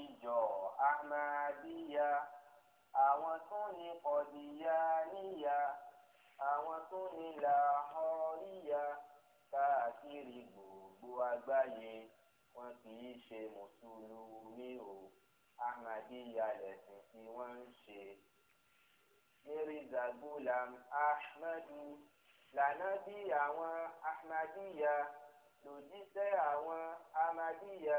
ìjọ ahmadiyya àwọn tún ní kọdíyàníyà àwọn tún ní làhọríyà káàkiri gbogbo àgbáyé wọn kì í ṣe mùsùlùmí o ahmadiyya lẹ̀sìn tí wọ́n ń ṣe. mirza gulam ahmadu lànábì àwọn ahmadiyya lòjíṣẹ́ àwọn ahmadiyya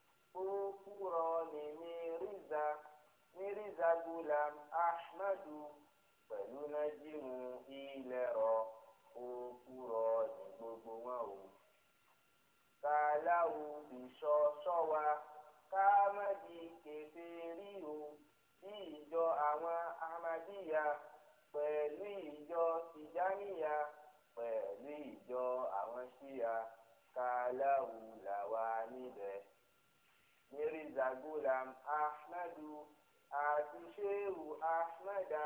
Fúrọ́ọ̀nì Mírízà Mírízà Gulam Ahmadu pẹ̀lú Nájímù Ilẹ̀rọ Fúrọ́ọ̀nì gbogbo wọn o. Kàláwù ìṣọ́ ṣọ́wa káàmádì kẹfẹ́ rí o sí ìjọ àwọn Ahmadiyya pẹ̀lú ìjọ Tijaniya pẹ̀lú ìjọ àwọn Ṣíya kàláwù làwa níbẹ̀. mirza gulam ahmadu àti shehu ahmeda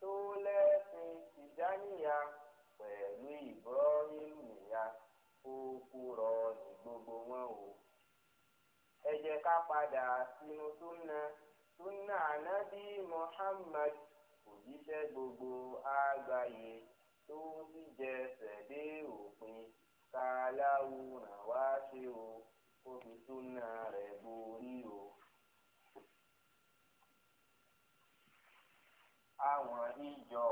tó lẹ́sìn tìjáníyà pẹ̀lú ibrahim nìyà ó kúrọ ní gbogbo wọn o. ẹ jẹ́ ká padà sínú súnà súnà ànábì muhammad òjíṣẹ́ gbogbo àgbáyé tó ń jíjẹsẹ̀ dé òpin ká láwùrán wá ṣe o. ó fi súnà rẹ̀ borí o. àwọn ìjọ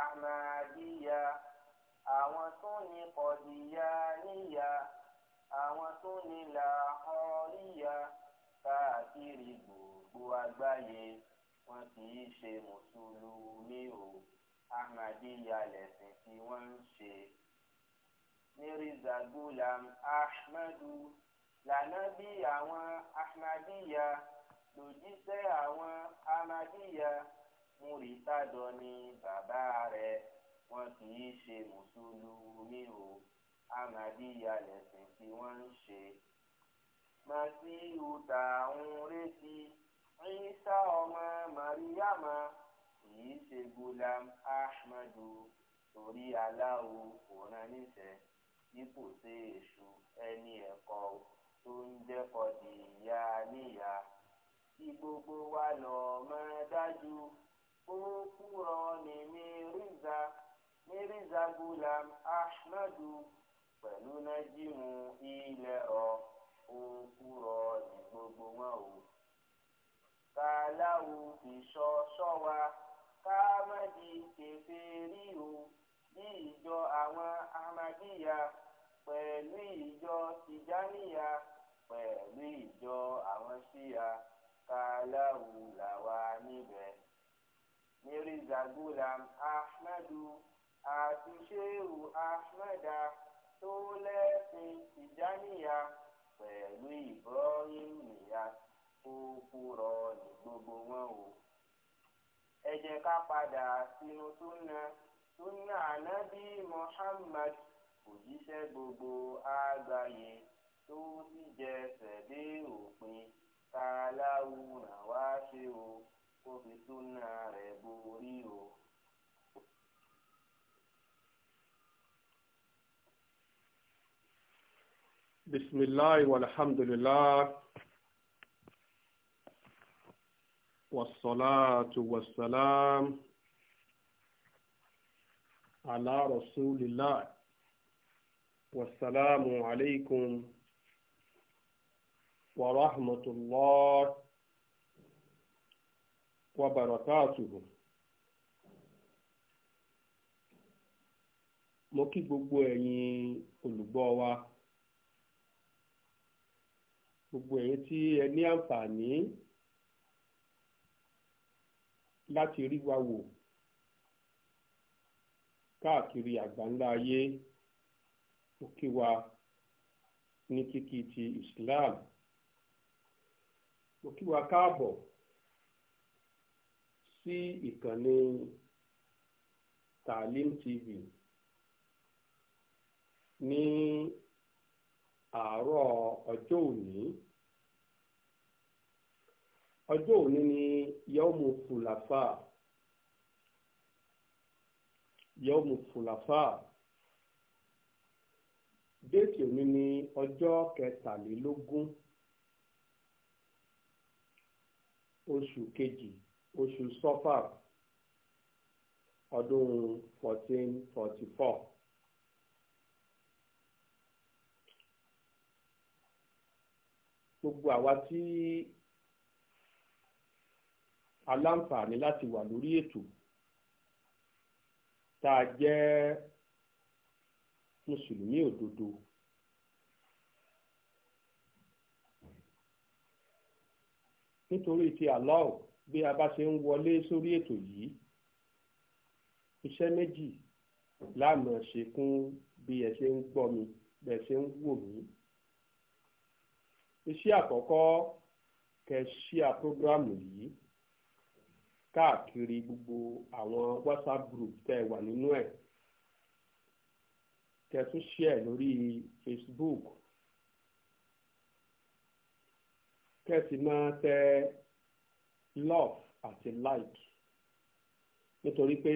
ahmadiyya àwọn tó ní kọdíyà níyà àwọn tó ní làhọríyà káàkiri gbogbo àgbáyé wọn kì í ṣe mùsùlùmí o ahmadiyya lẹ̀sìn tí wọ́n ń ṣe. Mirza Gulam Ahmadu lànà bí àwọn ahmadiyya lòjíṣẹ́ àwọn ahmadiyya múritádọ ni bàbá rẹ̀ wọn kì í ṣe mùsùlùmí o ahmadiyya lẹ̀sìn tí wọ́n ń ṣe. masiu tá à retí Ìsá ọmọ màríyàmá kì í ṣe gulam ahmadu torí aláwo kò rán níṣẹ́ bí kò ṣe èṣù ẹni ẹ̀kọ́ o tó ń jẹ́ kọ̀dìyà níyà tí gbogbo wa lọ máa dájú ó kúrọ ní mírízà mírízà gulam ahmadu pẹ̀lú nájímù ilẹ̀ ọ̀ ó kúrọ ní gbogbo wọn o. kàláwù ìṣọ́ ṣọ́wa ká má di kèfèrí o ní ìjọ àwọn ahmadiyya pẹ̀lú ìjọ tìjáníyà pẹ̀lú ìjọ àwọn ṣíya káláwù làwa níbẹ̀. mirza gulam ahmadu àti sheu ahmeda tó lẹ́sìn tìjáníyà pẹ̀lú ibrahim nìyà ó kúrọ ní gbogbo wọn o. ẹ jẹ́ ká padà sínú súnà súnà ànábì muhammad òjíṣẹ́ gbogbo àgbáyé tó sì jẹsẹ̀ dé òpin ká aláwo wá ṣe o kó fi súnà rẹ̀ borí o. بسم الله والحمد لله والصلاة والسلام على رسول الله والسلام عليكم ورحمة الله وبركاته mo kí gbogbo ẹ̀yin olùgbọ́ wa gbogbo ẹ̀yin tí ẹ ní àǹfààní láti rí wa wò káàkiri àgbáńlá ayé mo wa ní kíkí ti Islam. mo kí wa káàbọ̀ sí ìkànnì Taalim TV ní àárọ̀ ọjọ́ òní ọjọ́ òní ni yọ́mù fùlàfà yọ́mù fùlàfà déètì òní ni ọjọ́ kẹtàlélógún. oṣù kejì oṣù sọfà ọdún fourteen forty four. gbogbo àwa tí aláǹfààní láti wà lórí ètò tá a jẹ́ mùsùlùmí òdodo. nítorí ti Allah bí a bá ṣe ń wọlé sórí ètò yìí iṣẹ́ méjì láàmú ṣe kún bí ẹ ṣe ń gbọ́ mi bí ẹ ṣe ń wò mí. iṣẹ́ àkọ́kọ́ kẹ́ ṣíà prógrámù yìí káàkiri gbogbo àwọn WhatsApp group tẹ́ ẹ wà nínú ẹ̀ kẹ́ tún ṣíà lórí Facebook kẹ́sì máa tẹ love àti like nítorí pé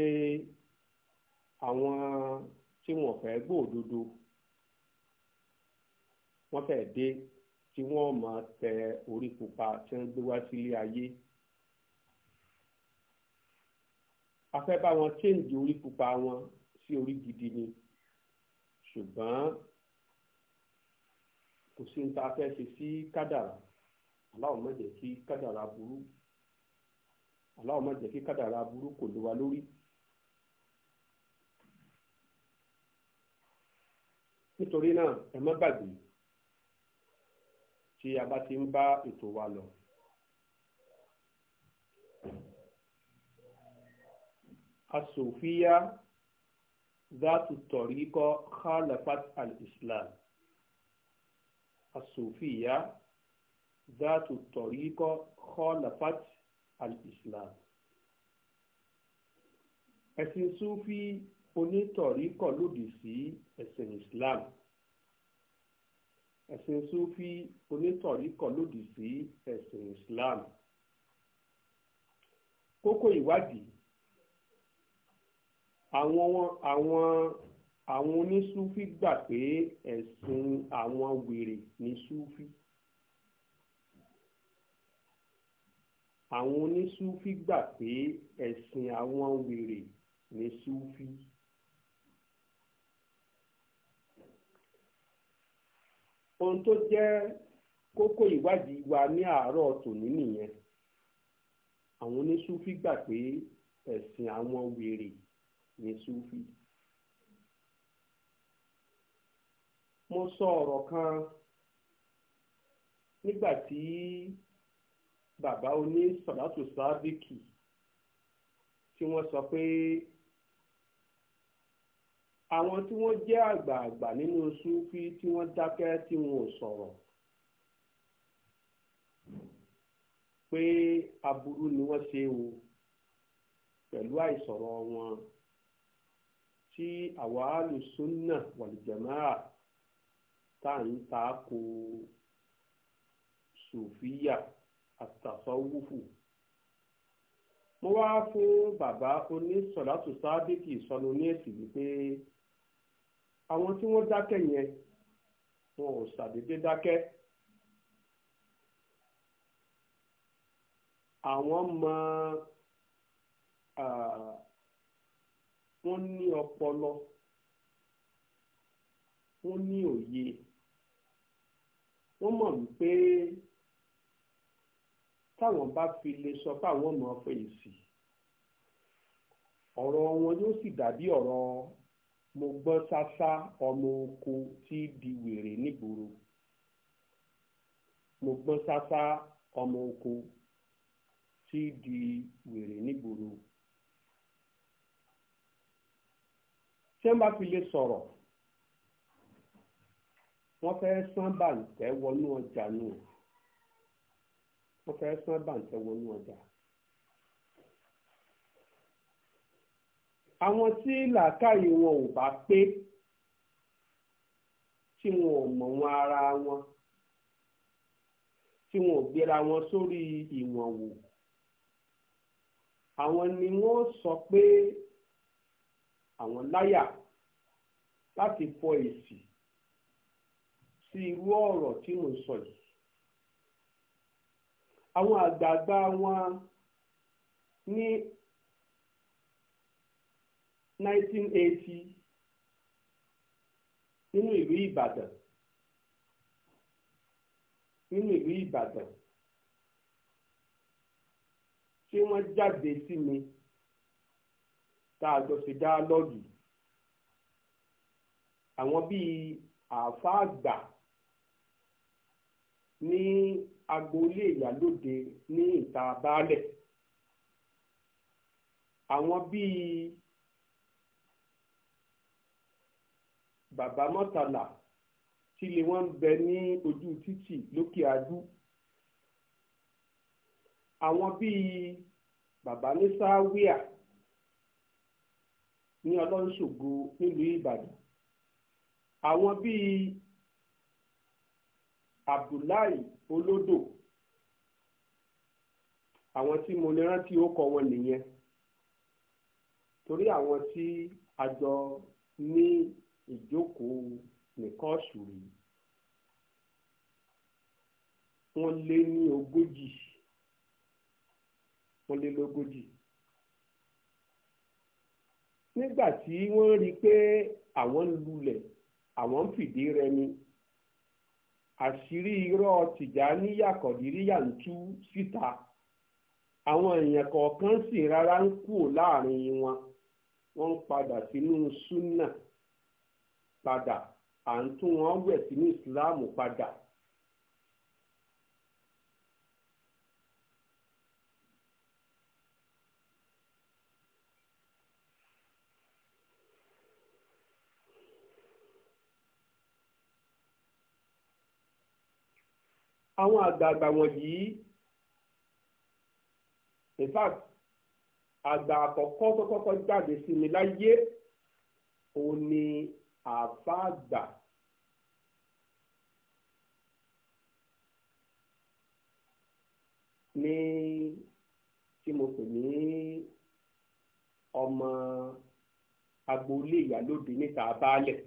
àwọn tí wọ́n fẹ́ gbòòdodo wọ́n fẹ́ dé tí wọ́n máa tẹ orí pupa tí wọ́n gbé wá sílé ayé a fẹ́ bá wọn chéǹdì orí pupa wọn sí orí gidi ni ṣùgbọ́n kò sí ní ta ṣe sí kádàrá. Allah má jẹ́ kí kádàrá burú Allah má jẹ́ kí kádàrá burú kò lè wa lórí. nítorí náà ẹ má gbàgbé tí a bá ti ń bá ètò wa lọ. asòfíà dátù tọ̀ríkọ́ khalafat al-islam asòfíà. ذات الطريقة خالفت الإسلام ẹ̀sìn súfì onítọ̀ríkọ̀ lòdì sí ẹ̀sìn Islam ẹ̀sìn súfì onítọ̀ríkọ̀ lòdì sí ẹ̀sìn Islam kókó ìwádìí àwọn àwọn àwọn onísúfì gbà pé ẹ̀sìn àwọn wèrè ní súfì. àwọn onísúfí gbà pé ẹ̀sìn àwọn wèrè ní súfí. ohun tó jẹ́ kókó ìwádìí wa ní àárọ̀ tòní nìyẹn àwọn onísúfí gbà pé ẹ̀sìn àwọn wèrè ní súfí. mo sọ ọ̀rọ̀ kan nígbà tí. bàbá oní sàlátù sábìkì tí wọ́n sọ pé àwọn tí wọ́n jẹ́ àgbààgbà nínú súfí tí wọ́n dákẹ́ tí wọn ò sọ̀rọ̀ pé aburú ni wọ́n ṣe o pẹ̀lú àìsọ̀rọ̀ wọn tí àwa alùsùnà wàlìjàmáà tá à ń ta ko sùfíyà. So àtàsọ́wúfù mo wá fún bàbá onísọ̀látù sábẹ́kì ìsọnu ní èsì wípé àwọn tí wọ́n dákẹ́ yẹn wọn ò ṣàdédé dákẹ́ àwọn mọ wọn ní ọpọlọ wọn ní òye wọn mọ̀ wípé táwọn bá fi lè sọ fáwọn ọmọ fèsì ọ̀rọ̀ wọn yóò sì dàbí ọ̀rọ̀ mo gbọ́ sásá ọmọ oko tí di wèrè nígboro mo gbọ́ sásá ọmọ oko tí di wèrè nígboro. tí wọ́n bá fi lè sọ̀rọ̀ wọ́n fẹ́ sán bàǹtẹ́ wọnú ọjà náà wọ́n fẹ́ sán bàǹtẹ́ wọnú ọjà. àwọn tí làákàyè wọn ò bá pé tí wọn ò mọ̀ wọn ara wọn tí wọn ò gbéra wọn sórí ìwọ̀n wò àwọn ni wọ́n sọ pé àwọn láyà láti fọ èsì sí irú ọ̀rọ̀ tí mò ń sọ yìí àwọn àgbààgbà wọn ní 1980 nínú ìlú Ìbàdàn nínú ìlú Ìbàdàn ṣé wọ́n jáde sí mi tá a jọ ṣe dáálọ́ọ̀gì àwọn bíi àáfàá àgbà ní agboolé ìyálòde ní ìta baálẹ̀ àwọn bíi bàbá mọ́tàlá tílé wọn ń bẹ ní ojú títì lókè adú àwọn bíi bàbá ní ní ọlọ́nṣògo nílùú ìbàdàn àwọn bíi abdullahi olódò àwọn tí mo lè rántí ó kọ wọn nìyẹn torí àwọn tí a jọ ní ìjókòó nìkan ṣùrí wọ́n lé ní ogójì wọ́n lé lógójì nígbà tí wọ́n rí i pé àwọn ń lulẹ̀ àwọn ń fìdí rẹmi àṣírí irọ́ tìjàníyà kọ̀díríyà ń tú síta àwọn èèyàn kọ̀ọ̀kan sì rárá ń kú láàrin wọn wọ́n ń padà sínú súnà padà à ń tún wọn wẹ̀ sínú ìsìláàmù padà. àwọn àgbààgbà wọ̀nyí in fact àgbà àkọ́kọ́ tó kọ́kọ́ jáde sí mi láyé òun ni àbá àgbà. ní tí mo pè ní ọmọ agboolé ìyálóde níta baálẹ̀.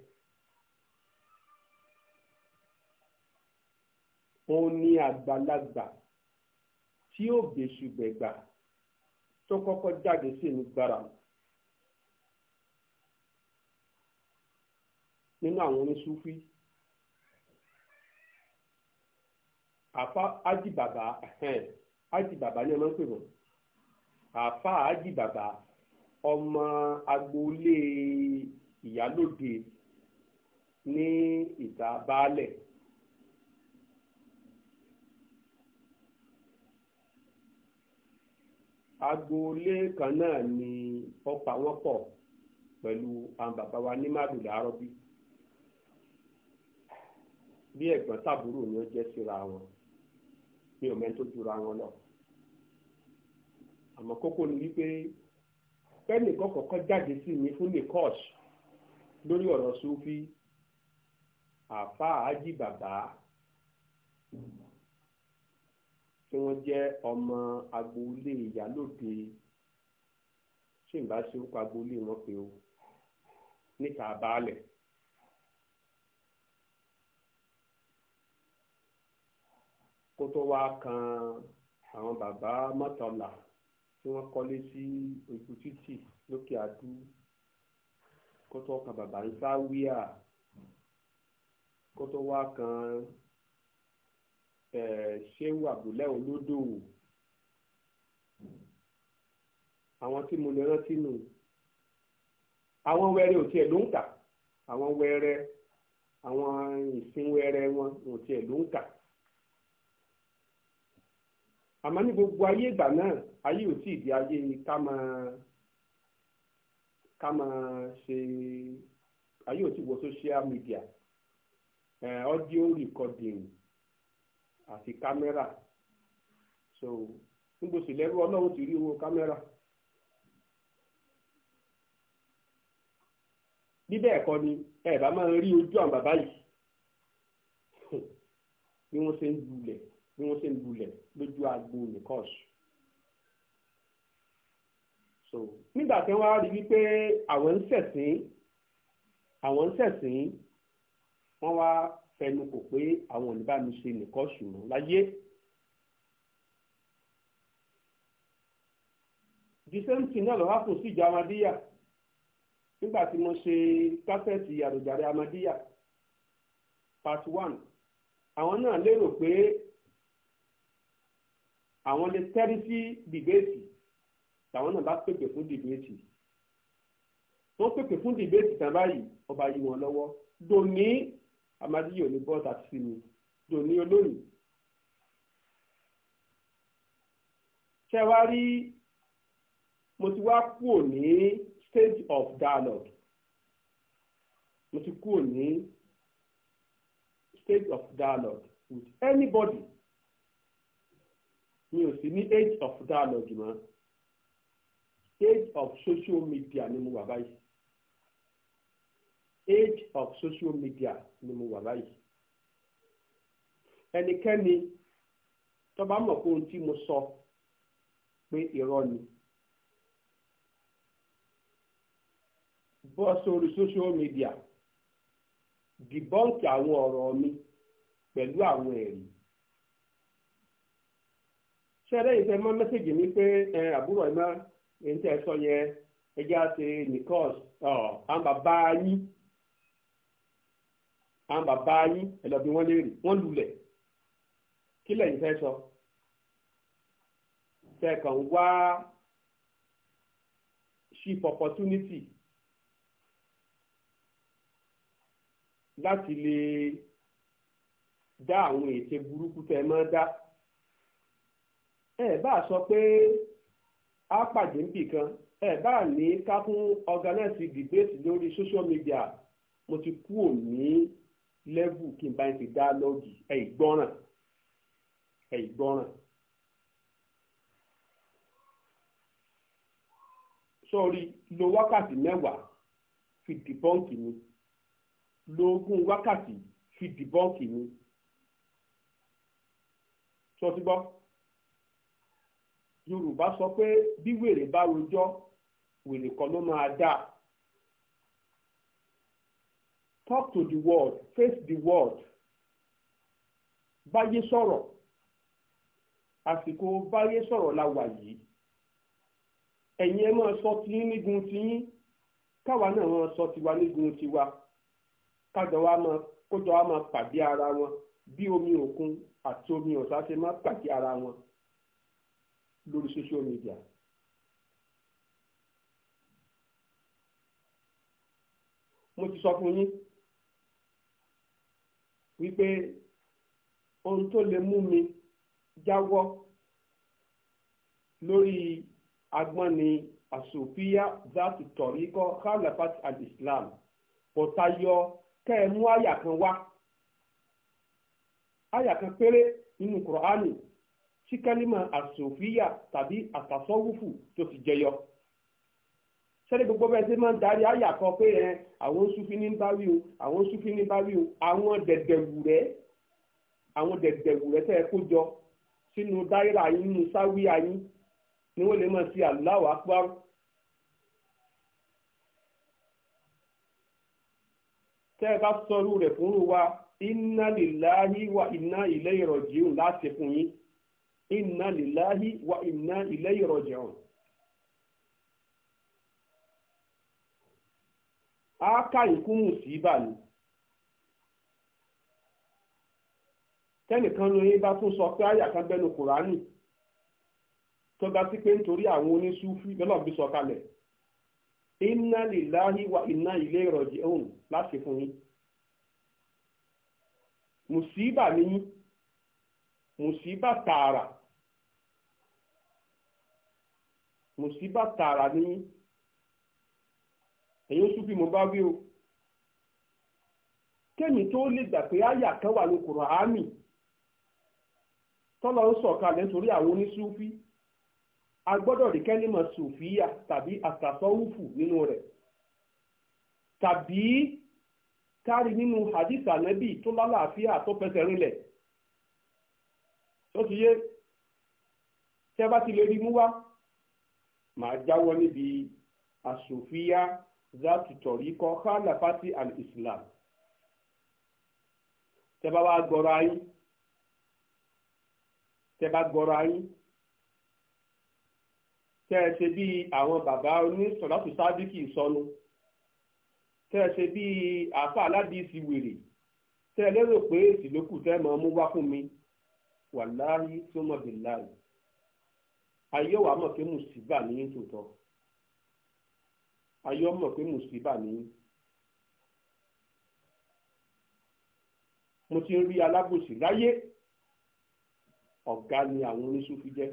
òun ni àgbàlagbà tí ó bèṣùbẹ̀gbà tó kọ́kọ́ jáde sí ní gbára nínú àwọn oníṣúfí àfa ájìbàbà ájìbàbà ni ẹ máa ń pè wọ́n àfa ájìbàbà ọmọ agboolé ìyálòde ní ìta baálẹ̀. agboolé kan náà ni ọ̀pá wọn pọ̀ pẹ̀lú àwọn bàbá wa ní màdùlá arọ́bí bí ẹ̀gbọ́n tàbúrò ni ó jẹ́ síra wọn mi ò mẹ́ni tó jura wọn lọ àmọ́ kókó ni wípé fẹ́nìkan kọ̀ọ̀kan jáde sí mi fún nìkọ́ọ̀ṣ lórí ọ̀rọ̀ sufi àfa àjí bàbá tí wọ́n jẹ́ ọmọ agboolé ìyálòde ṣé ìbá ṣe orúkọ agboolé wọn pé o níta baálẹ̀. kó tó wá kan àwọn bàbá mọ́tọ́là tí wọ́n kọ́lé sí ojú títì lókè adú kó tó kan bàbá ń sáwíà kó tó wá kan. ṣéwù àbúlẹ̀ olódòwò àwọn tí mo lè rántí nù àwọn wẹrẹ ò tiẹ̀ ló ń kà àwọn wẹrẹ àwọn ìsìn wẹrẹ wọn ò tiẹ̀ ló ń kà àmọ́ ní gbogbo ayé ìgbà náà ayé ò tí ì di ayé ká máa ká social media audio recording àti kámẹ́rà so níbo sì lẹ́rú ọlọ́run ti rí owó kámẹ́rà. bí bẹ́ẹ̀ kọ́ ni ẹ bá máa rí ojú àwọn bàbá yìí bí wọ́n ṣe ń lulẹ̀ bí wọ́n ṣe ń lulẹ̀ lójú agbo nìkọ́ọ̀sù. so nígbà tí wọ́n á rí wípé àwọn ń ṣẹ̀sìn àwọn ń ṣẹ̀sìn wọ́n wá fẹnu kò pé àwọn ò ní bá mi ṣe nìkan ṣùgbọ́n láyé. dísẹ́ǹtì náà lọ́wọ́ kò sí ìjà amadíyà nígbà tí mo ṣe kásẹ̀tì àròjàre amadíyà part one àwọn náà lérò pé àwọn lè tẹ́rí sí dìbéètì tàwọn náà bá pèpè fún dìbéètì wọ́n pèpè fún dìbéètì tán báyìí ọba yìí wọn lọ́wọ́ dòní amadiyo ni bọ́ọ̀tà sí mi dò ní olóyìn. ṣé wá rí mo ti wá kúrò ní stage of dialogue mo ti kúrò ní stage of dialogue with anybody mi ò sí ní age of dialogue mọ́ age of social media ni mo wà báyìí. age of social media ni mo wà báyìí ẹnikẹ́ni tó bá mọ̀ pé ohun tí mo sọ pé irọ́ ni bọ́ sórí social media dìbọ́ǹkì àwọn ọ̀rọ̀ mi pẹ̀lú àwọn ẹ̀rí ṣẹ́rẹ́ ìfẹ́ mọ́ mẹ́sẹ̀gì mi pé àbúrò ẹ̀ máa ń tẹ̀ sọ yẹn ẹja ṣe nìkọ́s àwọn bàbá yín àwọn bàbá yín ẹlọ́bí wọ́n léèrè wọ́n lulẹ̀ kí lẹ́yìn fẹ́ sọ fẹ́ẹ̀kàn wá ship opportunity láti lè dá àwọn ète burúkú tẹ mọ́ dá ẹ bá sọ pé a pàdé níbì kan ẹ bá ní ká fún organize debate lórí social media mo ti kú òní lẹ́bù kí n bá ń ṣe dáálọ́ọ̀gì ẹ̀ ìgbọ́ràn ẹ̀ ìgbọ́ràn. sọ́ọ̀rí lo wákàtí mẹ́wàá fi dìbọ́ǹkì mi lo ogún wákàtí fi dìbọ́ǹkì mi sọ ti gbọ́ Yorùbá sọ pé bí wèrè bá rojọ́ wèrè kan ló máa dáa talk to the world face the world báyé sọ̀rọ̀ àsìkò báyé sọ̀rọ̀ la wà yìí ẹ̀yin ẹ máa sọ tiyín nígun tiyín káwa náà máa sọ tiwa nígun tiwa kájọ wa máa kójọ wa máa pàdé ara wọn bí omi òkun àti omi ọ̀sá ṣe máa pàdé ara wọn lórí social media. mo ti sọ fún yín wípé ohun tó lè mú mi jáwọ́ lórí agbọ́n ni àsòfíà zati tọ̀ríkọ́ khalafat al-islam ọ̀tá yọ kẹ́ ẹ mú àyà kan wá àyà kan péré nínú kùrọ̀ánì tí kálímà tàbí àtàsọ́wùfù tó fi jẹyọ sẹ́ni gbogbo bẹ́ẹ̀ ṣe máa ń darí àyà kan pé ẹ àwọn sufi ní bá wí o àwọn sufi ní bá wí o àwọn dẹ̀dẹ̀wù rẹ̀ àwọn dẹ̀dẹ̀wù rẹ̀ tẹ́ ẹ kó jọ sínú dáírà yín nínú sáwíà yín ni wọ́n lè máa ṣe àlùláwà pàrọ̀. tẹ́ ẹ bá sọrú rẹ̀ fún wa inna lillahi wa inna ilayhi raji'un láti fún yín inna lillahi wa inna ilayhi raji'un. aka kà ikú mù sí ibà ni. tẹ́nìkan ló yín bá tún sọ pé àyà kan kùránì tó ga sí pé nítorí àwọn oníṣúfì lọ́lọ́ bí sọ kalẹ̀ inna lillahi wa inna ilayhi raji'un láti fún yín mùsíbà ni ẹ̀yin oṣù bímọ bá wí o kémi tó lè gbà pé àyà kan wà ní kùrọ̀hámì tọ́lọ́ ń sọ̀kalẹ̀ nítorí àwọn oníṣúfí a gbọ́dọ̀ rí kẹ́límọ̀ sùfíà tàbí àtàsọ́wùfù nínú rẹ̀ tàbí kárí nínú hadith ànábì tó lálàáfíà tó fẹsẹ̀ rinlẹ̀ tó ti yé tẹ́ bá ti lè rí mú wá màá jáwọ́ níbi àsùfíà zatu tọ̀ríkọ́ khalafati al-islam tẹ́bá wá gbọ́rọ̀ ayé tẹ́bá gbọ́rọ̀ ayé tẹ́ ẹ ṣe bí àwọn bàbá onísọ̀látù sádìkì sọnù tẹ́ ẹ ṣe bí àáfà aládìsí wèrè tẹ́ ẹ lérò pé èsì ló kù mi wàláhí tó mọ̀ bìláì ayé wàá mọ̀ pé mùsíbà ní tòótọ́ ayọ́ mọ̀ pé mùsùlùmí ní. mo ti ń rí alábòsí láyé ọ̀gá ni àwọn oníṣúfi jẹ́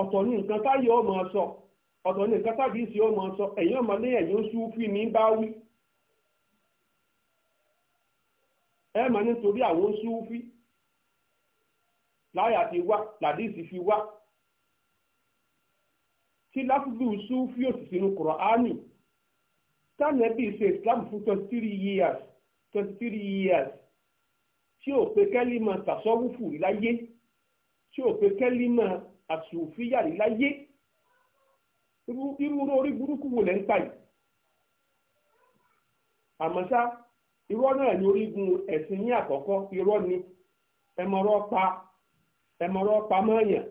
ọ̀tọ̀ ní nǹkan táyọ̀ ọmọ sọ ọ̀tọ̀ ní nǹkan tábí sí ọmọ sọ ẹ̀yìn ọmọ ní ẹ̀yìn oṣù fi ní bá wí ẹ mà nítorí àwọn oṣù láyà ti wá làdíìsì fi wá tí láfùdù sùfì òsì sínú kùrọ̀ánì tánẹ́bì ṣe islam fún twenty three years twenty three years tí ò pé kẹ́límà tàṣọ́wùfù rí láyé tí ò pé kẹ́límà àṣùfíyà rí láyé irú orí burúkú wo lẹ́ ń pa yìí àmọ́ ṣá irọ́ náà ní orígun ẹ̀sìn ní àkọ́kọ́ irọ́ ni ẹ̀mọ̀rọ̀ pa ẹ̀mọ̀rọ̀ pa mọ́ọ̀yàn.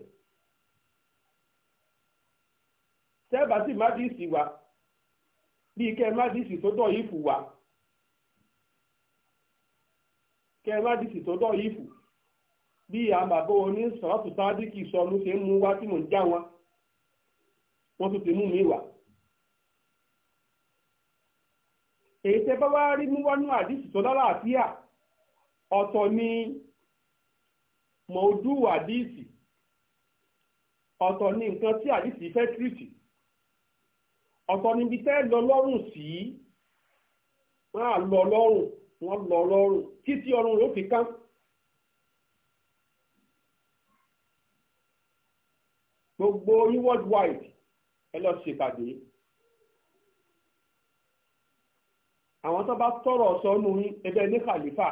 tẹ́ẹ̀bà sì má díìsì wá bíi kẹ́ tó dọ̀ yìí fù wá kẹ́ tó dọ̀ yìí fù bí àwọn bàbá oní sọ̀rọ̀tù sádìkì sọnù ṣe ń mú wá tí mò ń já wọn wọ́n tún ti mú mi wá. èyí bá wá rí ọ̀tọ̀ ni ọ̀tọ̀ ni nǹkan tí fẹ́ tìrìtì ọ̀tọ̀ níbi tẹ́ lọ lọ́rùn sí wọ́n á lọ lọ́rùn wọ́n lọ lọ́rùn títí ọrùn ló fi kán. gbogbo yín worldwide ẹ lọ ṣèpàdé àwọn tó bá tọrọ sọnù yín ẹbẹ ní kàlífà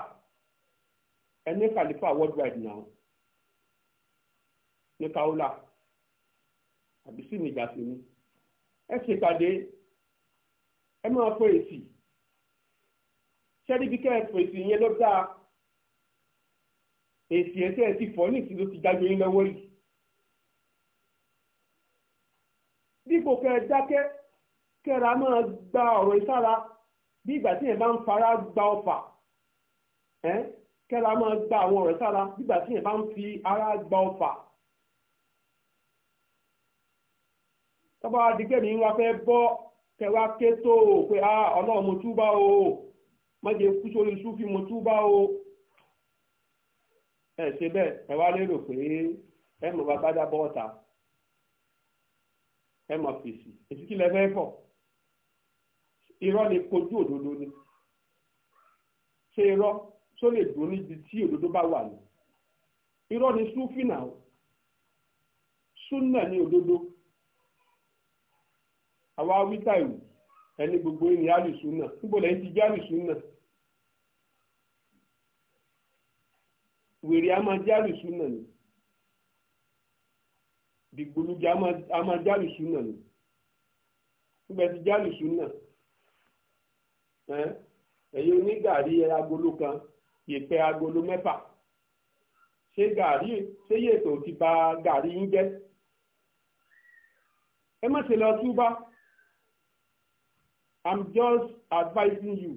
ẹ ní kàlífà worldwide náà ní kaola àbí sí mi ìjà sí mi ẹ ṣe ìpàdé ẹ máa fọ èsì ṣẹ́ríbi kẹ́ ẹ fọ èsì yẹn ló dáa èsì ẹ̀sẹ̀ ẹ̀ ti fọ́ ní ìsìn ló ti dájú yín lọ́wọ́ yìí. dípò kẹ́ ẹ dákẹ́ kẹ́ra máa gba ọ̀rọ̀ ìsára bí ìgbà tí yẹn bá ń fara gba ọfà kẹ́ra máa gba àwọn ọ̀rọ̀ ìsára bí ìgbà tí yẹn bá ń fi ara gba ọfà. tọ́ba adigbẹ́mi wa fẹ bọ kẹwa ké o pé a ah, ọlọ́run mo túbà o mọ̀jẹ̀ kú sórí mo túbà o ẹ ṣe bẹ́ẹ̀ ẹ wá lérò pé ẹ mọ̀ bàbá dábọ̀ ọ̀tá ẹ mọ̀ fèsì èsì kí lẹ fẹ́ fọ̀ irọ́ lè kojú òdodo ni ṣé irọ́ tó lè dùn níbi tí òdodo bá wà ní irọ́ ni súfì náà ni òdodo. àwa wíta ìwù ẹni gbogbo ẹni àlùsùn náà níbo lẹ́yìn ti jẹ́ àlùsùn náà wèrè a máa jẹ́ àlùsùn náà ni dìgbòlùjà a máa jẹ́ àlùsùn náà ni nígbà tí jẹ́ àlùsùn náà ẹ̀yin onígàrí agolo kan yèpẹ̀ agolo mẹ́fà ṣé gàrí ṣé yètò ti bà gàrí yín jẹ́ ẹ má ṣe lọ túbá i'm just advising you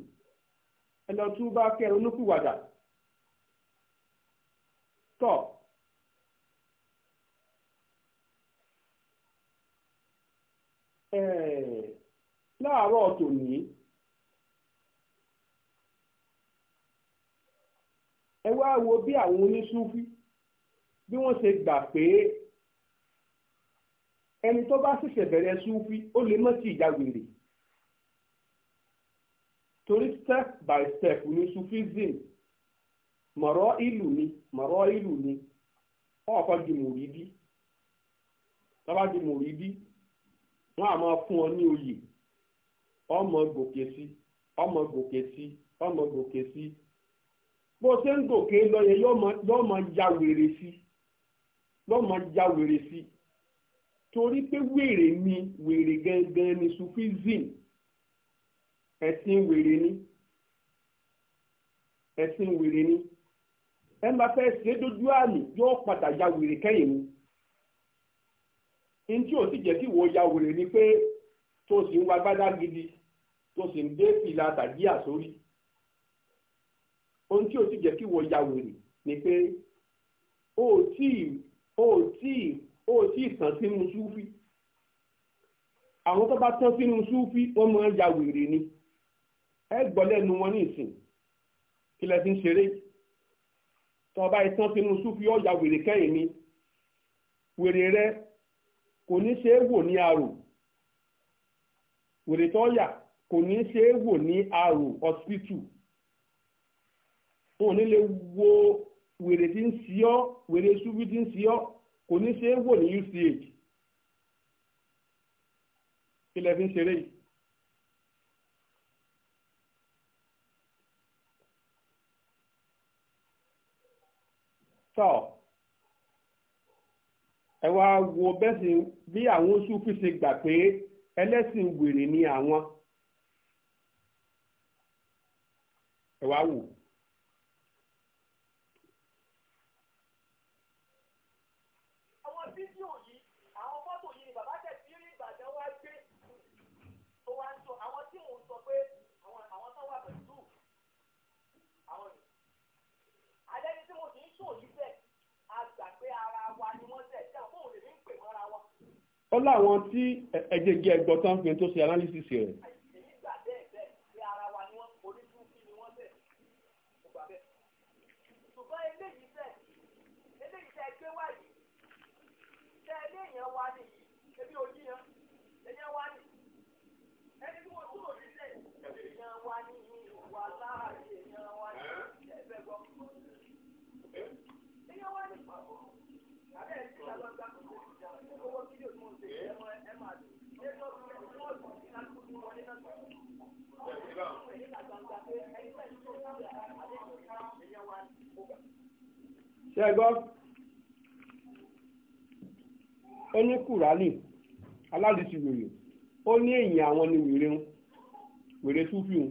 ẹ lọ tún bá kẹ́ ronúkúwàdà tọ́ láàárọ̀ tòní ẹ wá wo bí àwọn oníṣúfí bí wọ́n ṣe gbà pé ẹni tó bá ṣẹ̀ṣẹ̀ bẹ̀rẹ̀ súfí ó lè mọ́ sí ìjà wèrè. torí step by step ní sufism mọ̀rọ́ ìlú ni ìlú ni ọ̀pọ̀ di tọ́ba di wọ́n máa fún ọ ní oyè ọmọ gòkè sí ọmọ gòkè sí ọmọ gòkè sí bó ṣe ń gòkè lọ́yẹ yóò máa ya wèrè sí yóò máa ya wèrè sí torí pé wèrè ni wèrè gangan ni sufism. ẹ̀sìn wèrè ni ẹ̀sìn wèrè ni ẹ máa fẹ́ ṣe dójú àmì yóò padà ya wèrè kẹ́yìn ni ní tí ò sì jẹ́ kí ìwọ ya wèrè ni pé tó sì ń wá gbádá gidi tó sì ń dé fìlà tàbí àsórí ohun tí ò sì jẹ́ kí ìwọ ya wèrè ni pé ó tí ó tí ó tí tàn sínú súfì àwọn tó bá tán sínú súfì wọ́n máa ya wèrè ni ẹ gbọ́ lẹ́nu wọn ní ìsìn kí lẹ fi ń ṣeré tọba ìtàn sínú súfì ọ̀yà wèrè kẹ́yìn ni wèrè rẹ kò ní ṣe é wò ní arò wèrè tọ́yà kò ní ṣe é wò ní arò hospital wọn ò ní lè wo wèrè tí ń sí ọ wèrè súfì tí ń sí ọ kò ní ṣe é wò ní UCH kí lẹ ń ṣeré yìí. tọ́ ẹ wá wo bẹ́sìn bí àwọn oṣù fi ṣe gbà pé ẹlẹ́sìn wèrè ni àwọn ẹ wá wò ó láwọn tí ẹ̀jẹ̀gẹ̀ ẹ̀gbọ́n tán fi tó ṣe analysis rẹ̀ ṣẹ́gbọ́ ó ní kùránì aládìsí wèrè ó ní èyìn àwọn ni wèrè ń wèrè túfì ń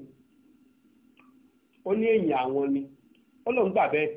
ó ní èyìn àwọn ni ó lóun gbà bẹ́ẹ̀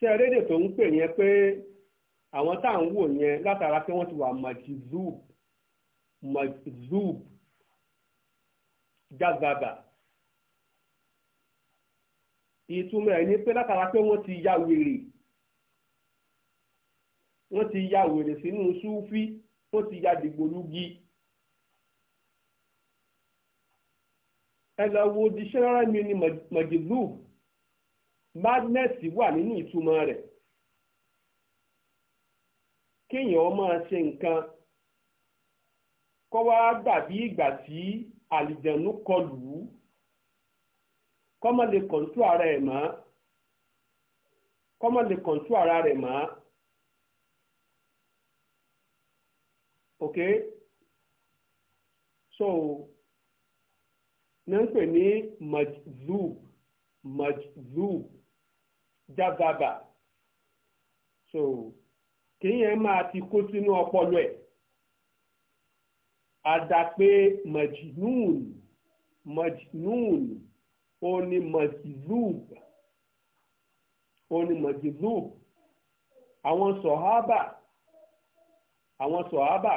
ṣé rédè tó ń pè yẹn pé àwọn tá à ń wò yẹn látara pé wọ́n ti wà majzub majzub jazaba ìtumọ̀ ẹ̀ ni pé látara pé wọ́n ti ya wèrè wọ́n ti ya wèrè sínú súfí wọ́n ti ya dìgbòlugi. ẹ lọ wo dictionary mi ni majzub. madness wà nínú ìtumọ̀ rẹ̀ kéèyàn ó máa ṣe nǹkan kó wá dàbí ìgbà tí àlìjẹ̀nú kọlù ú kó má lè ara ẹ̀ ok so na ní majzub majzub jábàbà so kéèyàn máa ti kó sínú ọpọlọ ẹ̀ àdàpé majnun majnun ó ní majzub ó ní majzub àwọn sọ̀hábà àwọn sọ̀hábà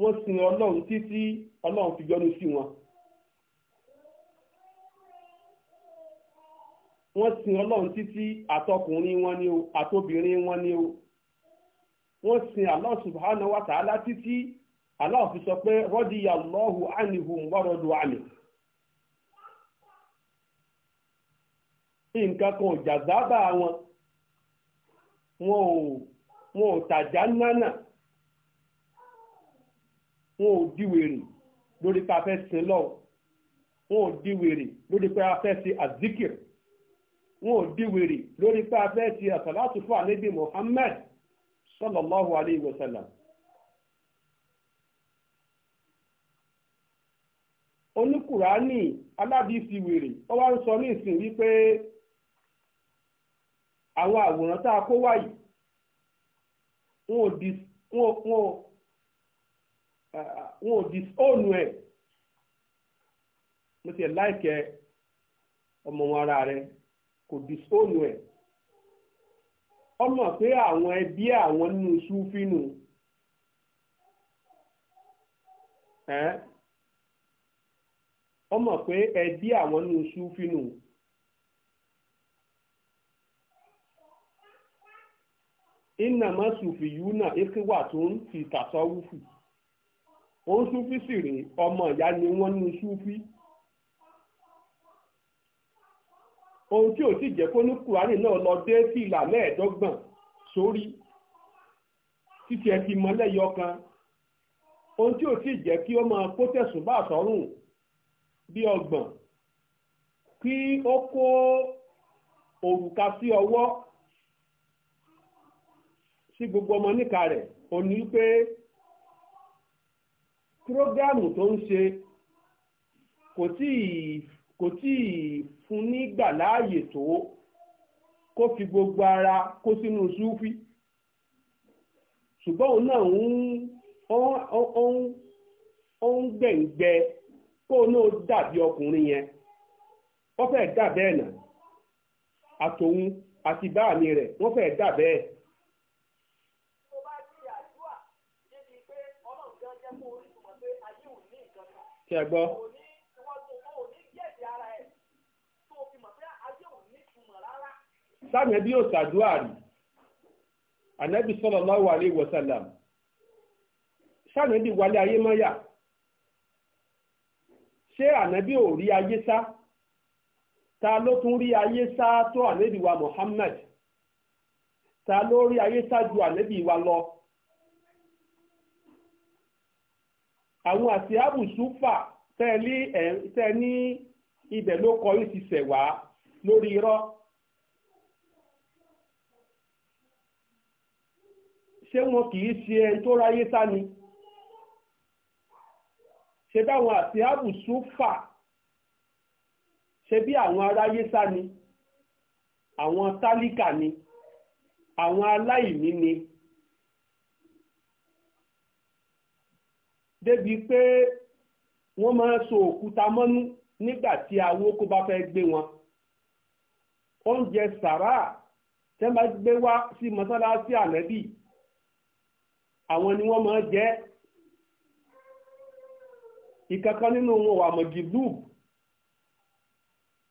wọ́n sin ọlọ́run títí ọlọ́run fi yọ́nú sí wọn. wọ́n sin ọlọ́run títí àtọkùnrin wọn ni o àtobìnrin wọn ni o wọ́n sin Allah subhanahu wa ta'ala títí Allah fi sọ pé radiyallahu anhum wa radu anhu. nǹkan kan ò jàzábà wọn wọn ò wọn ò tàjà nánà wọn ò diwèrè lórí pé a fẹ́ sin lọ́wọ́ wọn ò diwèrè lórí pé a fẹ́ sin azikir. wọn ò di wèrè lórí pé abẹ́ ti àsàlátù fún ànábì Muhammad sallallahu alayhi wa sallam. oníkùránì aládìsí wèrè ó wá ń sọ ní ìsìn wípé àwọn àwòrán tá a kó wáyìí wọn ò eh, disóònù ẹ̀ mo ti ẹ̀ láìkẹ́ ọmọ wọn ara rẹ̀. kò disóònù ọmọ pé àwọn ẹbí àwọn nínú súfínù ọmọ pé ẹbí àwọn nínú sùfì yìí náà ìkíwà tó ń fi tàṣọ́wùfù òun sì ọmọ ìyá ni wọn nínú ohun tí ò sì jẹ́ kó ní kùránì náà lọ dé sí ìlà mẹ́ẹ̀ẹ́dọ́gbọ̀n sórí títí ẹ ti mọ́lẹ̀ yọ kan ohun tí ò sì jẹ́ kí ó máa kó tẹ̀sùn bá sọ́rùn bí ọgbọ̀n kí ó kó òrùka sí ọwọ́ sí gbogbo ọmọ níka rẹ̀ ó ní pé prógámù tó ń ṣe kò tí ì kò tí ì fún nígbà láàyè tó kó fi gbogbo ara kó sínú súfì ṣùgbọ́n òun náà ó ń gbẹ̀ǹgbẹ kó náà dàbí ọkùnrin yẹn wọ́n fẹ́ dà bẹ́ẹ̀ nà àtòun àti báàmì rẹ̀ wọ́n fẹ́ dà bẹ́ẹ̀. kí ẹ sànẹ́bí ò ṣàdúrà rí ànẹ́bí sallallahu alaihi wasallam ẹbí wálé ayé mọ́yà ṣé ànẹ́bí ò rí ayé sá ta ló tún rí ayé sá tó ànẹ́bí wa Muhammad ta ló rí ayé sá ju ànẹ́bí wa lọ. àwọn àti àbùsùfà tẹ́ẹ̀ ní ibẹ̀ ló kọ yóò ti sẹ̀ lórí irọ́. ṣé wọn kì ṣe ẹni tó ráyé sá ni ṣe báwọn àti àbùsùn fà ṣe bí àwọn aráyé sá ni àwọn tálíkà ni àwọn aláìní ni débi pé wọn máa so òkúta mọ́nú nígbà tí awó bá fẹ́ gbé wọn oúnjẹ sàrà tẹ́ máa gbé wá sí àwọn ni wọ́n máa jẹ́ ìkankan nínú wọn wà mọ̀gì lúùb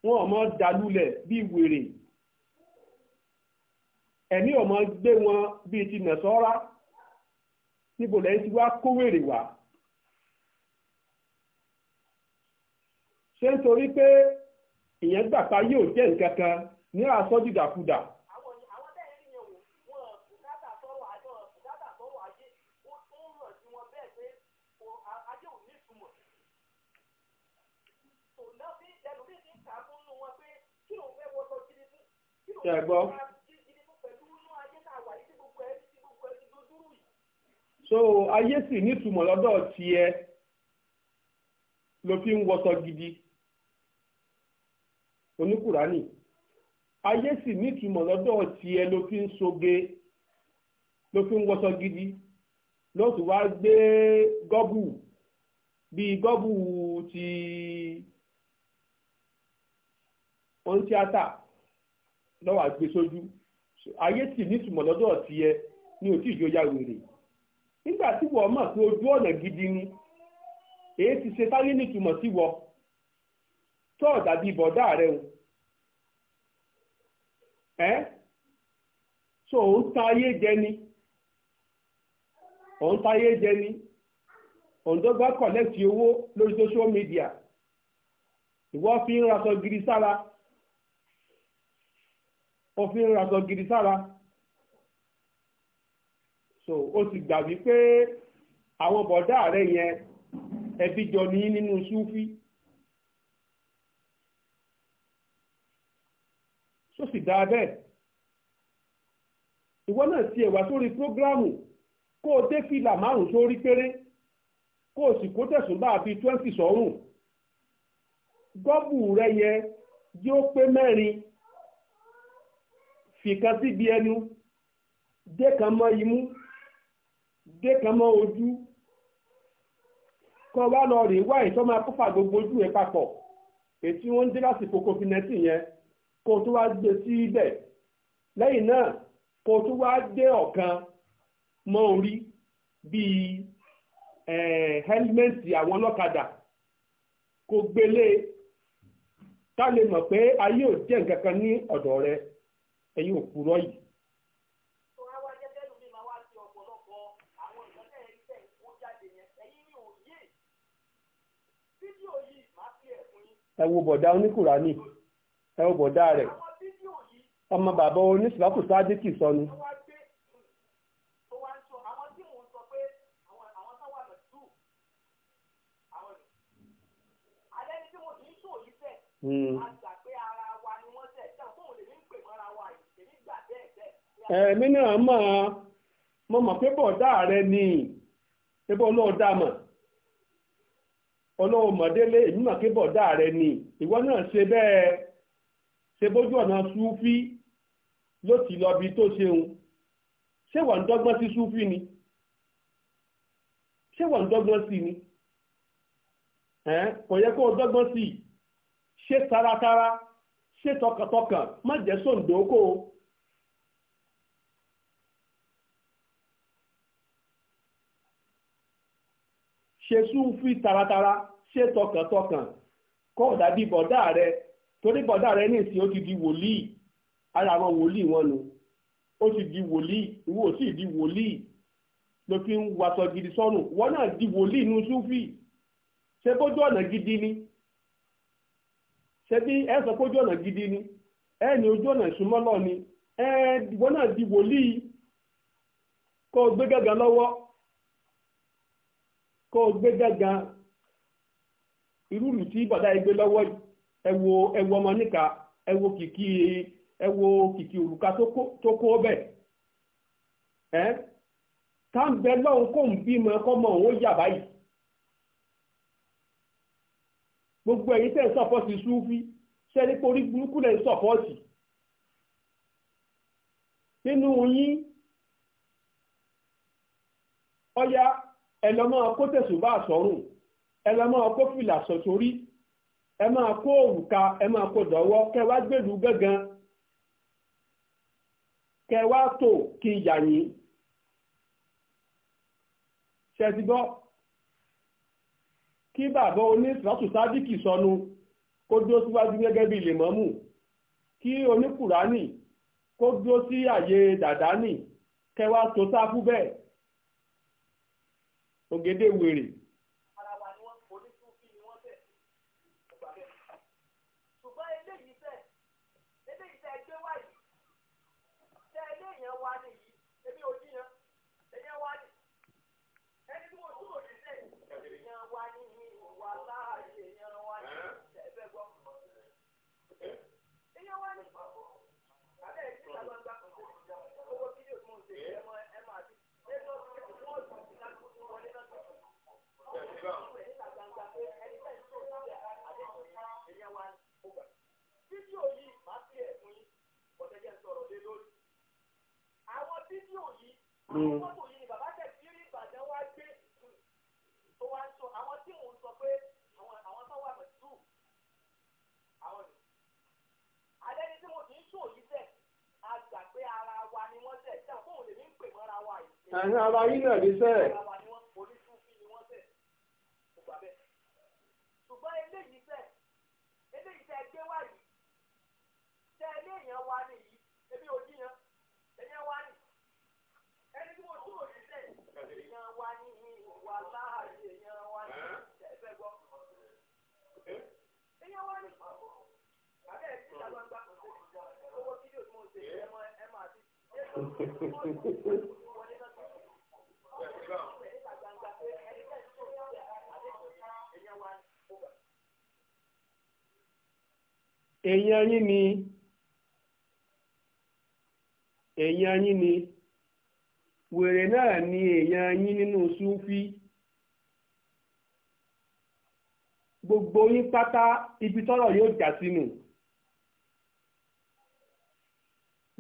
wọn ọmọ mọ dalúlẹ̀ bí wèrè ẹ̀mí ò mọ gbé wọn bíi ti nàṣọ́ra níbo lẹ́yìn tí wá kó wèrè wá. ṣé nítorí pé ìyẹn gbàgbá yóò jẹ́ nǹkan kan ní àsọjúdàkudà. ṣe gbọ́. so ayé sì nítumọ̀ lọ́dọ̀ tiẹ̀ ló fi ń wọṣọ gidi oníkùránì ayé sì nítumọ̀ lọ́dọ̀ tiẹ̀ ló fi ń soge ló fi ń wọṣọ gidi ló sì wá gbé gọ́bù bíi gọ́bù ti ontíátà. lọ́wọ́ àgbé sójú ayé sì nítumọ̀ lọ́dọ̀ tiẹ ní òtí ya wèrè nígbà tí wọ́n mọ̀ pé ojú ọ̀nà gidi ni èyí ti ṣe sáyé nítumọ̀ sí wọ tọ́ọ̀ dàbí bọ̀dá rẹ o ẹ́ so òun ta ayé jẹ ni òun ta ayé jẹ ni òǹdọ́gba kọ̀lẹ́tì owó lórí social media ìwọ́ fi ń raṣọ gidi sára ó fi ń raṣọ gidi sára so ó sì gbà wípé àwọn bọ̀dá rẹ̀ yẹn ẹbí jọ ní nínú súfí tó sì dáa bẹ́ẹ̀ ìwọ náà ti ẹ̀wà sórí prógrámù kó o dé fìlà márùn sórí péré kó o sì kó tẹ̀sùn bá a fi twenty sọ́rùn gọ́bù rẹ yẹ yóò pé mẹ́rin fìkan síbi ẹnu dé kan mọ́ imú dé kan mọ́ ojú kọ́ wá lọ rìn wá ìtọ́ máa kófà gbogbo ojú ẹ̀ papọ̀ ètí wọ́n ń dé lásìkò covid nineteen yẹn kó tó wá gbé sí ibẹ̀ lẹ́yìn náà kó tó wá dé ọ̀kan mọ́ orí bíi hẹ́límẹ́ǹtì àwọn ọlọ́kadà kó gbélé e. ká lè mọ̀ pé ayé ò jẹ́ nǹkan kan ní ọ̀dọ̀ rẹ̀ ẹ̀yin òpùrọ́ yìí. ẹ wo bọ̀dá oníkùránì ẹ wo bọ̀dá rẹ̀ ọmọ bàbá oníṣìláàpù sádìkì sọnù. Mm. ẹ̀mí náà ma mọ̀ mọ̀ pé bọ̀dá rẹ ni pépé olóòdà mọ̀ olóòmọ̀délé èmi mọ̀ pé rẹ ni ìwọ náà ṣe bẹ́ẹ̀ ṣe bójú ọ̀nà súfí ló ti lọ bí tó ṣeun ṣé wọ́n ń dọ́gbọ́n sí ni ṣé wọ́n ń dọ́gbọ́n sí ni kò yẹ kó o dọ́gbọ́n sí ṣe taratara ṣe tọkàntọkàn má jẹ́ sóńdókòó. ṣe súnfì taratara ṣe tọkàntọkàn kọ́ ọ̀dà bíi bọ̀dá rẹ torí bọ̀dá rẹ ní ìsìn ó ti di wòlíì ara àwọn wòlíì wọn nu ó ti di wòlíì ìwọ ò sì di wòlíì ló fi ń gidi sọ́nù wọn náà di wòlíì nu súnfì ṣe kójú ọ̀nà gidi ni ṣe bí ẹ sọ kójú ọ̀nà gidi ni ẹ ní ojú ọ̀nà ìsúnmọ́lọ́ ni ẹ wọn náà di wòlíì kó gbe gbé gẹ́gẹ́ lọ́wọ́ kó o gbé gángan irú ìlú tí bàdá ẹgbẹ́ lọ́wọ́ ẹ wo ẹ wo ọmọ níka ẹ wo kìkì ẹ wo kìkì òrùka tó kó bẹ̀ ẹ́ táǹbẹ̀ lọ́hùn kò ń bímọ kọ́mọ òun ó yà báyìí gbogbo ẹ̀yin tẹ́ ń sọ́pọ́ọ̀tì súfì ṣe ní burúkú lẹ́ ń sọ́pọ́ọ̀tì nínú yín ọya ẹ lọ máa kó tẹ̀sùbá sọ́rùn ẹ lọ máa kó fìlà sọ̀tòrí ẹ máa kó òrùka ẹ máa kó dọ̀wọ́ kẹ wá gbèlú gángan kẹ wá tò kí n yà yín ṣẹ́tibọ́ kí bàbá onísìlọ́tù sádìkì sọnù kó dúró síwájú gẹ́gẹ́ bí lèmọ́mù kí oníkùránì kó dúró sí àyè dàdánì kẹwàá tó sáfú bẹ́ẹ̀ ògèdè wèrè ẹ̀hìn ara yín náà rí sẹ́ẹ̀. èèyàn yín ni èèyàn yín ni wèrè náà ni èèyàn yín nínú súnfí gbogbo yín pátá ibi tọ́rọ̀ yóò já sínú. Si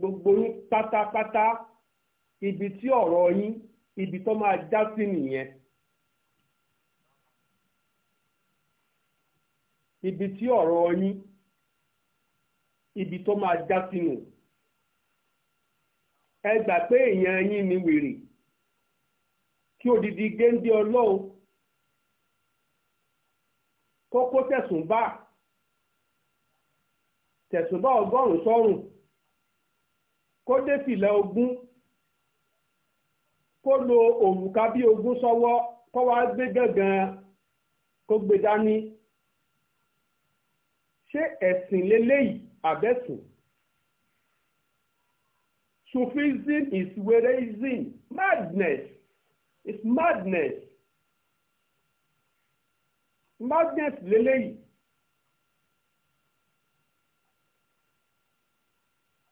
gbogbo yín pátápátá ibi tí ọ̀rọ̀ yín ibi tó máa já sí ibi tí ọ̀rọ̀ yín ibi tó máa já ẹ gbà pé èèyàn yín ni wèrè kí odidi géńdé ọlọ́run kókó tẹ̀sùn bá tẹ̀sùn bá ọgọ́rùn-ún sọ́rùn kó dé fìlà ogún kó lo òrùka bí ogún sọ́wọ́ kó wá gbé gángan kó gbé dání ṣé ẹ̀sìn leléyìí àbẹ́sùn Sufism is Whereism madness is madness madness leléyìí.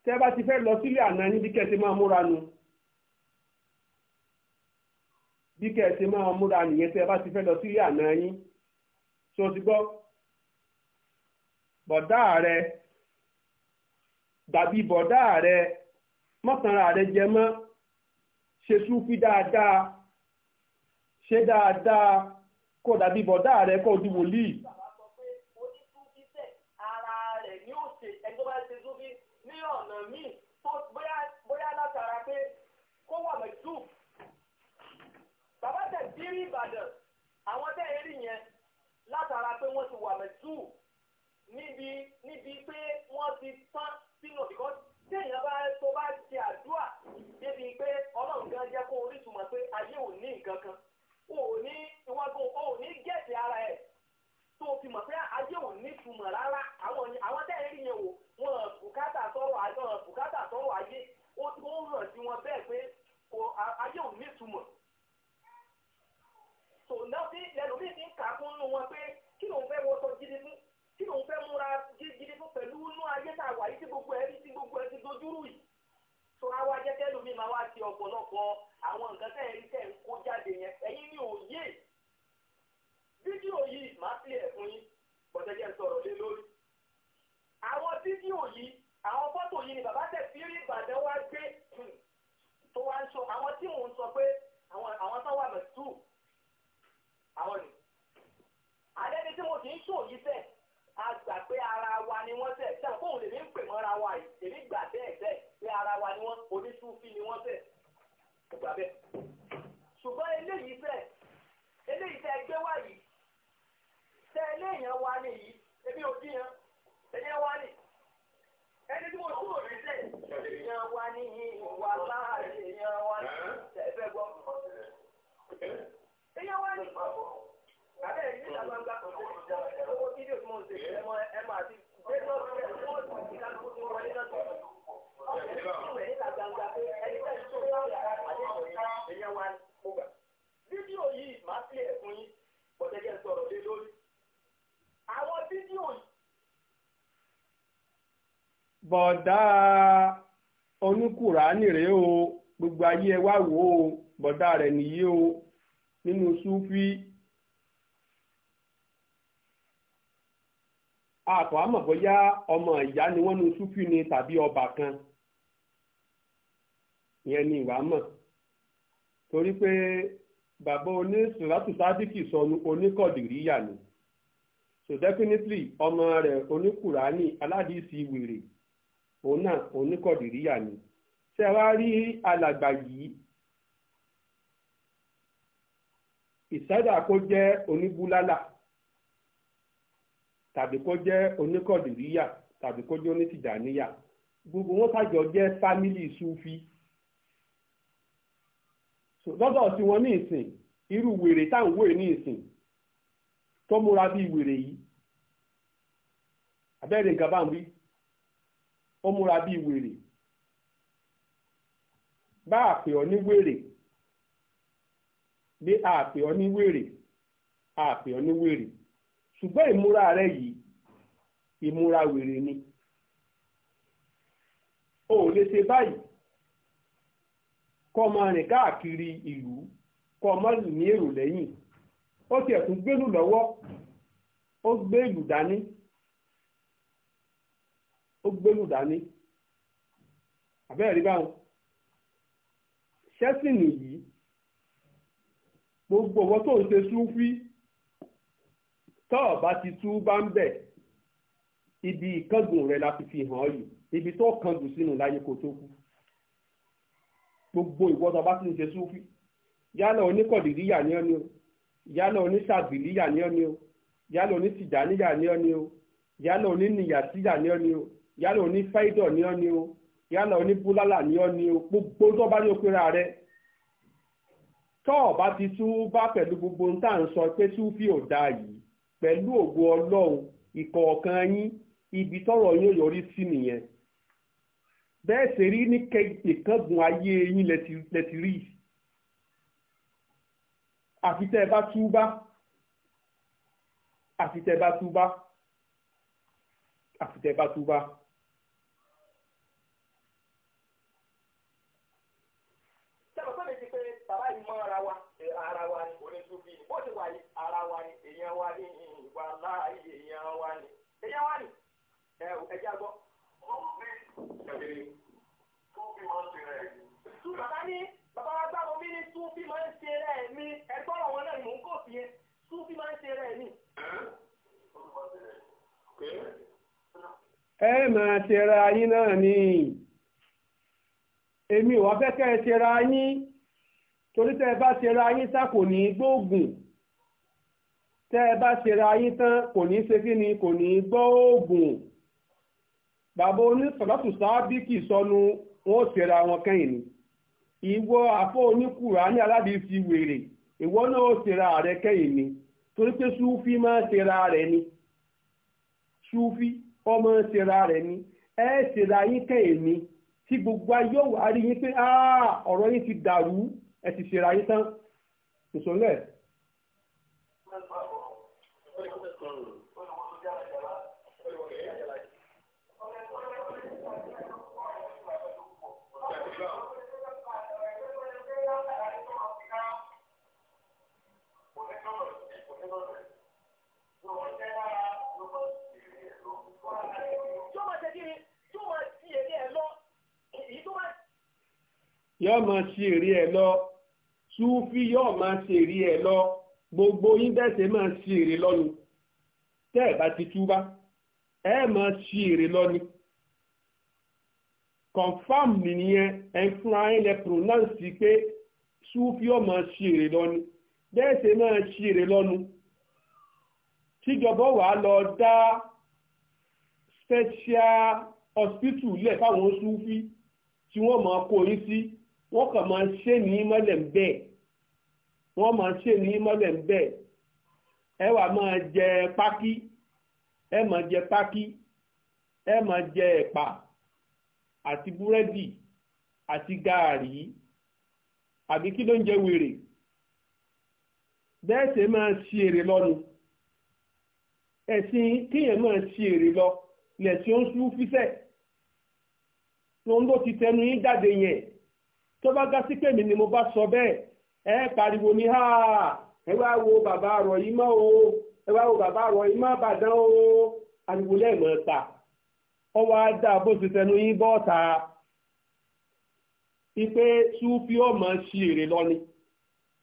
tẹ́ bá ti fẹ́ lọ sílé àná ní bí kẹ́ẹ̀tì máa múra nu bí kẹ́ẹ̀tì máa múra nìyẹn tẹ́ bá ti fẹ́ lọ sílé àná yín tó ti gbọ́ bọ̀dá rẹ dàbí bọ̀dá rẹ mọ́tànra rẹ jẹ mọ́ ṣe súnfí dáadáa ṣe dáadáa kó dàbí bọ̀dá rẹ kó di wòlíì ní Ìbàdàn àwọn tẹ́ẹ̀ rí yẹn látara pé wọ́n ti wà mẹ́tù níbi níbi pé wọ́n ti tán sínú bíkọ́ tí èèyàn bá tó bá ṣe àdúrà débi pé ọlọ́run gan jẹ́ kó orí túmọ̀ pé ayé ò ní nǹkan kan ò ní ìwọ́gun ò ní gẹ̀ẹ́sì ara ẹ̀ tó fi mọ̀ pé ayé ò ní túmọ̀ rárá àwọn tẹ́ẹ̀ rí yẹn wò wọn bùkátà sọ̀rọ̀ ayé wọn bùkátà sọ̀rọ̀ ayé ó hàn sí wọn bẹ́ẹ̀ pé ayé ò ní túmọ̀ tò lọ́sí lẹ́lòmí ti ń kà fún nù wọn pé kí lòun fẹ́ wọṣọ gidi fún kí lòun fẹ́ múra gidi fún pẹ̀lú inú ayé tá a wà yìí tí gbogbo ẹ̀ tí gbogbo ẹ̀ ti dojúrú yìí. tó a wá jẹ́ kẹ́lòmí máa wá ti ọ̀pọ̀lọpọ̀ àwọn nǹkan tẹ́ ẹ̀rí tẹ́ ń kó jáde yẹn ẹ̀yin ní òye fídíò yìí máa fi ẹ̀ fún yín bọ̀dẹ́jẹ́ sọ̀rọ̀ lé lórí. àwọn fídíò yìí àwọn fọ́tò yìí ni bàbá tẹ̀ fi rí Ìbàdàn wá gbé tó wá ń sọ àwọn tí mò ń sọ pé àwọn táwọn àmọ̀ tù àwọn ni. àlẹ́ ni tí mo ti ń ṣòyí sẹ́ẹ̀. ayé ẹ wá wò ó bọ̀dá rẹ̀ nìyí o nínú súfì àpọ̀ àmọ̀ bóyá ọmọ ìyá ni wọ́n nu súfì ni tàbí ọbàkan ìyẹn ni ìwà mọ̀ torí pé bàbá oníkọ̀dìríyà ni so definitely ọmọ rẹ̀ aládìsí wèrè òun náà oníkọ̀dìríyà ni. So ṣe wá rí alàgbà yìí ìsádà kó jẹ́ oníbúlálà tàbí kó jẹ́ oníkọ̀dìríyà tàbí kó jẹ́ onítìjàníyà gbogbo wọn kàjọ jẹ́ fámìlì sufi lọ́dọ̀ tí wọ́n ní ìsìn irú wèrè táwọn wèrè ní ìsìn tó múra bí wèrè yìí abẹ́rẹ́ nǹkan ó múra bí wèrè bá àpè ọ ní wèrè bí ní wèrè ní wèrè ṣùgbọ́n ìmúra rẹ yìí ìmúra wèrè ni o ò lè ṣe báyìí kọ́ rìn káàkiri ìlú kọ́ lù ní èrò lẹ́yìn ó tiẹ̀ tún lọ́wọ́ ó gbé dání ó ṣẹ́sìn nìyí gbogbo ọwọ́ tó ń ṣe súnfí tọ́ọ̀ bá ti tú bá ń bẹ̀ ibi ìkángun rẹ̀ la fi fi hàn ọ́ yìí ibi tó kángun sínú láyé kó tó kú gbogbo ìwọ́ta bá ti ń ṣe súnfí yálà oníkọ̀dìríyà ni ọ́ ni o yálà oníṣàbìlíyà ni ọ́ ni o yálà onítìjàníyà ni ọ́ ni o yálà onínìyàtíyà ni ọ́ ni o yálà onífáìdọ̀ ni ọ́ ni o yálà oníbúlálà ni ọ́ ni gbogbo tó bá ní òpinra rẹ tọ́ ọ bá ti tú bá pẹ̀lú gbogbo ń tà ń sọ pé tú fi ò da yìí pẹ̀lú ògo ọlọ́run ìkọ̀ọ̀kan yín ibi tọ́rọ̀ yín ò yọrí sí nìyẹn bẹ́ẹ̀ sì rí ní ìkángun ayé yín lẹ rí àfi bá túbá àfi bá túbá àfi bá túbá. èèyàn wa ní ìwà láàyè èèyàn wa ní èèyàn wa ní ẹ̀jẹ̀ àgbọ̀. ó fi ṣẹ̀lẹ̀ tó fi máa ṣe rẹ̀. tú bàbá ní bàbá wa gbàgbọ́ mi ní tú fi máa ń ṣe rẹ̀ mi ẹgbọ́n àwọn náà ni mò ń kò sí yẹn tú fi máa ń ṣe rẹ̀ mi. ẹ máa tẹ̀ra yín náà ni èmi ò wá fẹ́ kẹ́ ẹ tẹ̀ra yín torí tẹ́ ẹ bá tẹ̀ra yín sá kò ní gbóògùn tẹ́ ẹ bá ṣe ra yín tán kò ní ṣe kí ni kò ní gbọ́ oògùn bàbá onísọ̀lọ́tù sábíkì sọnù wọn ò ṣera wọn kẹ́yìn ni ìwọ àfọ oníkùrà ní aládìsí wèrè ìwọ náà ò ṣera rẹ kẹ́yìn ni torí pé súfí máa ń ṣera rẹ ni súfí ọmọ ń ṣera rẹ ni ẹ ṣera yín kẹ́yìn ni tí gbogbo ayé ọ̀wá rí yín pé ọ̀rọ̀ yín ti dàrú ẹ ti ṣera yín tán ìṣòro ẹ̀. yóò máa ṣe èrè ẹ lọ súfì yóò máa ṣe èrè ẹ lọ gbogbo yín bẹ́sẹ̀ máa ṣe èrè lọ́nu tẹ́ ẹ̀ bá ti túbá ẹ máa ṣe èrè lọ́ni confam nìyẹn ẹ fúnra yín lẹ pronounce pé súfì yóò ṣe èrè lọ́ni bẹ́sẹ̀ máa ṣe èrè lọ́nu tíjọba wà lọ dá special hospital lẹ̀ fáwọn súfì tí wọ́n máa kó yín sí. Si wọ́n kàn máa ṣe ní mọ́lẹ̀ ń bẹ́ẹ̀ wọ́n máa ṣe ní mọ́lẹ̀ ń bẹ́ẹ̀ ẹ wà máa jẹ pákí ẹ máa jẹ pákí ẹ máa jẹ ẹ̀pà àti búrẹ́dì àti gààrí àbí kí ló ń jẹ wèrè bẹ́ẹ̀ ṣe máa ṣe èrè lọ́nu ẹ̀sìn kíyàn máa ṣe èrè lọ lẹ̀sìn ó fífẹ́ tó ń lò ti tẹnu yín jáde yẹn tó bá gá sí pèmí ni mo bá sọ bẹ́ẹ̀ ẹ pariwo ní ha ẹ wá wo bàbá o ẹ wá wo bàbá yìí mọ́ àbàdàn o ariwo lẹ́ẹ̀mọ́ dà bó ti tẹnu yín bọ́ọ̀ta ipe súfì ọmọ ṣi èrè lọ ni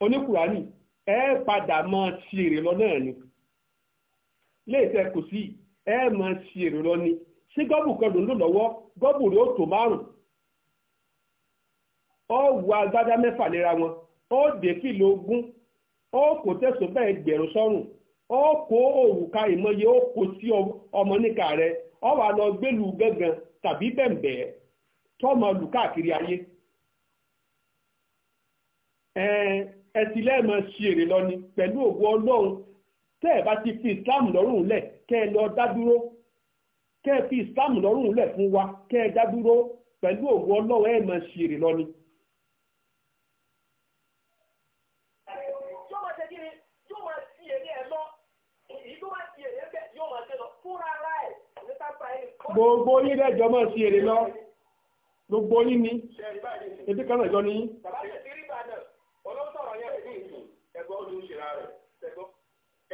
oníkùránì ẹ padà mọ ṣi lọ náà ni léèṣẹ kò sí ẹ mọ ṣi lọ ni ṣé kan lòún lò ó ọ wu agbádá mẹ́fà léra wọn ó dè kìlò ogún ó kò tẹ̀sùn bẹ́ẹ̀ gbẹ̀rún sọrùn ó kó òrùka ìmọye ó kò sí ọmọ níka rẹ ọ wà lọ gbẹ́lu gángan tàbí bẹ̀m̀bẹ̀ tọ́mọ lù káàkiri ayé lẹ́ẹ̀mọ ṣèrè lọ pẹ̀lú ọlọ́run tẹ́ bá ti fi lọ́rùn lẹ̀ kẹ́ ẹ lọ dádúró kẹ́ ẹ fi lọ́rùn lẹ̀ fún wa kẹ́ ẹ dádúró pẹ̀lú ọlọ́run ṣèrè lọ gbogbo yín lẹ́jọ́ mọ́ sí èrè lọ gbogbo yín ni ebi kan náà jọ ní.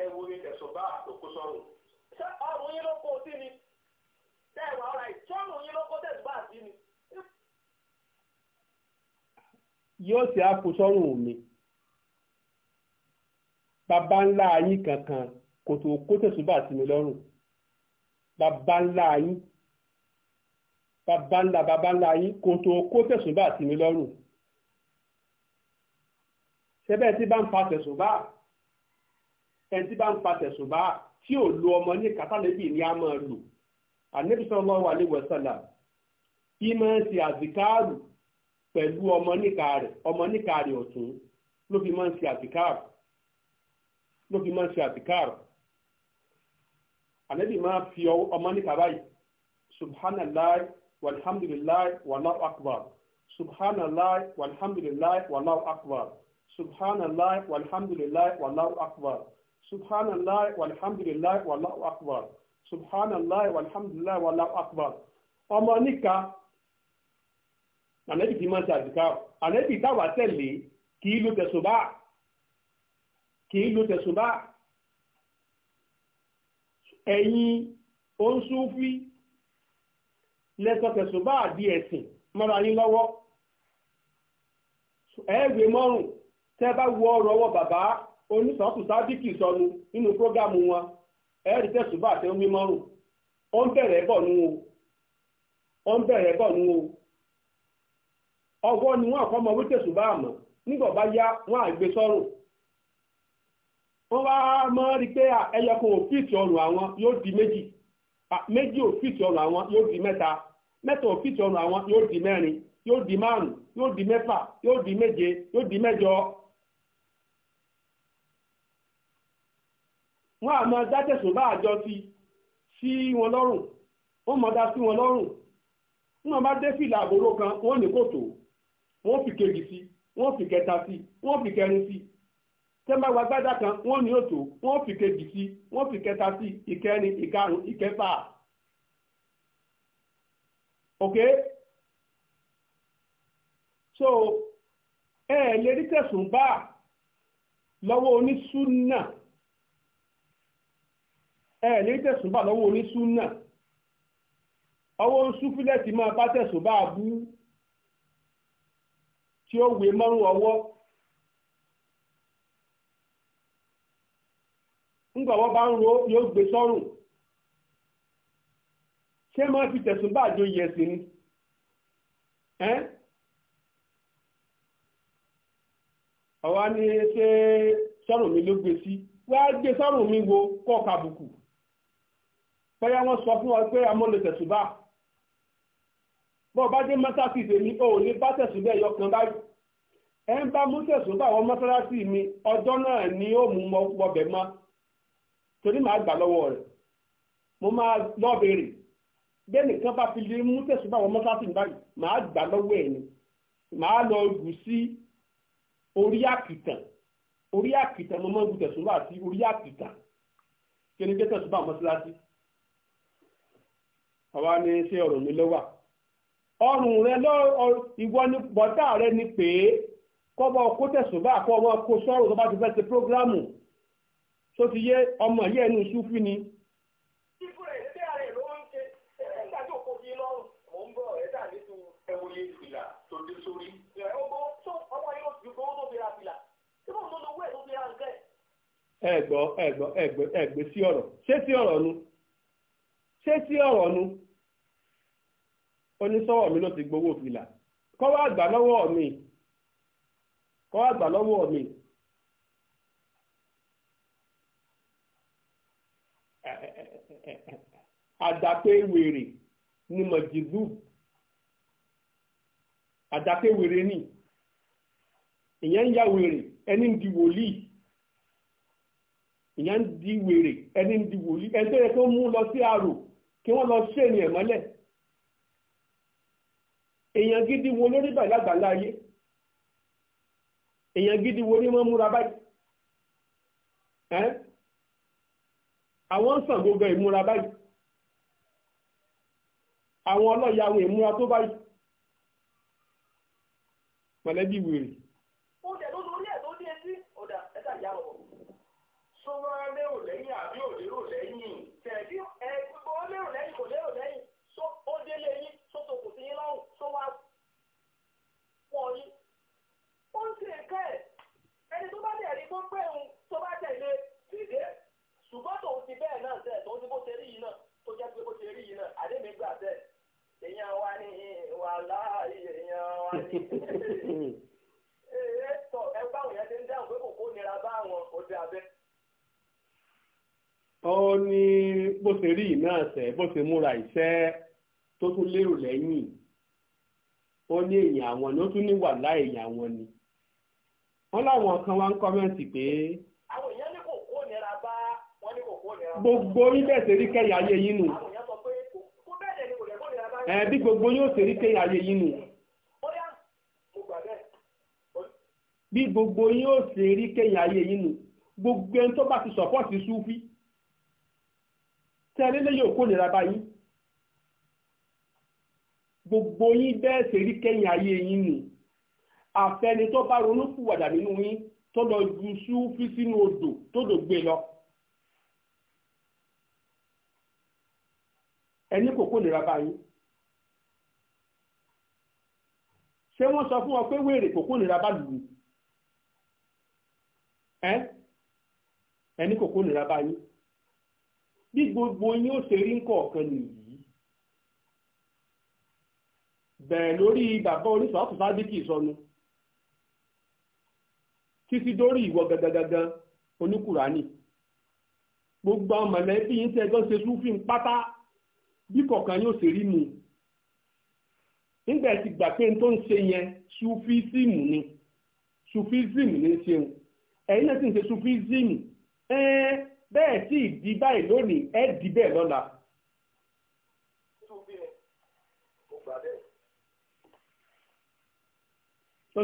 Ẹ̀wọ̀n ni ẹ̀sùn bá àtòkú sọ́run. Ṣé ọrùn yín ló kó sí ni? Ṣé ẹ̀wà ọ̀rà ìtọ́rùn yín ló kó tẹ̀sùn bá sí ni? Yóò ṣe àkósọ́rùn mi. Bàbá ńlá yín kankan kò tó kó tẹ̀sùn sí mi lọ́rùn bàbá ńlá yín bàbá ńlá bàbá ńlá yín kò tó kó fẹ̀sùn bá àti mi lọ́rùn ṣẹbẹ́ tí bá ń fa tẹ̀sùn bá ẹni tí bá ń fa tẹ̀sùn bá tí ò lo ọmọ ní kátàlẹ́bì ni a máa lò ànábì sallallahu alaihi wasallam ìmọ̀ ṣe àzìkáàrù pẹ̀lú ọmọ níka rẹ̀ ọmọ níka rẹ̀ ọ̀tún ló fi máa ń ṣe àzìkáàrù ló fi máa ń ṣe àzìkáàrù ànábì máa fi ọmọ níkà báyìí subhanallah walhamdulillah wallahu akbar subhanallah walhamdulillah wallahu akbar subhanallah walhamdulillah wallahu akbar subhanallah walhamdulillah wallahu akbar subhanallah walhamdulillah wallahu akbar ọmọ níkà ànábì fi máa ṣàdùkà ànábì táwa tẹ̀lé kì í ló tẹ̀sùbá kì í ló tẹ̀sùbá. eyin oṣùfí lẹ́sọ̀kẹ̀sọ̀ bá àbí ẹ̀sìn mọ́ra yín lọ́wọ́ ẹ̀ẹ́gbẹ̀ mọ́rùn tẹ́ bá wọ ọ̀rọ̀ bàbá onísàkù sábìkì nínú prógámù wọn tẹ̀sùn bá àtẹ́ omi mọ́rùn ó ń o ó ń bẹ̀rẹ̀ bọ̀ o ọwọ́ ni wọ́n àkọ́mọ wí tẹ̀sùn bá àmọ́ nígbà bá yá wọ́n wá mọ́ rí pé ẹyọkan ò fìtì ọrùn àwọn yóò di méjì méjì ò ọrùn àwọn yóò di mẹ́ta mẹ́ta ò fìtì ọrùn àwọn yóò di mẹ́rin yóò di márùn yóò di mẹ́fà yóò di méje yóò di mẹ́jọ. wọ́n àmọ́ dátẹ̀sùn bá àjọ sí sí wọn lọ́rùn wọ́n mọ̀ dá sí wọn lọ́rùn wọ́n bá dé fìlà àbòrò kan wọ́n ní kòtò wọ́n fi kejì sí wọ́n fi kẹta sí wọ́n fi kẹrin sí tẹ́ bá wá kan wọ́n ní òtò wọ́n fi kejì sí wọ́n fi kẹta sí ìkẹrin ìkarùn ìkẹfà ok so ẹ ẹ lè rí tẹ̀sùn bá lọ́wọ́ onísúnà ẹ ẹ lè rí tẹ̀sùn bá lọ́wọ́ onísúnà ọwọ́ súfúlẹ̀ ti máa bá tẹ̀sùn bá bú tí ó wé mọ́rún ọwọ́. ńgbọ̀wọ́ bá ń ro yóò gbé sọ́rùn ṣé máa fi tẹ̀sùn bá àjò yẹ̀ sí ni ọ̀wá ni ṣé sọ́rùn mi ló gbé sí wá gbé sọ́rùn mi wo kọ́ kàbùkù fẹ́yà wọ́n sọ fún ọ pé amọ́lẹ̀ tẹ̀sùn bá bọ́ọ̀ bá dé mọ́sáàsì tèmi ò ní bá tẹ̀sùn bẹ́ẹ̀ yọkan báyìí ẹ ń bá mú tẹ̀sùn bá àwọn mọ́sáàsì mi ọjọ́ náà ni ó mú wọbẹ̀ mọ́ torí màá gbà lọ́wọ́ rẹ̀ mo máa lọ́ọ́ béèrè bẹ́ẹ̀ nìkan bá fi lè mú tẹ̀sùbà wọn mọ́sáàsì báyìí màá gbà lọ́wọ́ ẹ̀ ni màá lọ gù sí orí àkìtàn orí àkìtàn mo máa ń gù tẹ̀sùbà sí orí àkìtàn kí ni tẹ̀sùbà mọ́sáàsì àwa ni ṣé ọ̀rọ̀ mi lọ́wà ọrùn rẹ lọ ìwọ ni bọ́tà rẹ ni pé kọ́ bọ́ kó tẹ̀sùbà kọ́ wọn kó sọ́rùn tó bá ti fẹ́ ṣe prógrámù tó ti yé ọmọ yẹ́ ẹnu ṣúfí ni. ẹgbọ́ ẹgbọ́ ẹgbẹ́ ẹgbẹ́ sí ọ̀rọ̀ ṣé sí ọ̀rọ̀ nu ṣé sí ọ̀rọ̀ nu onísọwọ mi ló ti gbowó fìlà kọwọ àgbà lọ́wọ́ mi kọwọ àgbà lọ́wọ́ mi àdàpé wèrè ni mọ̀jìzú àdàpé wèrè ni ìyẹn ń ya wèrè ẹni ń di wòlíì ìyẹn ń di wèrè ẹni ń di wòlíì ẹni tó yẹ kó mú lọ sí àrò kí wọ́n lọ ṣèlú ẹ̀ mọ́lẹ̀ èèyàn gidi wo lórí báyìí lágbàlá ayé èèyàn gidi wo ní wọ́n múra báyìí ẹ́ àwọn sàn gbogbo ìmúra báyìí àwọn ọlọ́ọ̀yà àwọn ìmúra tó báyìí mọ̀lẹ́bí wèrè. ó jẹ́ tó lórí ẹ̀ tó dé sí ọ̀dà ẹ̀ta ìyá ọ̀rọ̀. sọ wọn lérò lẹ́yìn àbí ò lérò lẹ́yìn tẹ̀bí ẹ gbogbo wọn lérò lẹ́yìn kò lérò lẹ́yìn sọ ó délé yín sọ tó kò sí yín lọ́rùn sọ wá wọ̀ yín. ó ń ṣe ẹ̀ka ẹ̀ ẹni tó bá tẹ̀lé tó pé òun tó bá tẹ̀lé dìde ṣùgbọ́n tòun ti bẹ́ẹ̀ náà tẹ̀ tó ti bó ṣe rí yìí náà tó jẹ́ pé bó ṣe rí yìí náà àdémi gbà bẹ́ẹ̀ èèyàn wa ní ìwà láàyè èèyàn wa ní. ẹ sọ ẹ bá àwọn yẹn ti ń dáhùn pé kòkó nira bá àwọn òde abẹ. ó ní bó ṣe rí iná ẹsẹ̀ bó ṣe múra iṣẹ́ tó tún lérò lẹ́yìn ó ní èèyàn àwọn ni ó tún ní wà láì èèyàn àwọn ni wọ́n láwọn kan wá ń kọ́mẹ́ǹtì pé. àwọn èèyàn ní kòkó nira bá wọ́n ní kòkó nira. gbogbo ilé ìṣèrí kẹ́yà ayé yín nù ẹ̀ bí gbogbo yóò ṣe rí pé ayé yín nù bí gbogbo yóò ṣe rí pé ayé yín nù gbogbo ẹni tó bá ti sọ̀pọ̀tì súfí tẹ́lẹ̀ lẹ́yìn òkú nira báyìí gbogbo yín bẹ́ẹ̀ ṣe rí kẹ́yìn ayé yín nù àfẹni tó bá ronú kùwàdà nínú yín tó lọ ju súfí sínú odò tó lọ gbé lọ. ẹni kò kó nira báyìí. ṣé wọ́n sọ fún ọ pé wèrè kò kórìíra bá lù ú ẹ́ ẹni kò kórìíra bá yín bí gbogbo yín ó ṣe rí nǹkan nìyí bẹ̀rẹ̀ lórí bàbá oníṣòwò àtúnṣábíkì ìsọnu títí dórí ìwọ gangan oníkùránì gbogbo àwọn mọ̀lẹ́bí yín tẹ́jọ́ ṣe súnfìn pátá bí kọ̀ọ̀kan yóò ṣe rí nìyí nígbà tí gbà pé n tó ń ṣe yẹn sufism ni sufism ni ń ṣeun ẹ̀yin náà sì ń ṣe sufism ẹ̀ẹ́ bẹ́ẹ̀ sì di báyìí lónìí ẹ̀ di bẹ́ẹ̀ lọ́la. tó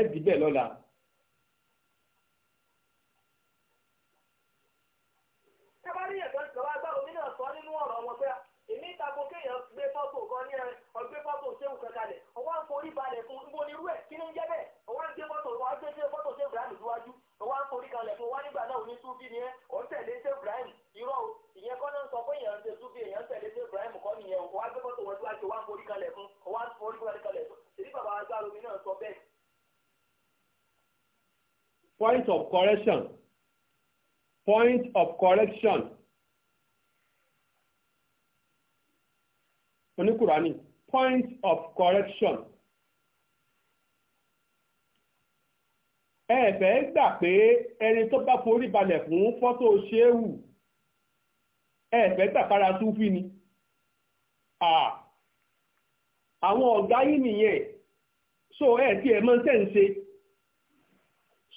ẹ̀ di bẹ́ẹ̀ lọ́la. irú ẹ̀ kí ni ń jẹ́ bẹ́ẹ̀ o wá ń gbé fọ́tò wá gbé ṣe fọ́tò ṣe Ibrahim síwájú o wá ń forí kalẹ̀ fún wa nígbà náà ní súfì ni ẹ ò ń tẹ̀lé ṣe Ibrahim irọ́ o ìyẹn kọ́ náà sọ pé èèyàn ń tẹ̀lé ṣe Ibrahim kọ́ nìyẹn o wá gbé fọ́tò wọn síwájú wá ń forí kalẹ̀ fún wá ń forí kalẹ̀ fún ṣèlú bàbá agbára omi náà sọ bẹ́ẹ̀. point of correction point of correction oníkùránì point of correction. ẹ̀fẹ́ gbà pé ẹni tó bá forí balẹ̀ fún fọ́tò ṣéwù ẹ̀fẹ́ tàkàrà súnfì ni àwọn ọ̀gá yìí nìyẹn so ẹ̀ tí ẹ̀ mọ́ sẹ́ǹsẹ̀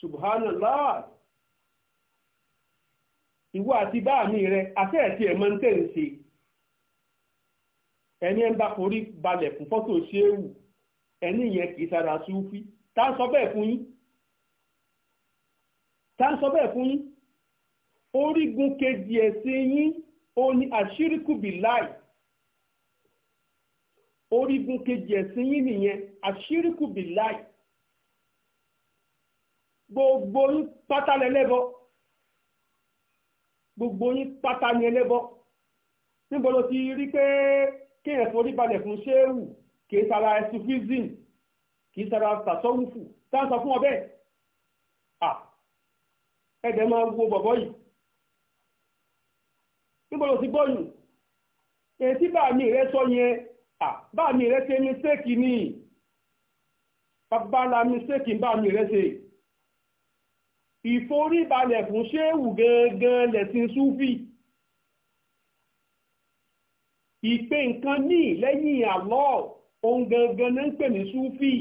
subhanallah ìwọ àti bá mi rẹ àti ẹ̀ tí ẹ̀ mọ́ sẹ́ǹsẹ̀ ẹni ẹ̀ ń bá forí balẹ̀ fún fọ́tò ṣéwù ẹni yẹn kì í sára súnfì tá a sọ bẹ́ẹ̀ fún yín tá ń sọ bẹ́ẹ̀ fún yín orígun kejì ẹ̀sìn yín ó ní àṣírìkùbì láì orígun kejì ẹ̀sìn yín nìyẹn àṣírìkùbì láì gbogbo yín pátá lẹ́lẹ́bọ gbogbo yín pátá ni ẹlẹ́bọ níbo ló ti rí pé kéèyàn forí balẹ̀ fún ṣéwù kì í sara ẹsùfíìsìn kì í sara tàṣọ́wùfù tá ń sọ fún ọ bẹ́ẹ̀ ẹ̀dẹ̀ máa wo bọ̀bọ̀ yìí níbo ló ti gbọ́yù èyí bá mi rẹ sọ yẹn bá mi rẹ ṣe mistake ni bàbá la mistake bá mi rẹ ṣe ìforíbalẹ̀ fún ṣéwù gangan lẹ̀sìn súfì ìpè nǹkan míì lẹ́yìn àlọ́ ohun gangan ní ń pè ní súfì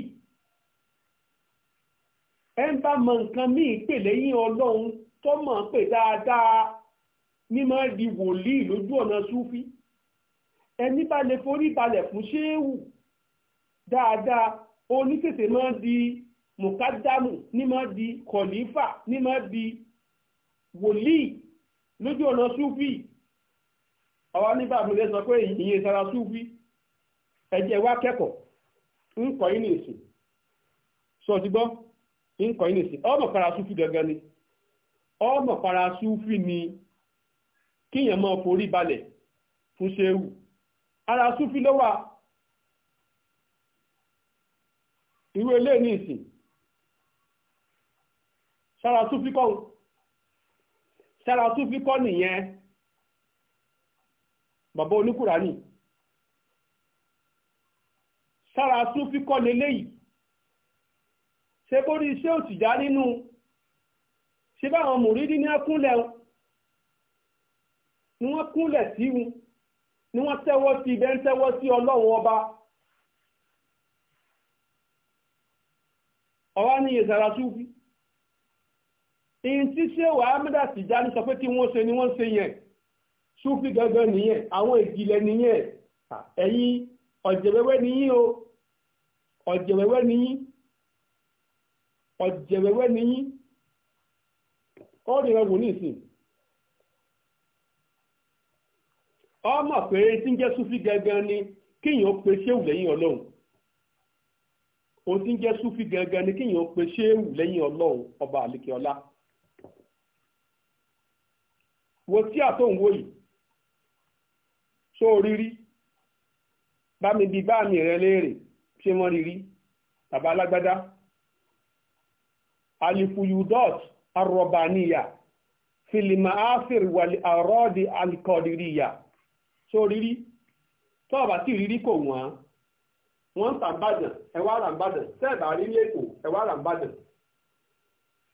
ẹ ń bá mọ nǹkan míì pè lẹ́yìn ọlọ́run tó mọ̀ pé dáadáa mímọ́ di wòlíì lójú ọ̀nà súfí ẹni bá lè forí balẹ̀ fún ṣéèwù dáadáa onítètè máa di mùkádámù ní máa di kọ̀lífà ní máa di wòlíì lójú ọ̀nà súfí àwa ní mi lè sọ pé ìyẹn sara súfí ẹ̀jẹ̀ wa kẹ́kọ̀ọ́ ń kọ́ yín nìsín sọ̀tìgbọ́n. nkọ̀ yìí nìsí ọmọ parasúfì gangan ni ọmọ parasúfì ni kíyàn máa forí balẹ̀ fún ṣéwù ara súfì iru wà irú ilé ní ìsìn sára súfì kọ́ sára súfì kọ́ nìyẹn bàbá oníkùrà ni ṣe bó rí iṣẹ́ òtìdá nínú ṣe báwọn mùrídìí ní ẹkúnlẹ̀ ni wọ́n kúnlẹ̀ sí wọn ni wọ́n tẹ́wọ́ sí ibẹ̀ ń tẹ́wọ́ sí ọlọ́run ọba ọwá ní ìsàrà súfì ìyìn tí ṣé wà ámìdá sì já ní sọ pé kí wọ́n ṣe ni wọ́n ṣe yẹn súfì gangan nìyẹn àwọn ìjìnlẹ̀ nìyẹn ẹ̀yin ọ̀jẹ̀wẹ́wẹ́ nìyí o ọ̀jẹ̀wẹ́wẹ́ nìyí ọ̀jẹ̀wẹ̀wẹ́ ni yín ọ̀rìn ẹ̀wò nísìn ọmọ pé tí ń jẹ́ súfì gangan ni kíyàn pe ṣéwù lẹ́yìn ọlọ́run ohun tí ń jẹ́ súfì gangan ni kíyàn pe ṣéwù lẹ́yìn ọlọ́run ọba àlekèọlá wo tí àtọ̀hún wò yìí ṣó o rírí bá mi bí bá mi rẹ léèrè ṣé wọ́n rírí bàbá alágbádá alifuyudot arọ̀bàníyà filima afir wàlí àrọ́ọ̀dì alikọ̀dìríyà tó rírí tí rírí kò wọ́n wọ́n ń tàbàdàn ẹ̀wà ràǹbàdàn sẹ́ẹ̀bà rí ní èkó ẹ̀wà ràǹbàdàn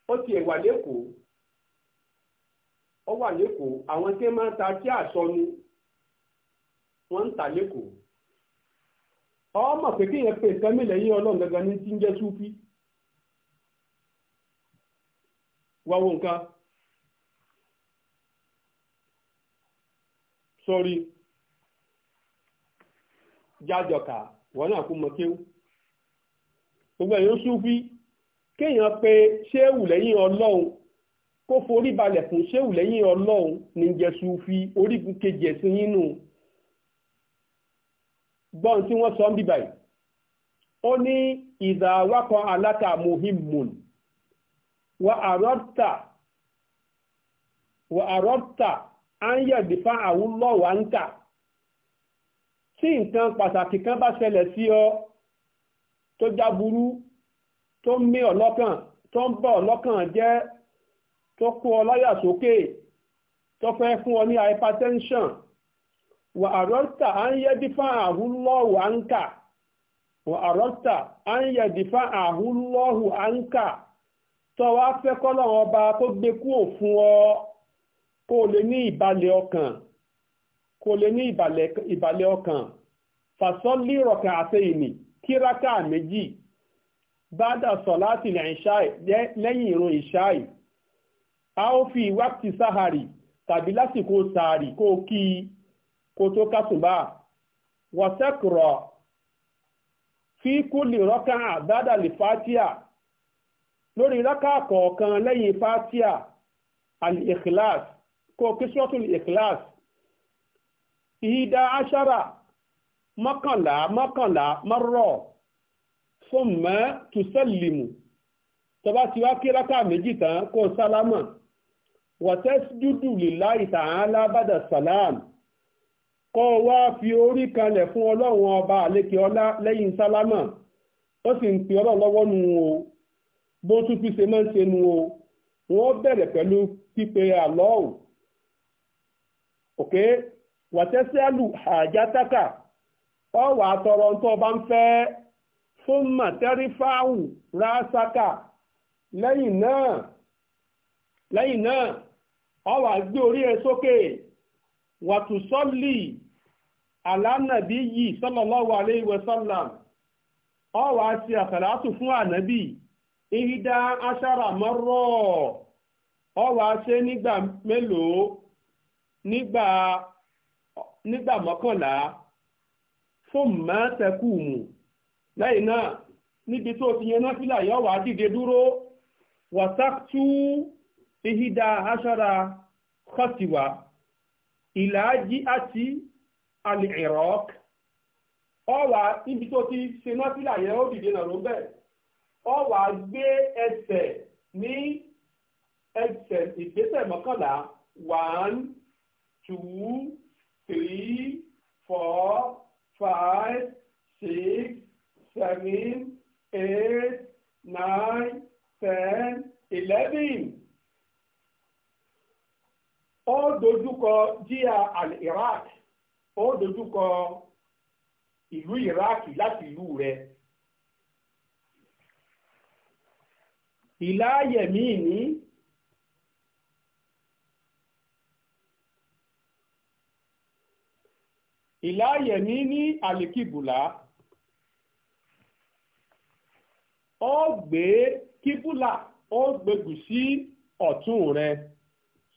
ó ti ẹ̀wà lẹ́kọ̀ọ́ ó wà lẹ́kọ̀ọ́ àwọn tí máa ń ta tí àsọnu wọ́n ń tà lẹ́kọ̀ọ́ ọmọ pé kí yẹn pè nǹkan mi ní wá wo nǹkan sórí jájọkà wọn náà kú mọ kéwú gbogbo èèyàn súnfí kéèyàn pé ṣéwù lẹ́yìn ọlọ́run kó forí balẹ̀ fún ṣéwù lẹ́yìn ọlọ́run ní jẹ́ súnfí orígun kejì ẹ̀sìn yín gbọ́n tí wọ́n sọ ń bíbáyìí ó ní ìdàwákan aláta wa àrọ́tà wa àrọ́tà á ń yẹ̀dí fún kan bá ṣẹlẹ̀ sí ọ tó jáburú tó ń mí ọ tó ń bọ̀ ọlọya jẹ́ tó kó ọ láyà sókè tó fẹ́ fún ọ ní hypertension wà àrọ́tà á ń yẹ dífá àhúlọ́hù àńkà wà àrọ́tà á ń yẹ tó wá fẹ́ kọ́lọ́wọ́ ọba tó gbé kúrò fún ọ kó o lè ní ìbàlẹ̀ ọkàn kó o lè ní ìbàlẹ̀ ọkàn fàsọ́lì rọ̀kà àtẹ̀yìnì kíráká méjì bádà sọ̀láàtì lẹ́yìn ìrun ìṣáì a ó fi wákìtì sáhàrì tàbí lásìkò sàárì kó kí i kó tó kásùbà wọ́sẹ̀kùrọ̀ fi kúlì rọ́kà bádà lè fàtíà lórí rákà kọ̀ọ̀kan lẹ́yìn fatia al-ikhlas kó kíṣọ́tún ikhlas ìdá aṣára mọ́kànlá mọ́kànlá mọ́rọ̀ fún mọ́ tùsẹ́lìmù tọba ti wá kí rákà méjì tán kó sálámà wàtẹ́sídúdù lillahi ta'ala bada salam kó wá fi orí kanlẹ̀ fún ọlọ́run ọba àlékè ọlá lẹ́yìn sálámà ó sì ń pè ọlọ́run lọ́wọ́ nù o bó tún fi ṣe máa ń ṣe nu o wọ́n bẹ̀rẹ̀ pẹ̀lú pípe àlọ́ọ̀ òkè wàtẹ́síálù àjátàkà ọwà àtọrọ ọ bá ń fẹ́ fún màtẹ́rífáù rásákà lẹ́yìn náà lẹ́yìn náà ọwà gbé orí ẹ sókè wàtúsọ́lì alánàbí yìí sallallahu alayhi wa sallam ọwà ṣe fún ànábì ìhídá aṣára mọ́rọ̀ ọ wá ṣe nígbà mélòó nígbà nígbà mọ́kànlá fún mọ́tẹ́kù mù lẹ́yìn náà níbi tó ti yẹn náà fílà yọ wá dìde dúró wàtáktú ìhídá aṣára kọ́tìwá ìlàájí àti alìrọ́ọ̀kì ọ wá níbi tó ti ṣe náà fílà yẹn ó dìde nàró bẹ́ẹ̀ ọ wàá gbé ẹsẹ̀ ní ẹsẹ̀ ìgbésẹ̀ mọ́kànlá one two three four five six seven eight nine ten eleven ó dojúkọ jíà àl Iraq ó dojúkọ ìlú Iraq láti ìlú rẹ̀. ìláyẹ̀mí ní ìláyẹ̀mí ní àlèkìbùlá ó gbé kíbùlà ó gbégùn sí ọ̀tún rẹ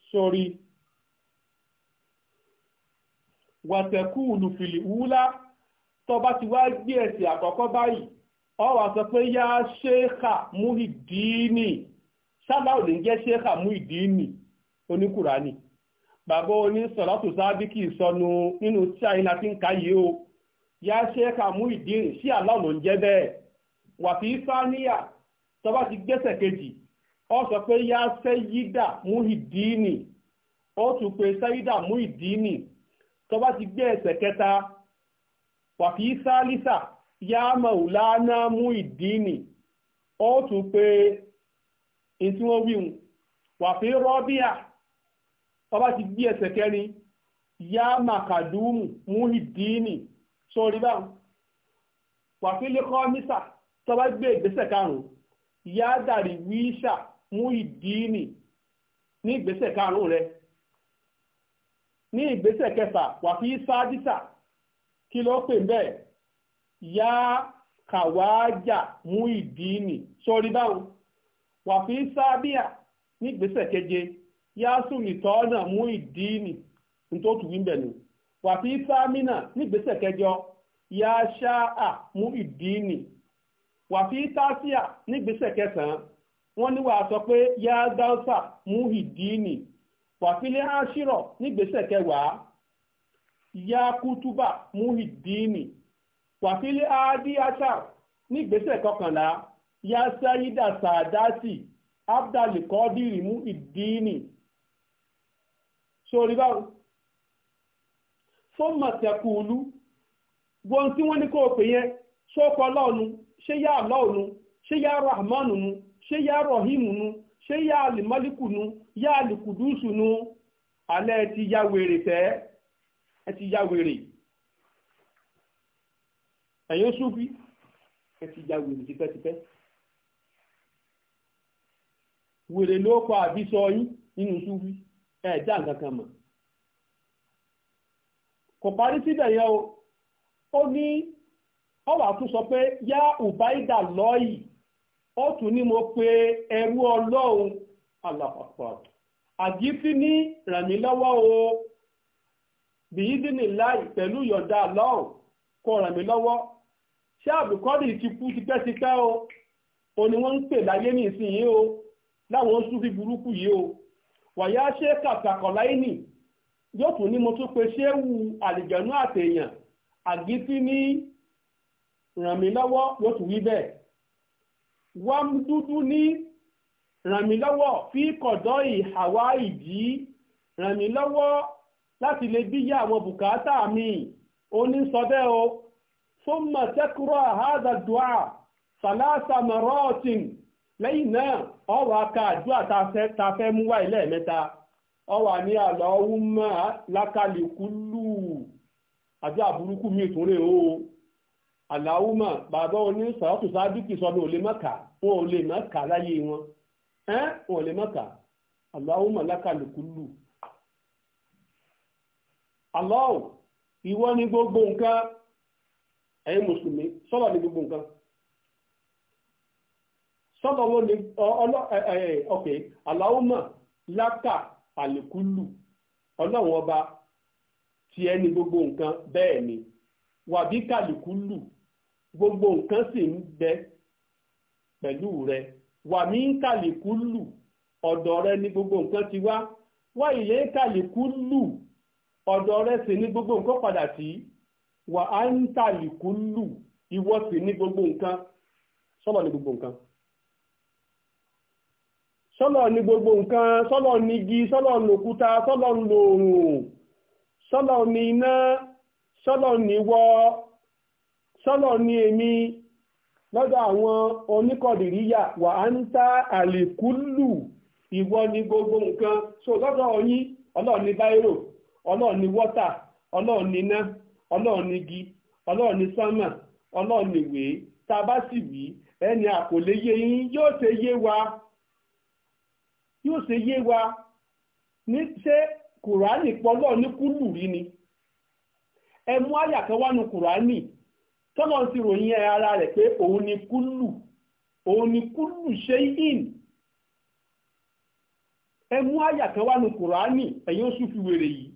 sórí wàtẹ̀kù olùfìlì wúlá ti wá gbé ẹsẹ̀ àkọ́kọ́ báyìí ọwà sọ pé ya ṣéèkà Muhidini sábà ò lè jẹ́ ṣéèkà Muhidini oníkùránì bàbá oní sọ̀rọ̀tù sábíkì sọnù nínú tí àyín láti ń káyé o ya ṣéèkà Muhidini sí àlọ́ ń jẹ́ bẹ́ẹ̀ wàfi sáníyà tọ́ba ti gbẹ́sẹ̀ kejì ọ sọ pé yá sẹ́yídà Muhidini ó tún pé sẹ́yídà Muhidini tọ́ba ti gbé kẹta wàfi sálísà yá Maulana Muidini ó tún pé ntí wọ́n wíhun wà fi rọ́bíà ọba ti gbé ẹsẹ̀ kẹrin yá Makadumu Muidini sórí báwọn wà fi lẹ́kọ́ mísà tọ́ba gbé ìgbésẹ̀ karùn-ún yá dàrí wíṣà Muidini ní ìgbésẹ̀ karùn-ún rẹ̀ ní ìgbésẹ̀ kẹfà fi sáádísà kí ló pè bẹ́ẹ̀ ya kàwájà mú idini sórí báwọn wàfí sábíà nígbésẹ̀ keje ya sùnìtọ́ náà mú ìdíìnì nítorí tùwí ń ni nù wàfí sámínà nígbésẹ̀ kẹjọ yá ṣáà mú ìdíìnì wàfí tásíà nígbésẹ̀ kẹsàn-án wọ́n sọ pé mú áṣírọ̀ kẹwàá ya kútúbà mú wàfílẹ̀ adi ní ìgbésẹ̀ kọkànlá ya sayida sadati abdali kọ́dìrì mú ìdíìní sórí báwo fún mọ̀tẹ́kùlù gbọ́n tí wọ́n ní kó pè yẹn kọ lọ́ọ̀nù ṣé yá lọ́ọ̀nù ṣé yá rahmanu nu ṣé yá rahimu nu ṣé yá alimọ́líkù nu yá alikudusu nu alẹ́ ti ya wèrè tẹ́ ẹ ti ẹ̀yin súnfì ẹ ti ja wèrè tipẹ́tipẹ́ wèrè ló kọ àbí sọ yín nínú súnfì ẹ já nǹkan kan mọ̀ kò parí síbẹ̀ yẹn o ó ní ọwà tún sọ pé yá ùbáìdà lọ́ọ̀yì ó tún ní mo pe ẹrú ọlọ́run alápapọ̀ àgífí ní o láì pẹ̀lú yọ̀dá lọ́ọ̀ kó ṣé àbùkọ́dì ti kú tipẹ́tipẹ́ o o ni wọ́n ń pè láyé ní ìsinyìí o láwọn sún fi burúkú yìí o wàyá ṣe kàtàkọ̀ láìní yóò tún ní mo tún pe ṣéwù àlìjẹ̀nú àtẹ̀yàn àgítí ní ràn mí lọ́wọ́ yóò tún wí bẹ́ẹ̀ wọ́n dúdú ní ràn mí fi kọ̀dọ̀ ìhàwá ìdí ràn láti lè bíyà àwọn bùkátà mi ò ní sọ bẹ́ẹ̀ o. ثم تقرأ هذا الدعاء ثلاث مرات lẹ́yìn náà ọ wá ka àdúrà ta fẹ́ mú ọ ní àlọ́ ọ̀húnmá lákàlẹ́kùlù àdúrà burúkú mi tún rè o àlàúmà bàbá oní sàrọ́tù sọ mi ò lè mọ́kà wọn ò lè mọ́kà ẹ̀yin mùsùlùmí sọ́lọ̀ ní gbogbo nǹkan sọ́lọ̀ wọn ni ọ̀kẹ́ aláwọ̀mọ̀ lákà àlékúlù ọlọ́run ọba ti ẹni gbogbo nǹkan bẹ́ẹ̀ ni wàbí kàlékúlù gbogbo nǹkan sì ń bẹ pẹ̀lú rẹ wàmí kàlékúlù ọ̀dọ̀ rẹ ni gbogbo nǹkan ti wá wá kàlékúlù ọ̀dọ̀ rẹ sì ni gbogbo nǹkan padà sí. wà á ń tàlìkú lù ìwọ sì ní gbogbo nǹkan sọlọ ní gbogbo nǹkan sọlọ ní gbogbo nǹkan sọlọ ní igi sọlọ ní òkúta sọlọ ní òòrùn sọlọ ní iná sọlọ ní wọ sọlọ ní èmi lọ́dọ̀ àwọn oníkọ̀dìríyà wà á ń ta àlìkú lù ìwọ ní gbogbo nǹkan so lọ́dọ̀ ọyín ọlọ́ọ̀ ní báírò ọlọ́ọ̀ wọ́tà ọlọ́ọ̀ iná ọlọ́run ni igi ọlọ́run ni sánmà ọlọ́run ni ìwé tá a bá sì wí ẹni àkọlé yé yín yóò ṣe yé wa yóò ṣe yé wa ní ṣé kùránì pọ́lọ́ ní kúlù rí ni ẹ mú àyà kan wá nu kùránì tọ́lọ́ ti ròyìn ara rẹ̀ pé òun ni kúlù òun ni kúlù ṣe in ẹ àyà kan wá nu kùránì ẹ̀yin ó fi wèrè yìí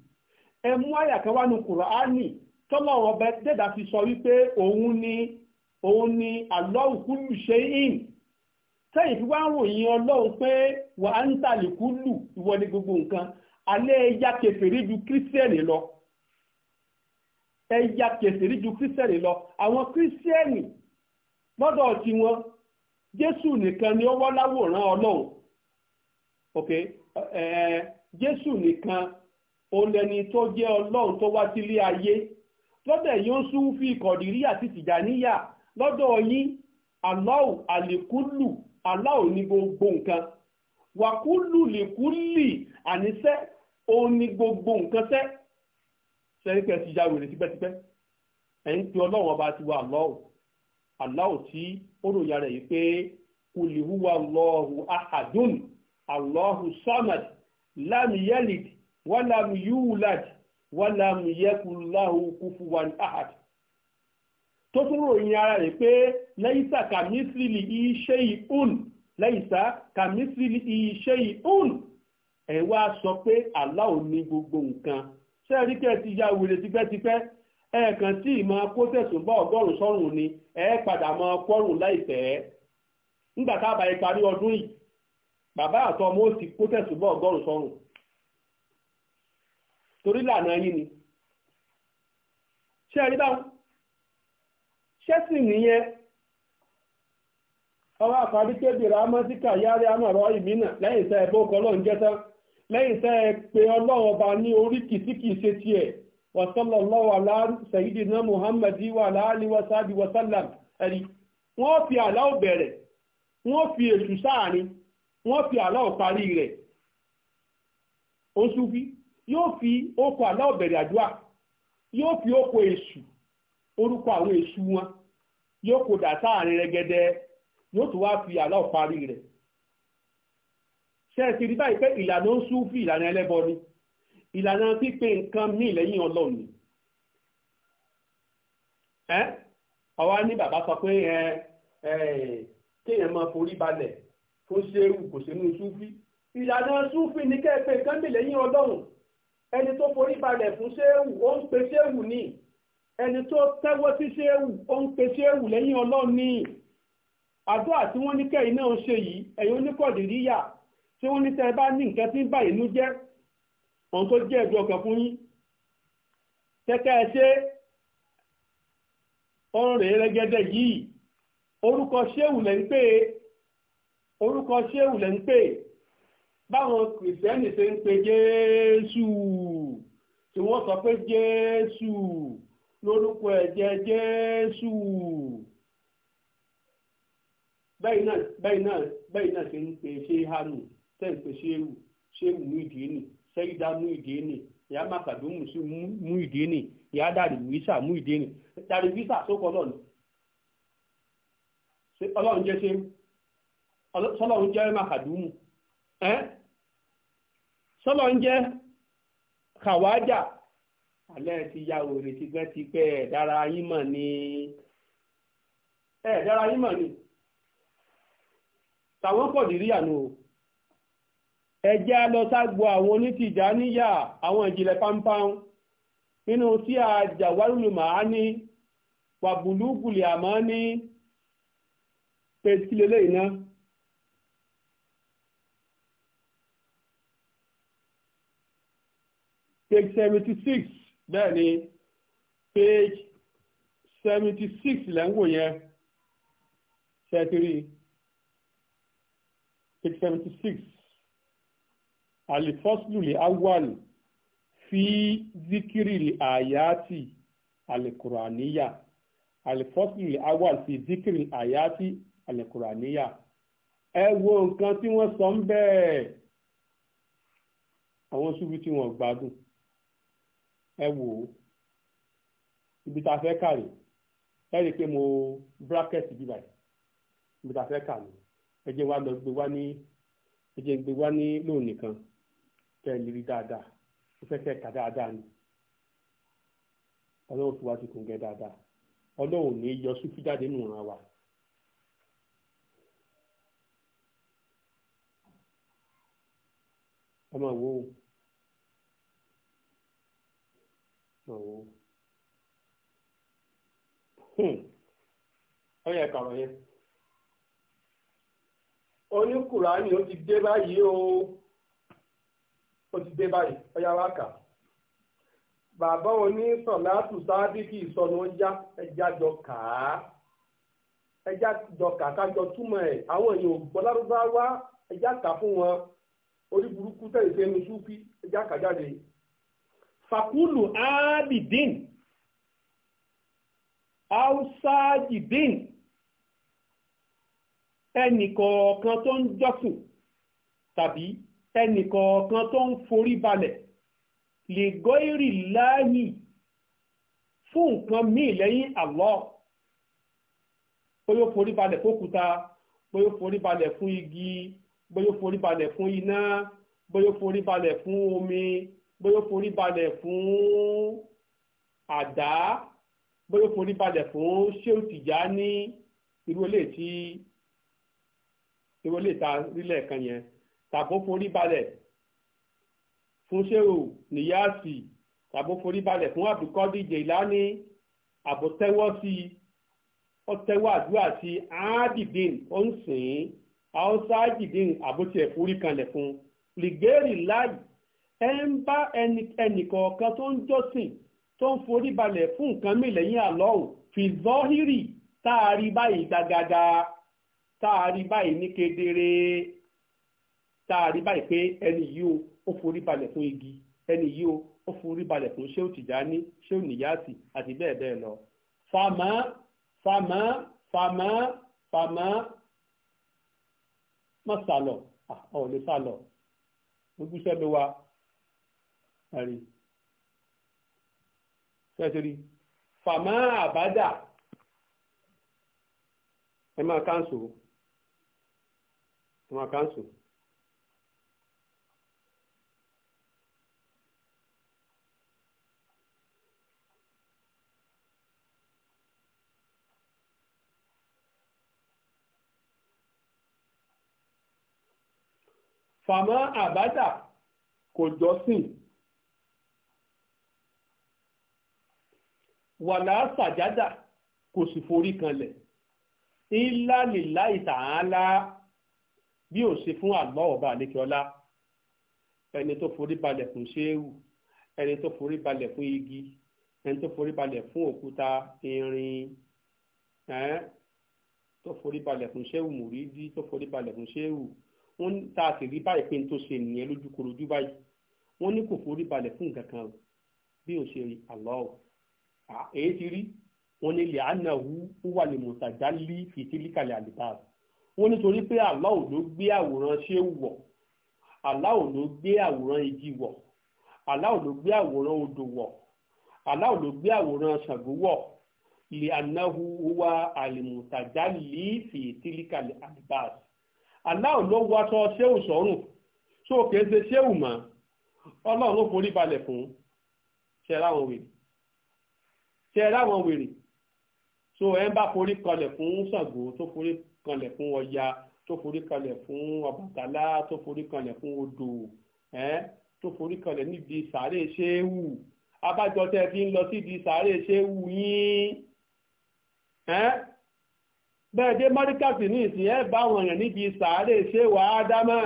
àyà kan wá nu kùránì tọ́lọ́run ọba dẹ́dà fi sọ wípé òun ni òun ni àlọ́ùkúlù ṣe in sẹ́yìn fi wá ń ròyìn ọlọ́run pé wà á ń tàlìkúlù ìwọ ni gbogbo nǹkan alẹ́ ẹ̀yà kẹfẹ́rí ju kírísítẹ́nì lọ ẹ̀yà kẹfẹ́rí ju kírísítẹ́nì lọ àwọn kírísítẹ́nì lọ́dọ̀ tiwọn jésù nìkan ni ó wọ́ láwòrán ọlọ́run ok jésù nìkan ó lẹni tó jẹ́ ọlọ́run tó wá sílé ayé lọ́dọ̀ ẹ̀yin ó súnfì kọ̀dìrí àti tìjàníyà lọ́dọ̀ yín aláwò àlékúlù aláwò ní gbogbo nǹkan wàkúlù lèkúlì àníṣẹ́ òun ní gbogbo nǹkan sẹ́ sẹ́yìn pé ti ya wèrè tipẹ́tipẹ́ ẹ̀yin pé ọlọ́run ọba ti wà aláwò aláwò tí ó ròyà rẹ̀ yìí pé kùlìhùwà Allahu ahadun Allahu samad lam yalid wa lam yulad wàlám yẹkùláhù kúfúwan ahad tó tún ròyìn ara rẹ̀ pé lẹ́yìnsà kàmísìlì iṣẹ́ ìhùn lẹ́yìnsà kàmísìlì iṣẹ́ ìhùn ẹ̀ wá sọ pé Allah ní gbogbo nǹkan sẹ́ẹ̀rí kẹ́ ti ya wèrè tipẹ́tipẹ́ ẹ̀ẹ̀kan tí ìmọ̀ kó tẹ̀sùn bá ọgọ́rùn sọ́rùn ni ẹ̀ padà mọ kọ́rùn láìpẹ́ nígbà tá a bá yẹ parí ọdún yìí bàbá àtọmọ ó ti kó tẹ̀sùn bá ọgọ́rùn sọ́rùn torí lànà yín ni ṣé ẹ rí báwọn ṣẹ́sìn nìyẹn ọwọ́ àfàdí kébìrì amásíkà ìmínà ẹ bó kọ́ lọ́n jẹ́tán lẹ́yìn ẹ pé ọba ní orí kìsíkì ṣe tiẹ̀ wasallallahu ala sayidina muhammad ala alihi wa wa fi àláwọ̀ fi èṣù sáàrin fi fi. yóò fi okò aláọ̀bẹ̀rẹ̀ àdúrà yóò fi okò èṣù orúkọ àwọn èṣù wọn yóò kó dà sáàrin rẹgẹdẹ yóò tún wá fi aláọ̀ parí rẹ̀ ṣẹ́ẹ̀sì rí báyìí pé ìlànà ń sún fún ìlànà ẹlẹ́bọ ni ìlànà pípe nǹkan míì lẹ́yìn ọlọ́run ni ẹ́ àwa ní bàbá sọ pé ẹ ẹ kéèyàn máa forí balẹ̀ fún ṣéwù kò sínú súfì ìlànà súfì ni kẹ́ẹ̀pẹ́ nǹkan míì lẹ́yìn ọlọ́run ẹni tó forí balẹ̀ fún ṣéwù ó ń pe ṣéwù ni ẹni tó tẹ́wọ́ sí ṣéwù ó ń pe ṣéwù lẹ́yìn ọlọ́run ni àdúrà tí wọ́n ní kẹ́yìn náà ń ṣe yìí ẹ̀yin oníkọ̀dìríyà tí wọ́n ní tẹ́ bá ní nǹkan tí ń bá ìnú jẹ́ ohun tó jẹ́ ẹ̀dùn ọkàn fún yín kẹ́kẹ́ ẹ ṣe ọ̀rọ̀ rẹ̀ rẹ́gẹ́dẹ́ yìí orúkọ ṣéwù lẹ́ ń pè orúkọ ṣéwù lẹ́ ń pè é báwọn kìrìsìtẹ́nì ṣe ń pe jésù tí wọ́n sọ pé jésù lórúkọ ẹ̀jẹ̀ jésù bẹ́ẹ̀ náà ṣe ń pe ṣé hánù ṣe ń pe ṣéwù ṣéwù mú ìdí nì ṣẹ́yìdá mú ìdí nì ìyá màkàdó mú ìdí nì ìyá dàrúwísà mú ìdí nì lọ́nà ọlọ́run jẹ́ ṣéwù ọlọ́run jẹ́ tọ́lọ ń jẹ́ kàwájà alẹ́ ti ya òrè tipẹ́tipẹ́ ẹ̀dára yín mọ̀ ni ẹ̀dára yín mọ̀ ni tàwọn pọ̀ dírí àná o ẹjẹ́ alọ́ságbo àwọn onítìjà níyà àwọn ìjìnlẹ̀ pampam nínú tí a jàwárùlù màá wàbùlùkùlì àmọ́ ní pẹ̀sìkìlélẹ́yìn náà. 76, seventy six bẹ́ẹ̀ ni page seventy six lẹ́ ń wò yẹn ṣẹ́tìrì page seventy six alifosululi awal fi zikirili ayati alikuraniya alifosululi awal fi zikirili ayati alikuraniya ẹ wo nǹkan tí wọ́n sọ ń bẹ́ẹ̀ àwọn ṣubú tí wọ́n gbádùn. ẹ wò ó ibi tá a fẹ́ kà ẹ rí i ibi tá a fẹ́ ní ẹ jẹ́ wá lọ gbé wá ní ẹ jẹ́ gbé wá ní lóun nìkan kẹ́ ẹ lè rí dáadáa ó fẹ́ kẹ́ ẹ kà dáadáa ni ọlọ́run ní yọ jáde nù ọmọ wo Oh. Hmm. Ó yẹ kàwé yẹn. Oníkùránì ó ti dé báyìí o. ti dé báyìí, ó yá kà. Bàbá onísọ̀látù sábìkì ìsọnù ọjà ẹja jọ kà á. Ẹja jọ kà kájọ túmọ̀ ẹ̀. Àwọn èèyàn ò gbọ́ lárúbáwá ẹja kà fún wọn. Orí burúkú tẹ̀lé sẹ́nu súnfí ẹja kà jáde. fàkúlù ábìdín áùsáàjìdín ẹnìkọ̀ọ̀kan tó ń jọ́sùn tàbí ẹnìkọ̀ọ̀kan tó ń forí balẹ̀ lè gọ́ ìrì láàyè fún nǹkan míì lẹ́yìn Allah bóyá forí balẹ̀ fókúta bóyá forí balẹ̀ fún igi bóyá forí balẹ̀ fún iná bóyá forí balẹ̀ fún omi bóyá forí balẹ̀ fún àdá bóyá forí balẹ̀ fún ṣéù Tìjání irú ilé tí irú ilé ta rílẹ̀ kan yẹn tàbó forí balẹ̀ fún ṣéù Níyàsì tàbó forí balẹ̀ fún Abdulkadir Jilani àbòtẹ́wọ́ sí i ó tẹ́wọ́ àdúrà sí áádìdín ó ń sìn ín àọ́sáájìdín kanlẹ̀ fún lìgẹ́rì láì ẹ ń bá ẹnìkọ̀ọ̀kan tó ń jọ́sìn tó ń forí balẹ̀ fún nǹkan mi lẹ́yìn àlọ́hùn fi zọ́hírì tá a rí báyìí gbagada tá a rí báyìí ní kedere tá a rí báyìí pé ẹni yìí ó forí balẹ̀ fún igi ẹni yìí ó forí balẹ̀ fún ṣéwù tìjání ṣéwù níyàsì àti bẹ́ẹ̀ bẹ́ẹ̀ lọ. fàmọ́ fàmọ́ fàmọ́ fàmọ́ má sálọ ọ̀ lè sálọ gbogbo iṣẹ́ ló wa ẹ̀rí ṣẹ́tìrí fàmà àbádà ẹ máa káńsù ẹ máa káńsù. fàmà àbádà kò jọ́sìn wàlá sàjádà kò sì forí kanlẹ̀ illa lillahi ta'ala bí ò ṣe fún àlọ́ ọba àlékiọlá ẹni tó forí balẹ̀ fún ṣéwù ẹni tó forí balẹ̀ fún igi ẹni tó forí balẹ̀ fún òkúta irin tó forí balẹ̀ fún ṣéwù mùrídí tó forí balẹ̀ fún ṣéwù wọ́n tá a rí báyìí pé n tó ṣe nìyẹn lójúkorojú báyìí wọ́n ní kò forí balẹ̀ fún nǹkan kan bí ò ṣe àlọ́ ọ̀hún èyí ti rí wọn ni ilẹ̀ anahu wà ní mùsàjálì fìtílíkàlẹ̀ àlìbáàbù wọn nítorí pé Allah ló gbé àwòrán ṣé wọ̀ Allah ló gbé àwòrán igi wọ̀ Allah ló gbé àwòrán odò wọ̀ Allah ló gbé àwòrán Ṣàngó wọ̀ li anahu wà àlìmùsàjálì fìtílíkàlẹ̀ àlìbáàbù Allah ló wá sọ ṣéwù sọ́rùn tó kèé ṣe ṣéwù mọ́ ọlọ́run ó forí balẹ̀ fún ṣẹlá òwe tẹ ẹ láwọn wèrè so ẹ ń bá forí kanlẹ̀ fún Ṣàngó tó forí kanlẹ̀ fún Ọya tó forí kanlẹ̀ fún Ọbàtálá tó forí kanlẹ̀ fún odò ẹ tó forí kanlẹ̀ níbi sàárè ṣéwù abájọ tẹ fi ń lọ síbi sàárè ṣéwù yín ẹ bẹ́ẹ̀ dé mọ́ríkàsì ní ìsìn ẹ bá wọn yàn níbi sàárè ṣéwù ádámà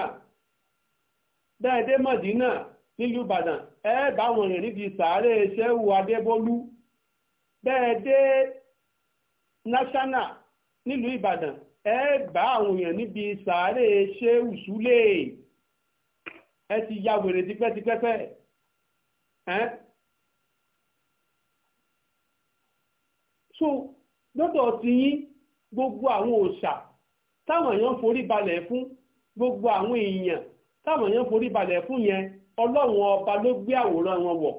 bẹ́ẹ̀ dé Mọ̀dínà nílùú Ìbàdàn ẹ bá wọn yàn níbi sàárè ṣéwù Adébólú. bẹ́ẹ̀ dé national nílùú ìbàdàn ẹ bá àwọn èèyàn níbi sàárè ṣéhù súlé ẹ ti ya wèrè tipẹ́tipẹ́pẹ́ ẹ́ so lọ́dọ̀ ti yín gbogbo àwọn òòṣà táwọn èèyàn forí balẹ̀ fún gbogbo àwọn èèyàn táwọn èèyàn forí balẹ̀ fún yẹn ọlọ́run ọba ló gbé àwòrán wọn wọ̀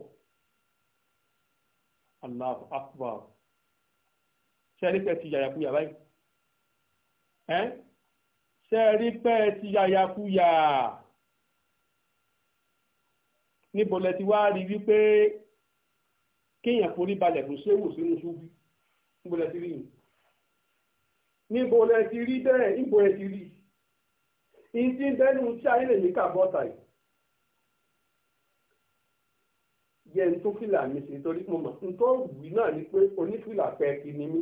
Allahu akbar ṣe rí pẹ́ ti yàyàkuyà báyìí ẹ́ ṣe rí pẹ́ ti yàyàkuyà níbo lẹ ti wá rí wípé kéèyàn forí balẹ̀ kò séwò sínú ṣubú níbo lẹ ti rí yìí níbo lẹ ti rí bẹ́ẹ̀ níbo lẹ ti rí ìdí bẹ́nu tí ayé lè ní kàbọ́tà yìí. jẹ́ n tó fìlà mi ṣe torí mo mọ̀ n tó wí náà ni pé onífìlà pẹ́ẹ́kì ni mí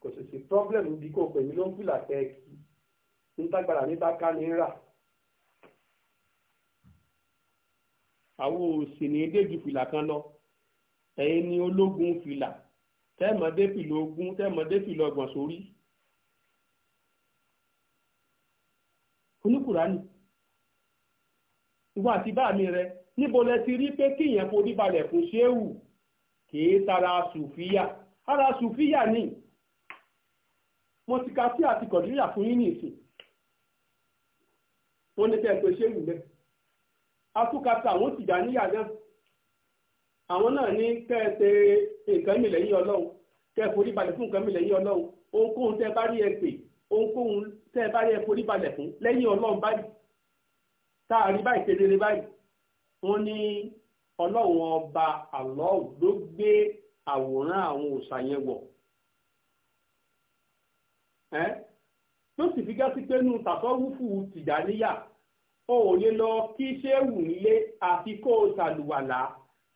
kò sì sí pọ́blẹ́mù bí kò pè mí ló ń fìlà pẹ́ẹ́kì nítagbára mi bá ká ní rà. àwọn òsì ní déjú fìlà kan lọ ẹ̀yin ni ológun fìlà tẹ́ẹ̀mọ́dé fìlà ogún tẹ́ẹ̀mọ́dé fìlà ọgbọ̀n sórí. oníkùránì ìwọ àti báàmì rẹ níbo lẹ ti rí pé kíyàn forí balẹ̀ fún ṣéwù kìí tara sùfíà ara sùfíà ni mo ti ka sí àti kọ̀dúrà fún yín nìsín wọ́n ní kẹ́ẹ̀ pé ṣéwù bẹ́ẹ̀ atúkata àwọn tìjà níyà náà àwọn náà ní kẹ́ẹ̀ ṣe nǹkan mi lẹ́yìn ọlọ́run kẹ́ẹ̀ forí balẹ̀ fún nǹkan mi lẹ́yìn ọlọ́run ohunkóhun tẹ́ bá rí ẹ pè ohunkóhun tẹ́ bá rí ẹ forí balẹ̀ fún lẹ́yìn ọlọ́run báyìí tá a rí báyìí kedere báyìí wọ́n ní ọlọ́run ọba àlọ́ọ̀ ló gbé àwòrán àwọn òòṣà yẹn wọ̀ ẹ́ tó sì fi gá pé nù tàfọ́wúfù tìjàníyà o ò lè lọ kí ṣéwù nílé àfi kó o ṣàlùwàlà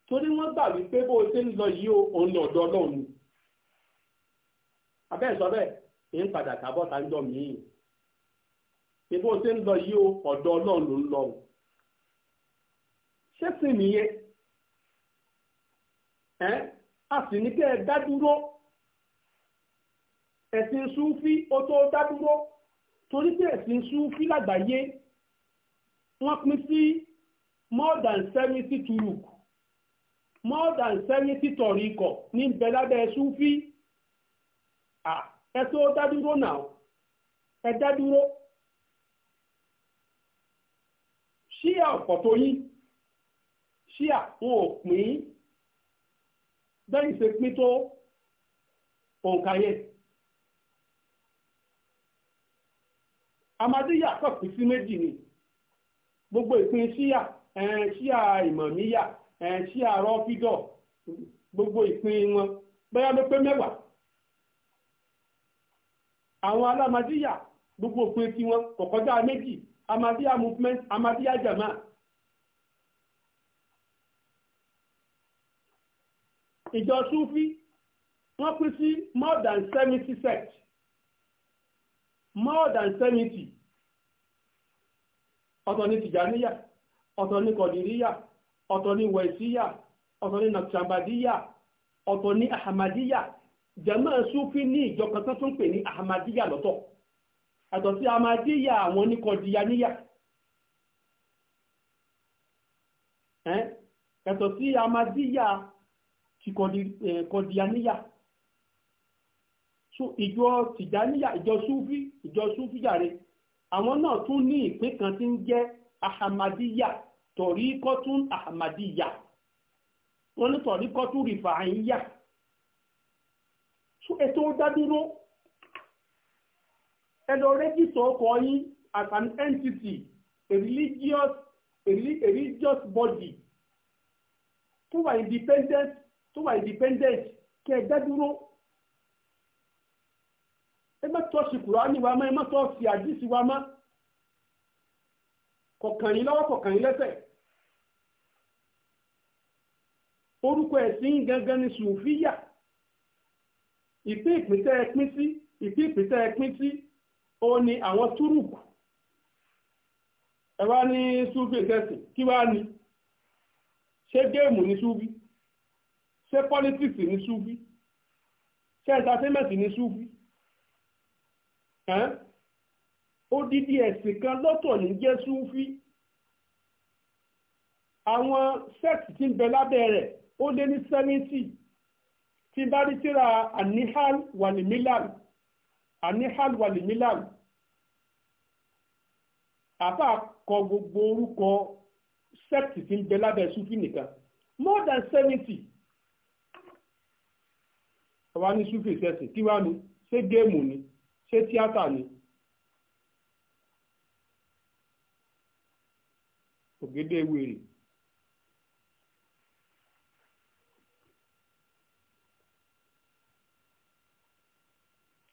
torí wọ́n gbà wípé bó o ṣe ń lọ yìí o ń lọ ọ̀dọ̀ ọlọ́run abẹ́ẹ̀ sọ bẹ́ẹ̀ èyí ń padà tàbọ̀ tá ń jọ mí-ín bí ṣe ń lọ yìí o ọ̀dọ̀ ọlọ́run ló ń lọ o ṣé sì nìyẹn ẹ a sì ní kẹ́ ẹ dádúró ẹ̀sìn súnfí ó tó dádúró torí pé ẹ̀sìn súnfí lágbàáyé wọ́n pín sí more than seventy turuk more than seventy tọ̀ríkọ̀ ní bẹ̀ lábẹ́ súnfí ẹ tó dádúró náà ẹ dádúró ṣíà ọ̀pọ̀ tó yín. ṣíà wọn ò pín bẹ́ẹ̀ ṣe pín tó òǹkà yẹn. amadíyà kọ̀ sí méjì ni gbogbo ìpín ṣíà ṣíà ìmọ̀míyà ṣíà rọ́fídọ̀ gbogbo ìpín wọn bẹ́ẹ̀ ló pé mẹ́wàá àwọn alámadíyà gbogbo òpin tiwọn kò kọjá méjì amadíyà movement amadíyà jama ìjọ súfí wọ́n pín sí more than seventy sect more than seventy ọ̀tọ̀ ní tìjàníyà ọ̀tọ̀ ní kọ̀dìríyà ọ̀tọ̀ ní wẹ̀síyà ọ̀tọ̀ ní nàkùsàmbàdíyà ọ̀tọ̀ ní ahamadíyà jàmá súfí ní ìjọ kan tó tún pè ní ahamadíyà lọ́tọ̀ àtọ̀ sí ahamadíyà àwọn ní kọ̀dìyaníyà ẹ̀tọ̀ sí ahamadíyà ti eh, kọdíyaníyà ìjọ tìjáníyà ìjọ súfí ìjọ súfí jàre àwọn náà tún ní ìpín kan tí ń jẹ́ ahamadiya tọ̀ríkọ́tún ahamadiya wọ́n ní tọ̀ríkọ́tún rìfàáyíyà ètò dádúró ẹ lọ rẹ́gísọ̀ ọkọ̀ yín as an entity a religious a religious body tó wà independent tó wà independent kẹ́ ẹ dádúró ẹ má tọ́sí kùránì wa mọ́ ẹ má tọ́sí àdìsí wa mọ́ kọ̀kàn yín lọ́wọ́ kọ̀kàn yín lẹ́sẹ̀ orúkọ ẹ̀sìn gangan ni sùfíyà ìpín ìpín tẹ́ ẹ pín sí ìpín ìpín tẹ́ ẹ pín sí ó ní àwọn túrùkù ẹ wá ní súfì ìtẹ́sìn kí wá ní ṣé géèmù ní súfì ṣé politics ní sufi ṣé entertainment ní sufi odidi ẹ̀sìn kan lọ́tọ̀ ní jẹ́ sufi àwọn sect tí ń bẹ lábẹ́ rẹ̀ ó lé ní sẹ́mìtì tí bá rí síra anihal walimilal anihal walimilal àbá kọ gbogbo orúkọ sect tí ń bẹ lábẹ́ sufi nìkan more than seventy àwa ní súfì sẹ́sìn kí wá ni ṣé géèmù ni ṣé tíátà ni. ògédé wèrè.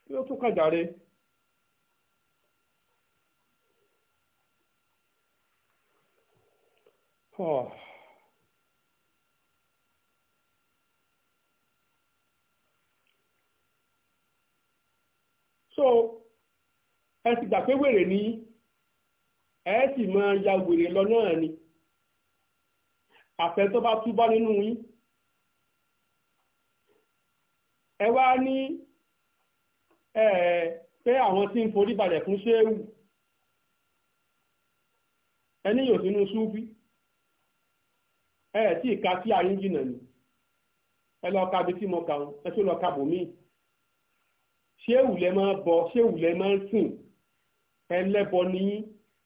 yóò tún kàjàre. Oh. so ẹ ti gbà pé wèrè ní ẹ sì máa ya wèrè lọ náà ni àfẹ tó bá túbọ̀ nínú yín ẹ wá ní ẹ pé àwọn tí ń forí balẹ̀ fún ṣéwù ẹni yóò sínú súfí ẹ tí ìka sí ayé jìnnà ni ẹ lọ ka bí tí mo kà ń ẹ tó lọ ka bòmíì ṣéwù lẹ máa bọ ṣéwù lẹ máa sìn ẹlẹ́bọ ni yín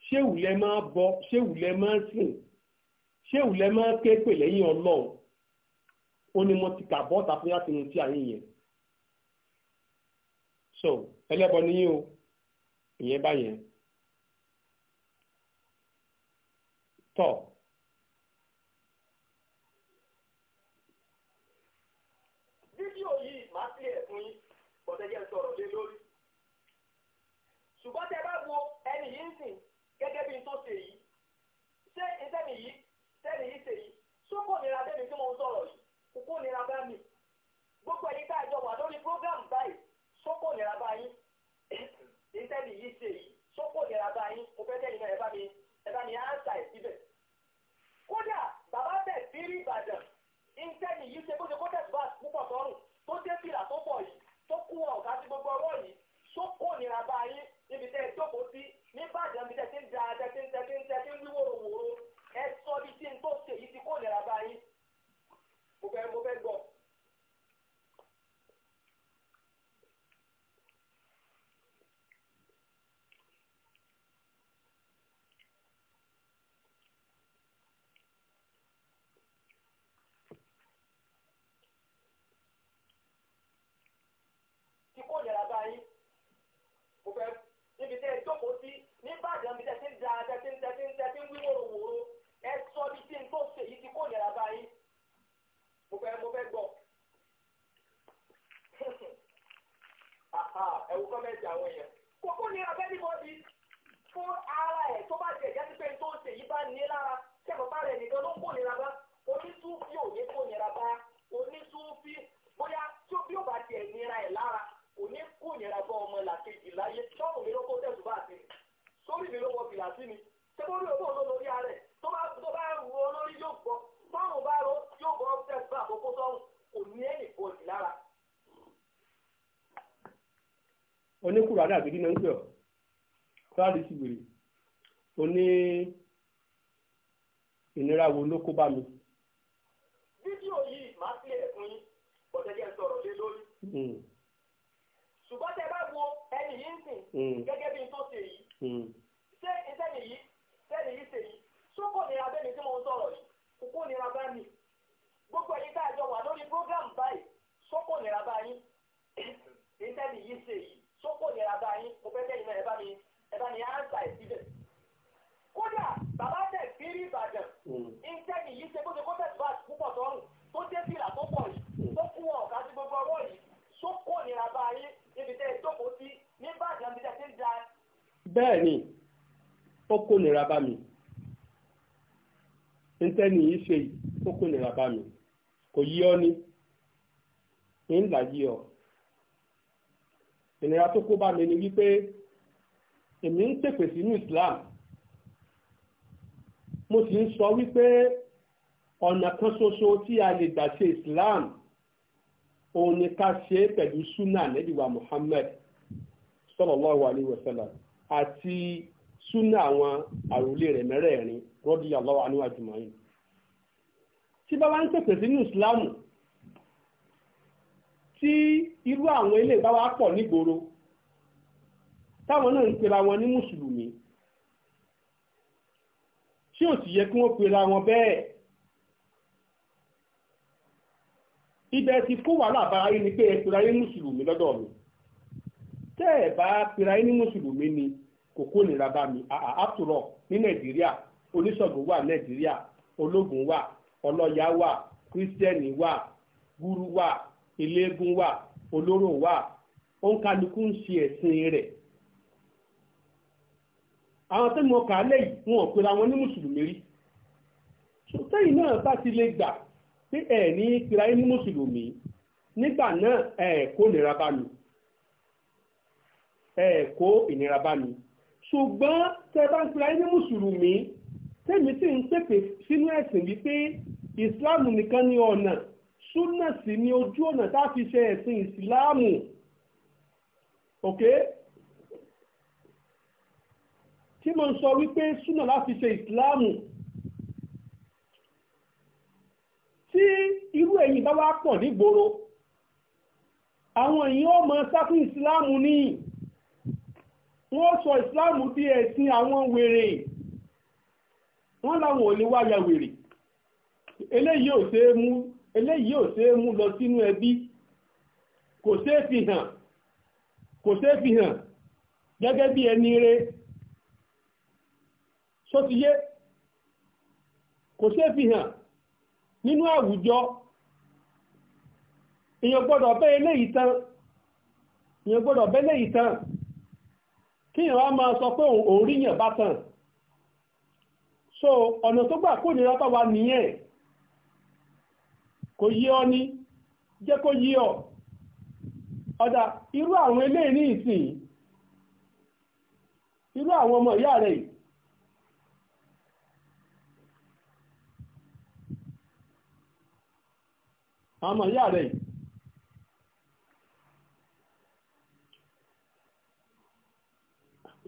ṣéwù lẹ máa bọ ṣéwù lẹ máa sìn ṣéwù lẹ máa ké pè lẹ́yìn ọlọ́run ó ní mo ti kà bọ́ta fún yàtí mo ti àyìn yẹn so ẹlẹ́bọ ni yín o ìyẹn báyẹn tọ́. So, tẹ́lì yìí tẹ́lì yìí tèyí sókò nira bẹ́ẹ̀ tí mo ń sọ̀rọ̀ yìí kókó nira bá mi gbogbo ẹ̀yin tá a jọ wà lórí program báyìí sókò nira bá yín ní tẹ́lì yìí tèyí sókò nira bá yín mo fẹ́ tẹ́lì náà ẹ bá mi ẹ bá mi áńsà ẹ̀ síbẹ̀ kódà bàbá bẹ̀ bírí ìbàdàn ní tẹ́lì yìí ṣe bó ṣe kó tẹ̀síwá púpọ̀ sọ́rùn tó dé fìlà tó pọ̀ yìí tó kú ọ̀gá sí gbogbo tẹ́ ẹ jókòó sí nígbàdàn bí tẹ́tí ń da tẹ́tí ń tẹ́tí ń tẹ́tí ń wí wòròwòrò ẹ sọ bí tí n tó ṣe yìí ti kó nira báyìí mo fẹ́ mo fẹ́ gbọ́. ẹ̀wù kọ́mẹ́ntì àwọn èèyàn kókó nira bẹ́ẹ̀ ni mo di fún ara ẹ̀ tó bá jẹ ìjà pípẹ́ tó ń ṣe yìí bá ní lára kẹ́kọ̀ọ́ bá rẹ̀ nìkan ló ń kó nira bá onítúfí ò ní kó nira bá onítúfí bóyá tí ó bí ó bá tiẹ̀ nira ẹ̀ lára kò ní kó nira bá ọmọ làkejì láyé tọ́kùnrin ló k bọ́ọ̀lì mi ló wọ fìlà sí mi ṣé bọ́ọ̀lì ò bọ́ọ̀ lórí ààrẹ tó bá tó bá ru olórí yóò gbọ́ tọ́run bá ro yóò bọ́ tẹ̀sán àkókò tọ́run kò ní ẹnì bọ́ọ̀lì lára. oníkùrọ̀ adé àbídí náà ń pè ọ́ káàdì sí wèrè ó ní ìnira wo ló kó bá mi. fídíò yìí máa fi ẹ̀kún yín bọ̀dẹ́jẹ́ sọ̀rọ̀ lé lórí. Hmm. ṣùgbọ́n tẹ bá wo ẹni yìí ń sìn hmm. gẹ́gẹ́ bí n tó ṣe yìí hmm. ṣé iṣẹ́ nìyí ṣé nìyí nira bẹ́ẹ̀ ni tí mo ń sọ̀rọ̀ yìí kókó nira bá mi gbogbo ẹ̀yin tá a jọ wà lórí program báyìí sókò nira bá yín iṣẹ́ nìyí ṣe yìí nira bá yín mo fẹ́ kẹ́yìn náà ẹ bá mi ẹ bá mi áńsà ẹ̀ síbẹ̀ kódà bàbá tẹ̀ fírí ìbàdàn iṣẹ́ hmm. nìyí ṣe bó ṣe kó tẹ̀síwá púpọ̀ sọ́run tó jẹ́ fìlà tó pọ̀ yìí hmm. tó kú gbogbo nira ba yín níbi bẹ́ẹ̀ ni ó kó nira bá mi ntẹ́ni yìí ṣe yìí ó kó nira bá mi kò yí ọ ní ńlá yí ọ ìnira tó kó bá mi ni wípé èmi ń pèpè sínú Islam mo sì ń sọ wípé ọ̀nà kan ṣoṣo tí a lè gbà ṣe Islam òun ni ká ṣe é pẹ̀lú sunnah nẹ́bíwá Muhammad sallallahu alaihi wasallam àti súnà àwọn àròlé rẹ̀ mẹ́rẹ̀ẹ̀rin rọ́dí àlọ́wọ́ aníwájú mọ́ yìí tí bá wá ń pèpè sínú ìsìláàmù tí irú àwọn ilé bá wá pọ̀ nígboro táwọn náà ń pera wọn ní mùsùlùmí tí ò sì yẹ kí wọ́n pera wọn bẹ́ẹ̀ ibẹ̀ ti kó wàhálà bára yín ni pé ẹ pera yín mùsùlùmí lọ́dọ̀ mi tẹ́ ẹ̀ bá pera yín ní mùsùlùmí ni kò kó nira bá mi àtúrọ ah, ah, ní nàìjíríà oníṣègùn wà nàìjíríà ológun wà ọlọ́yà wà kírísítẹ́nì wà gúrú wà eléégún wà olóró wà òǹkàlùkù ń ṣe ẹ̀sìn rẹ̀ àwọn tó mọ kàálẹ̀ yìí wọn ò pera wọn ní mùsùlùmí rí sọtẹ́yìn náà bá ti lè gbà pé ẹ̀ ní pera yín ní mùsùlùmí nígbà náà ẹ̀ kó ìnira bá mi ẹ̀ ìnira bá mi ṣùgbọ́n tẹ bá ń pera ẹni mùsùlùmí tẹ́mi sì ń pèpè sínú ẹ̀sìn wípé ìsìláàmù nìkan ni ọ̀nà súnà sì ni ojú ọ̀nà tá a fi ṣe ẹ̀sìn ìsìláàmù ok tí mo ń sọ wípé súnà láti ṣe ìsìláàmù tí irú ẹ̀yìn bá wá pọ̀ nígboro àwọn èèyàn ọmọ sáfún ìsìláàmù níyì. wọ́n sọ ìsìláàmù bí ẹ̀sìn àwọn wèrè wọ́n láwọn ò lè wáyà wèrè eléyìí ò ṣe é mú lọ sínú ẹbí kò ṣe é fi hàn kò ṣe é fi hàn gẹ́gẹ́ bí ẹni rẹ̀ sọ́tiyé kò ṣe é fi hàn nínú àwùjọ èèyàn gbọ́dọ̀ bẹ́ eléyìí tán èèyàn gbọ́dọ̀ bẹ́ eléyìí tán kí ìwà ma sọ pé òun ríyàn bá tàn so ọ̀nà tó gbà kó nira bá wà nìyẹn kò yé ọ ní jẹ́ kó yé ọ ọ̀dà irú àwọn eléyìí ní ìsìn irú àwọn ọmọ ìyá rẹ̀ àwọn ọmọ ìyá rẹ̀ yìí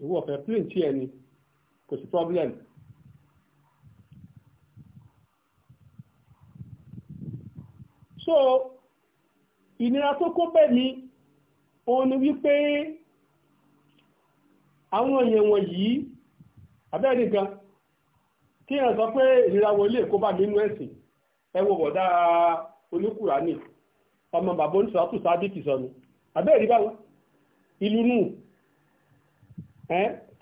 ìwọ fẹ́ plane tí ẹ ni kò sí problem. so ìnira tó kó bẹ́ẹ̀ ni òun ni wípé àwọn èèyàn wọ̀nyí abẹ́rẹ́ gan kí èèyàn sọ pé ìnira wo lè kó bá nínú ẹ̀sìn ẹ wo bọ̀dá oníkùránì ọmọ bàbá oníṣòwò àtúnṣe adìkì sọnù abẹ́rẹ́ báwọn ìlú nù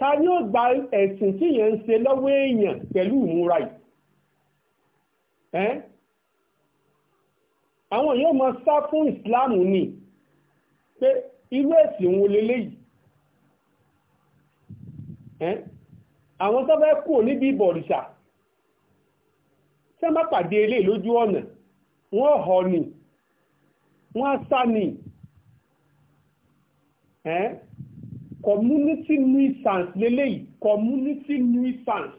ta ni ó gba ẹ̀sìn tí yẹn ń se lọ́wọ́ èèyàn pẹ̀lú ìmúra yìí àwọn yóò máa sá fún ìsìláàmù ni pé irú ẹ̀sìn wo leléyìí àwọn tó fẹ́ kú níbi ìbọ̀rìṣà tí a má pàdé ilé lójú ọ̀nà wọ́n họ ni wọ́n sá ni community nuisance lélẹ́yìí community nuisance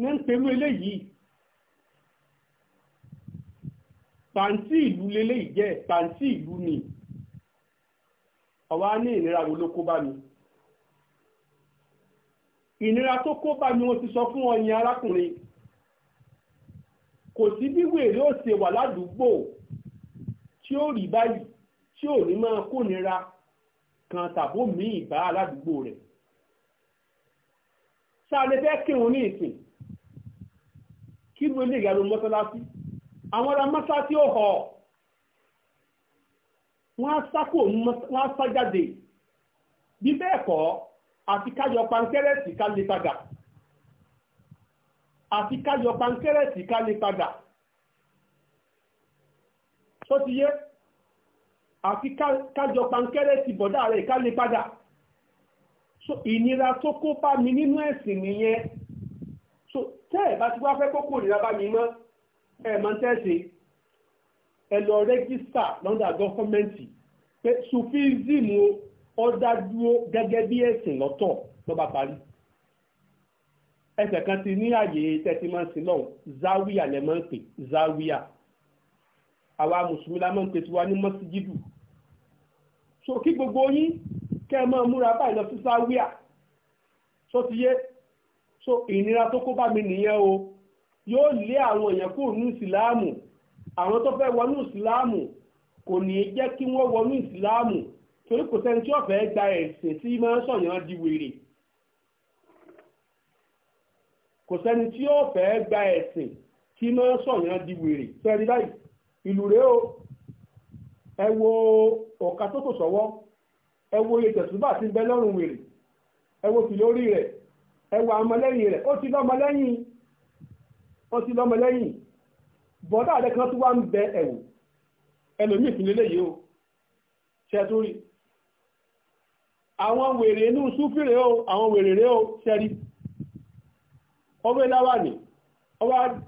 ní ń pẹ̀lú eléyìí pàǹtí ìlú lélẹ́yìí jẹ́ pàǹtí ìlú ni ọ̀wá ní ìnira wo ló kó bá mi ìnira tó kó bá mi wọ́n ti sọ fún ọyìn arákùnrin kò sí bí wèrè ó wà ládùúgbò tí ó rí báyìí tí ò ní máa kó nira kan tàbó míì bá aládùúgbò rẹ̀ sáàlẹ̀ fẹ́ kírun ní ìsìn kí ló lè yàrá mọ́sálásí àwọn ará mọ́sálásí ò họ wọ́n á sákò wọ́n á sá jáde bí bẹ́ẹ̀ kọ́ àti káyọ pankẹ́rẹ́tì ká lè padà àti káyọ pankẹ́rẹ́tì ká lè padà tó So, àfi kájọ pankẹ́rẹ́ ti bọ̀dá rẹ̀ ká lè padà so ìnira tó kó bá mi nínú ẹ̀sìn nìyẹn so tẹ́ ẹ̀ bá ti wá fẹ́ kókó ìnira bá mi mọ́ ẹ̀ máa ń tẹ̀sí ẹ lọ rẹ́gísítà lọ́dà gọ́fọ́mẹ́ǹtì pé sufism ó dádúró gẹ́gẹ́ bí ẹ̀sìn lọ́tọ̀ ló bá parí ẹsẹ̀ kan ti ní àyè tẹ́tí máa ń sin lọ́hùn záwíà lẹ́ máa ń pè záwíà àwa mùsùlùmí la máa ń pèsè wa ní mọ́síjídù so kí gbogbo yín kẹ́ ẹ máa múra báyìí lọ sí sáwíà so ti yé so ìnira tó kó bá mi nìyẹn o yóò lé àwọn èèyàn kúrò ní ìsìláàmù àwọn tó fẹ́ wọnú ìsìláàmù kò ní í jẹ́ kí wọ́n wọnú ìsìláàmù torí kò sẹ́ni tí wọ́n fẹ́ gba ẹ̀sìn tí máa ń sọ̀yàn di wèrè kò sẹ́ni tí ó fẹ́ gba ẹ̀sìn tí máa ń sọ̀yàn di wèrè fẹ́ẹ́ báyìí ìlú rèé o ẹ wo ọ̀ka tó tò sọ́wọ́ ẹ wo iye tẹ̀sùbà tí ń bẹ lọ́rùn wèrè ẹ wo fìlà orí rẹ̀ ẹ wo ọmọlẹ́yìn rẹ̀ ó ti lọ́mọlẹ́yìn ó ti lọ́mọlẹ́yìn bọ́dà rẹ̀ kan tó wá ń bẹ ẹ̀wò ẹlòmíì ìpínlẹ̀ lèyí o ṣe tó rí àwọn wèrè inú súfìrè o àwọn wèrè rẹ̀ o ṣe rí ọwọ́ ìlàwà ni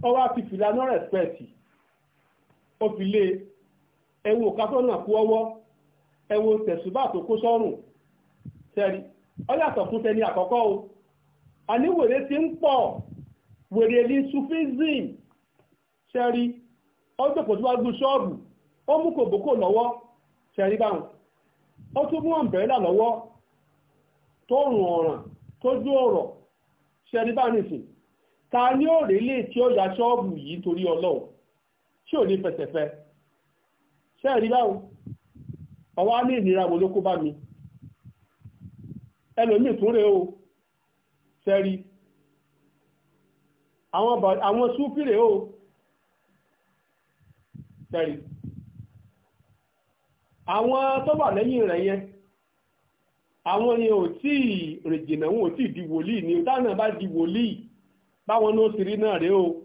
ọwọ́ fi fìlà rẹ̀ spẹ́ẹ̀tì ó fi e, ẹwọ kátọ́nà kú ọwọ́ ẹwọ tẹ̀sùbà tó kó sọ́rùn sẹ́rí ọyàtọ̀ fún tẹni àkọ́kọ́ o a ní wèrè tí ń pọ̀ wèrè ní sufism sẹ́rí ó jókòó tí ṣọ́ọ̀bù ó mú kòbókò lọ́wọ́ sẹ́rí báwọn ó ya ṣọ́ọ̀bù yìí torí tí ò ní fẹsẹ̀fẹ́ ṣé ẹ̀rí báwo ọwọ́ á ní ìnira wo ló kó bá mi ẹlòmíì tún rèé o sẹ́rí àwọn súfì rèé o sẹ́rí àwọn tó wà lẹ́yìn rẹ̀ yẹn àwọn ni ò tí rèjìnà wọn ò tí di wòlíì ni dáná bá di wòlíì báwọn ló ti rí náà rèé o.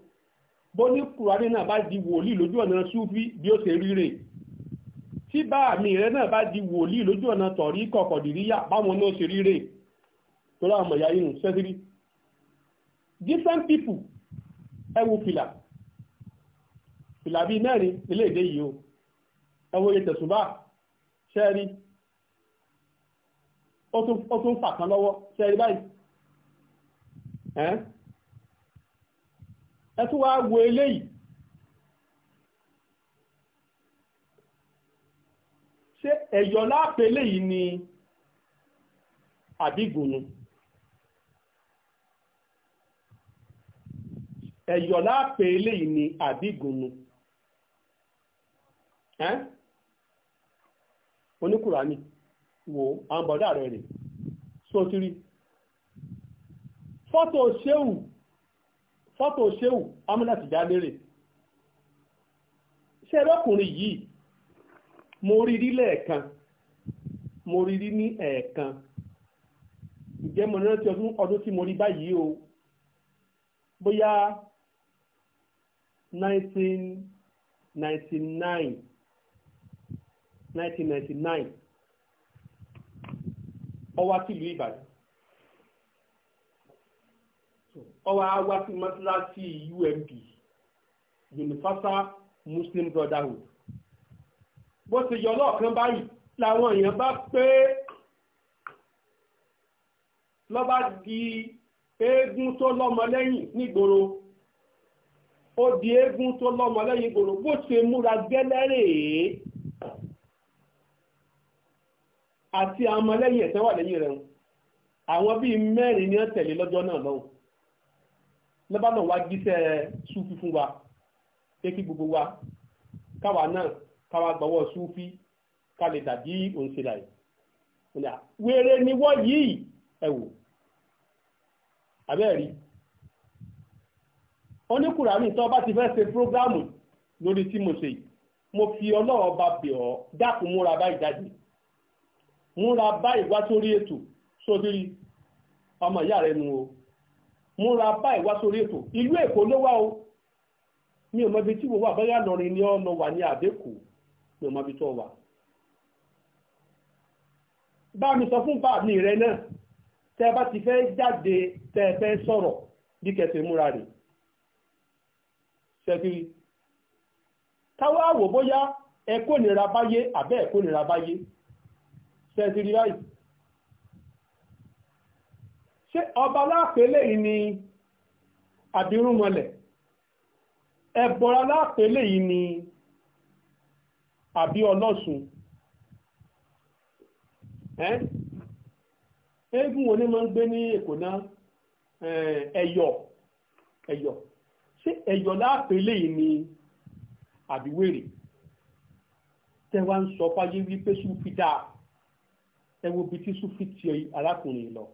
bó ní kùránì náà bá di wòlí lójú ọ̀nà súfí bí ó ṣe ríre tí bá àmì rẹ náà bá di wòlí lójú ọ̀nà tọ̀rí kọ̀kọ̀dìríyà báwọn náà ṣe ríre tó rà mọ̀ yáyé nù sẹ́sírí different people ẹ fìlà fìlà bíi mẹ́rin nílé ẹ tún wá wo eléyìí ṣé ẹ̀yọ̀ láàpẹ̀ eléyìí ni àbígùnú ẹ̀yọ̀ láàpẹ̀ eléyìí ni àbígùnú ẹ́ oníkùránì wo àwọn bọ̀dá rẹ̀ rè sótírí fọ́tò ṣéwù fọ́tò ṣéwù amúnàtì jálérè ṣe ẹlọ́kùnrin yìí mo rí rí lẹ́ẹ̀kan mo rí rí ní ẹ̀ẹ̀kan ǹjẹ́ mo rántí ọdún ọdún tí mo rí báyìí o bóyá 1999 1999 ó wá tìlú Ìbàdàn ọwọ́ àwa sí mọ́ṣáláṣí UMB Universal Muslim Brotherhood bó ti yọ lọ́ọ̀kan báyìí làwọn èèyàn bá pé lọ́ba di eégún tó lọ́mọ lẹ́yìn nígboro ó di eégún tó lọ́mọ lẹ́yìn gbòòrò bó ṣe múra gẹ́lẹ́rèé àti àwọn ọmọlẹ́yìn ẹ̀tẹ́ wà lẹ́yìn rẹ̀ wọn àwọn bíi mẹ́rin ni wọ́n tẹ̀lé lọ́jọ́ náà lọ́hùn lọ́ba náà wá jíṣẹ́ súfì fún wa pé kí gbogbo wa káwa náà káwa gbọ́wọ́ súfì ká lè dàbí òǹṣẹ̀lá yìí wèrè ni wọ́n yìí ẹ̀ wò abẹ́ẹ̀rí oníkùránì tó bá ti fẹ́ ṣe prógrámù lórí tí mo ṣe mo fi ọlọ́wọ́ bá bẹ̀ ọ́ dákun múra báyìí jáde múra báyìí wá sórí ètò sórí ọmọ ìyá rẹ nu o múra báyìí wá sórí ètò ìlú èkó ló wá o mi ò mọbi tí wo wà bóyá lọrin ni ọmọ wà ní àbẹ́kù mi ò mọbi tó wà. bá mi sọ fún bá mi rẹ náà tẹ bá ti fẹ́ jáde tẹ fẹ́ sọ̀rọ̀ bí kẹsì múra rè ṣẹ́kiri káwá wò bóyá ẹ kó nira báyé àbẹ́ ẹ kó nira báyé ṣẹ́kiri báyìí ṣé ọba láàpẹ̀lẹ̀ yìí ni àbírúnmọlẹ̀ ẹ̀bọ̀ra láàpẹ̀lẹ̀ yìí ni àbí ọlọ́sùn eégún wo ni máa ń gbé ní èkó náà ẹ̀yọ̀ ẹ̀yọ̀ ṣé ẹ̀yọ̀ láàpẹ̀lẹ̀ yìí ni àbíwèrè tẹ́wàá ń sọ fáyé wípé súnfì dáa ẹ bí tí súnfì ti arákùnrin lọ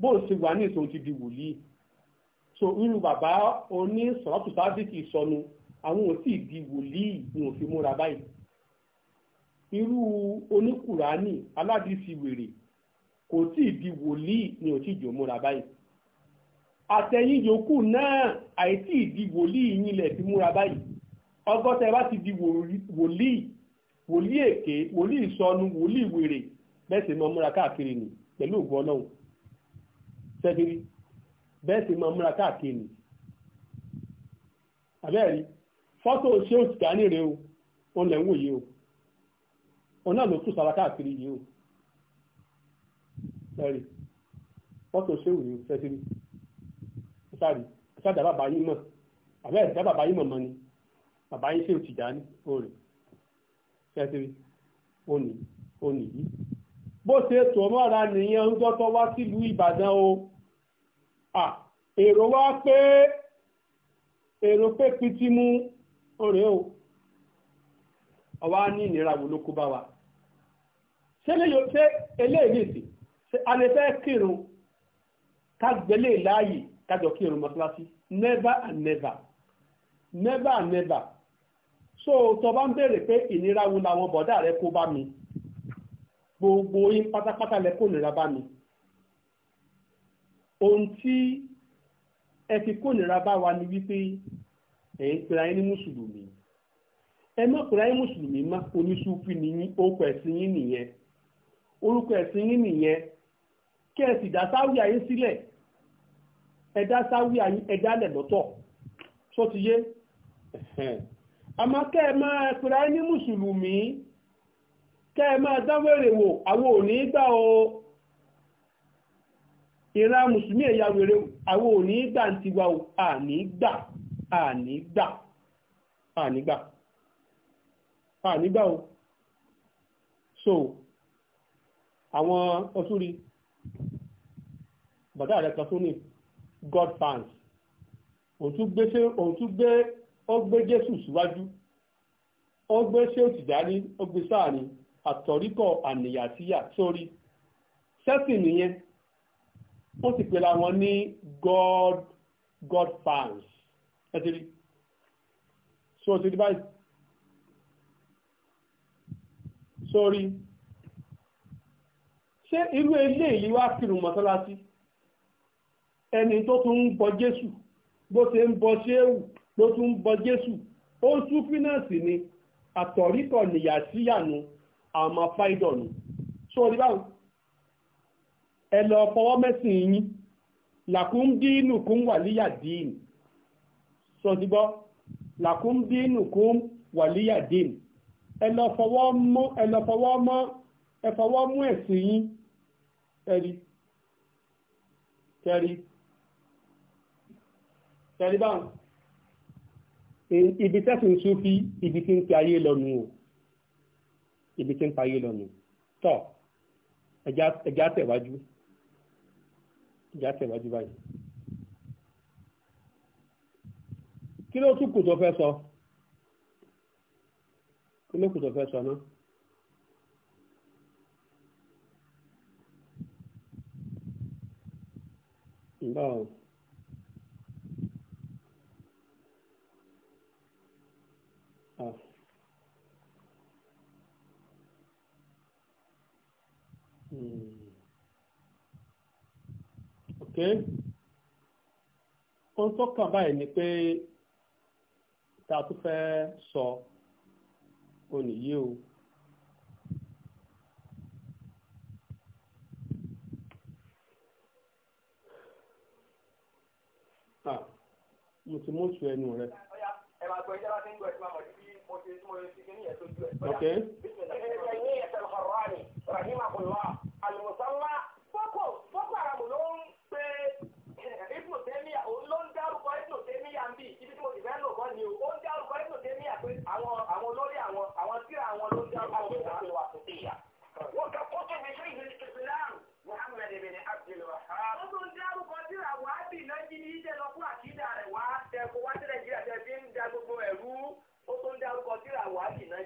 bó ṣe wà ní ìsòun ti di wòlíì so irú bàbá oní sọ̀rọ̀tù sábìkì ìsọnu àwọn ò sì di wòlíì ni ò fi múra báyìí irú oníkùránì aládìsí wèrè kò tí di wòlíì ni ò tí ì jò múra báyìí àtẹ̀yìn yòókù náà àìtí ìdí wòlíì yín lẹ̀ fi múra báyìí ọgọ́ta ẹ bá ti di wòlíì wòlíì èké wòlíì ìsọnu wòlíì wèrè bẹ́ẹ̀ sì mọ múra káàkiri nì pẹ̀lú ògùn ọlọ́run sẹ́kiri bẹ́ẹ̀ sì máa múra káàkiri àbẹ́ẹ̀rí fọ́tò ṣé ò tìkà ní rèé o òun lẹ̀ ń wò yìí o òun náà ló tún sára káàkiri yìí o ẹ̀rí fọ́tò ṣé ò ní sẹ́kiri sáré sáré bàbá yín mọ̀ àbẹ́ẹ̀rí dá bàbá yín mọ̀ mọ́ ni bàbá yín ṣé ò tìjà ní òòrè sẹ́kiri òní òní yìí bó ṣe tò mọ́ra nìyẹn ń gbọ́tọ́ wá sílùú ìbàdàn o èrò wá pé èrò pé pitimu ọ̀rẹ́ o ọwá ní ìnira wo ló kó bá wa ṣé eléyìí sí a lè fẹ́ kírun ká gbélé láàyè kájọ kírun mọ́tíláṣí never and never never and never so tó bá ń béèrè pé ìnira wo làwọn bọ̀dá rẹ kó bá mi gbogbo yín pátápátá lẹ́kọ̀ọ́ nira bá mi ohun tí ẹ fi kó nira bá wa ni wípé ẹ ń pera yín ní mùsùlùmí ẹ má pera yín mùsùlùmí má oníṣúfì nìyí orúkọ ẹ̀sìn yín nìyẹn orúkọ ẹ̀sìn yín nìyẹn kí ẹ sì dá sáwíà yín sílẹ̀ ẹ dá sáwíà yín ẹ dálẹ̀ lọ́tọ̀ sọ àmọ́ kẹ́ ẹ máa pera yín ní mùsùlùmí. kẹ́ ẹ máa dáwẹ́rẹ̀ wò àwọn òní gbà o were mùsùlùmí ẹ̀yà wèrè àwọn òní gbà ń o so àwọn ọtúri bàtà rẹ kan god fans òun tún gbé ó gbé jésù síwájú ó gbé ṣé òtìdá ní ó gbé sáà ní àtọ̀ríkọ̀ àníyàtíyà sórí sẹ́sìn nìyẹn wọ́n sì pera wọn ní god god fans ẹ ti rí so ti rí báyìí sórí ṣé irú eléyìí wá kírun mọ́sálásí ẹni tó tún ń bọ jésù bó ṣe ń bọ ṣéwù ló tún ń bọ jésù ó súfínà sí ni àtọ̀ríkọ̀ nìyàtíyà nu. No àmà fáìdọ̀ nù ṣó rí báwọn ẹ lọ fọwọ́ mẹ́sìn yín làkún dínù kún wàlíyà dínù sọ ti gbọ́ làkún dínù kún wàlíyà dínù ẹ lọ fọwọ́ mọ́ ẹ lọ fọwọ́ mọ́ mú ẹ̀sìn yín ẹ̀rí kẹrí kẹrí báwọn ibi tẹ́sìn sún fi ibi tí ń pe ayé lọ nù o ibi tí ń parí lọ nù tọ ẹja tẹ̀wájú ẹja tẹ̀wájú báyìí kí ló tún kù tó fẹ́ sọ kí ló kù tó sọ náà. Báwo. pé ohun tó kàn báyìí ni pé ta tún fẹ́ sọ ò o. mo ti mú oṣù ẹnu rẹ. ok. tí mo fẹ́ lò kọ́ ni o ó ń dárúkọ ẹ̀ lòdì ní àpé àwọn àwọn olórí àwọn àwọn tíra àwọn ló ń dárúkọ àwọn ìgbà àti wà tó ti yà. wọ́n kà kó tó fi ṣe ìsìláàmù muhammed bin abdul wahab. ó tún dárúkọ tíra wàá bì náà jí ní ìjẹ́ lọ fún àkídà rẹ̀ wá tẹ̀kọ́ wá ń da gbogbo ó tún bì náà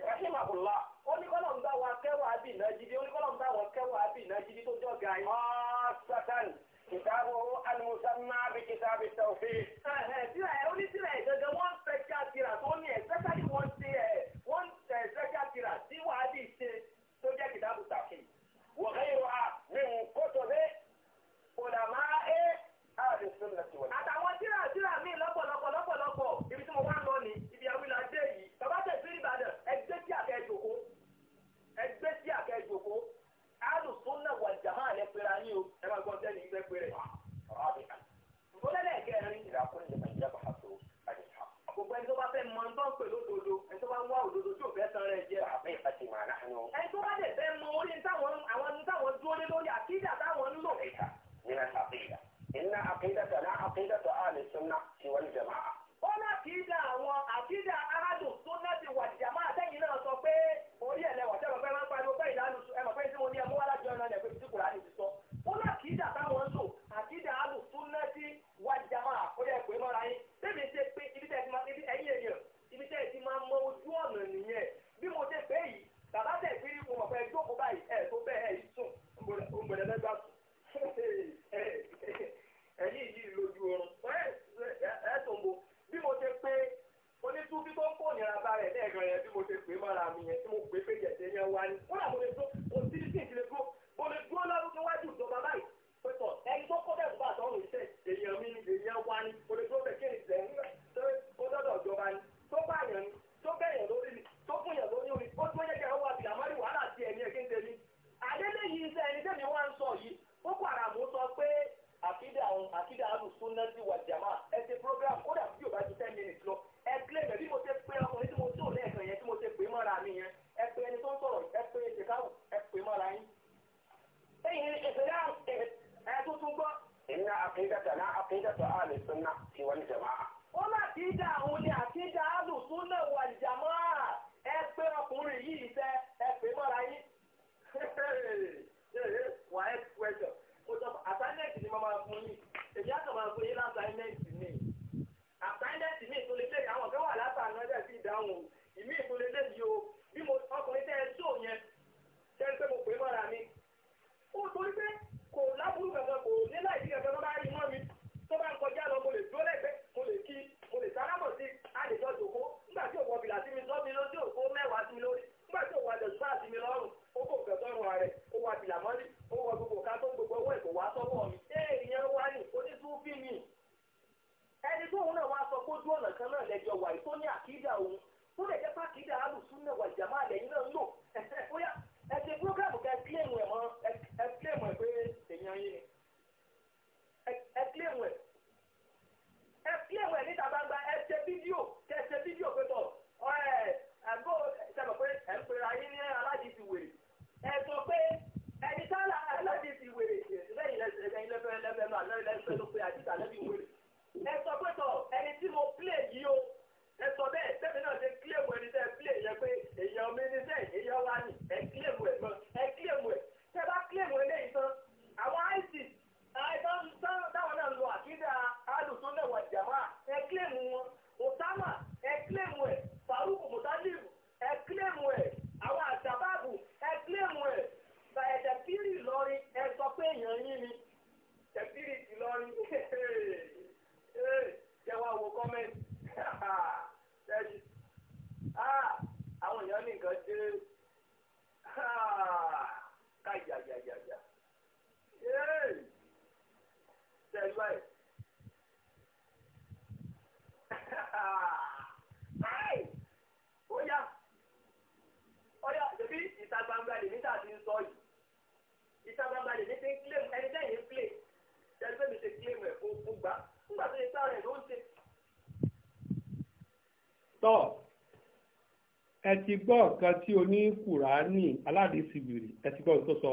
ti gbọ́ nǹkan tí oní kùránì aládìsíwìrì ẹ ti gbọ́ ohun tó sọ.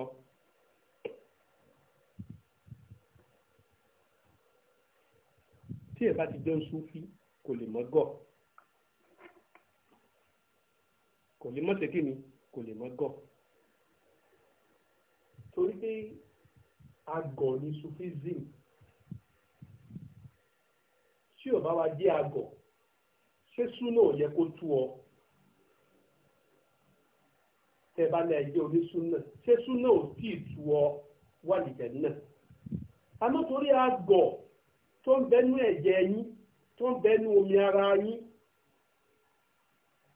tí ẹ bá ti jẹ́ Súfí kò lè mọ́ gọ̀ kò lè mọ́ tẹ́kí ni kò lè mọ́ gọ̀ torí pé agọ̀ ni Sufism tí ò bá wa jẹ́ agọ̀ ṣé súnà ò yẹ kó tú ọ tẹ bá náà jẹ́ onísúnà ṣé súnà ò tí ì tu ọ wà nìjẹ́ náà. àmọ́ torí àgọ̀ tó ń bẹnu ẹ̀jẹ̀ yín tó ń bẹnu omi ara yín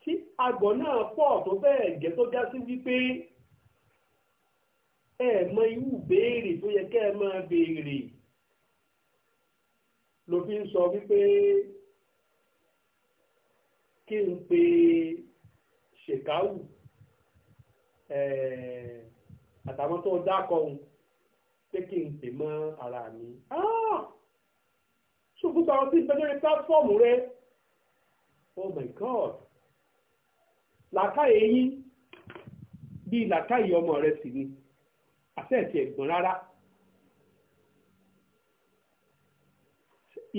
tí àgọ̀ náà pọ̀ tó bẹ́ẹ̀ gẹ́ tó já sí wípé ẹ mọ irú béèrè tó yẹ kẹ́ ẹ máa béèrè ló fi ń sọ wípé kí n pe ṣèkáwù Eh, àtàwọn tó dákọ̀ òun pé kí n pè mọ́ ara mi ah! ṣùgbọ́n àwọn tí ń bẹ lórí rẹ oh my god yín bí làákàyè ọmọ rẹ sì ni àtẹ̀tẹ̀ ẹ̀gbọ́n rárá.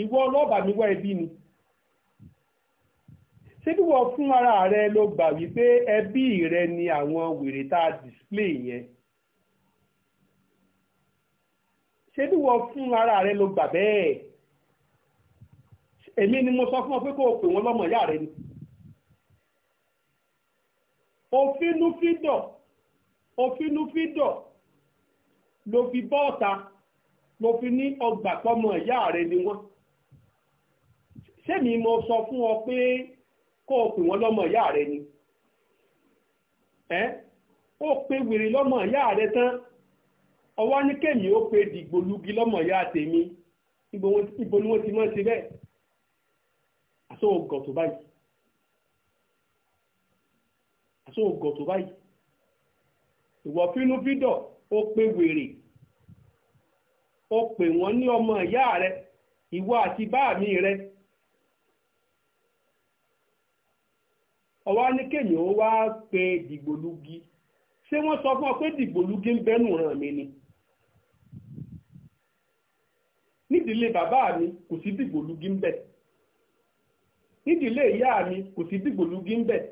ìwọ ọlọ́ọ̀bà mi wá ẹbí ni. ṣébí wọ́n fún ara rẹ ló gbà wípé ẹbí rẹ ni àwọn wèrè tá a display yẹn ṣébí wọ́n fún ara rẹ ló gbà bẹ́ẹ̀ èmi ni mo sọ fún ọ pé kó o pè wọ́n lọ́mọ ìyá rẹ ni òfinúfídọ̀ òfinúfídọ̀ ló fi bọ́ọ̀ta ló fi ní ọgbà pọ́mọ ìyá rẹ ni wọ́n ṣé mo sọ fún ọ pé. kó o pè lọmọ lọ́mọ ìyá rẹ ni ẹ ó pe wèrè lọ́mọ ìyá rẹ tán ọwọ́ ní kémi ó pe dìgbòlugi lọ́mọ ìyá tèmi ibo ni wọ́n ti máa ṣe bẹ́ẹ̀ àsóògùn tó báyìí àsóògùn tó báyìí ìwọ fínúfídọ̀ ó pe wèrè ó pè wọ́n ní ọmọ ìyá rẹ ìwọ àti baami rẹ ọwọ́ ní kéèyàn ó wá pe dìgbòlugi ṣé wọ́n sọ fún ọ pé dìgbòlugi ń bẹ́nu ràn mí ni nídìílé bàbá mi kò sí dìgbòlugi ń bẹ̀ nídìílé ìyá mi kò sí dìgbòlugi ń bẹ̀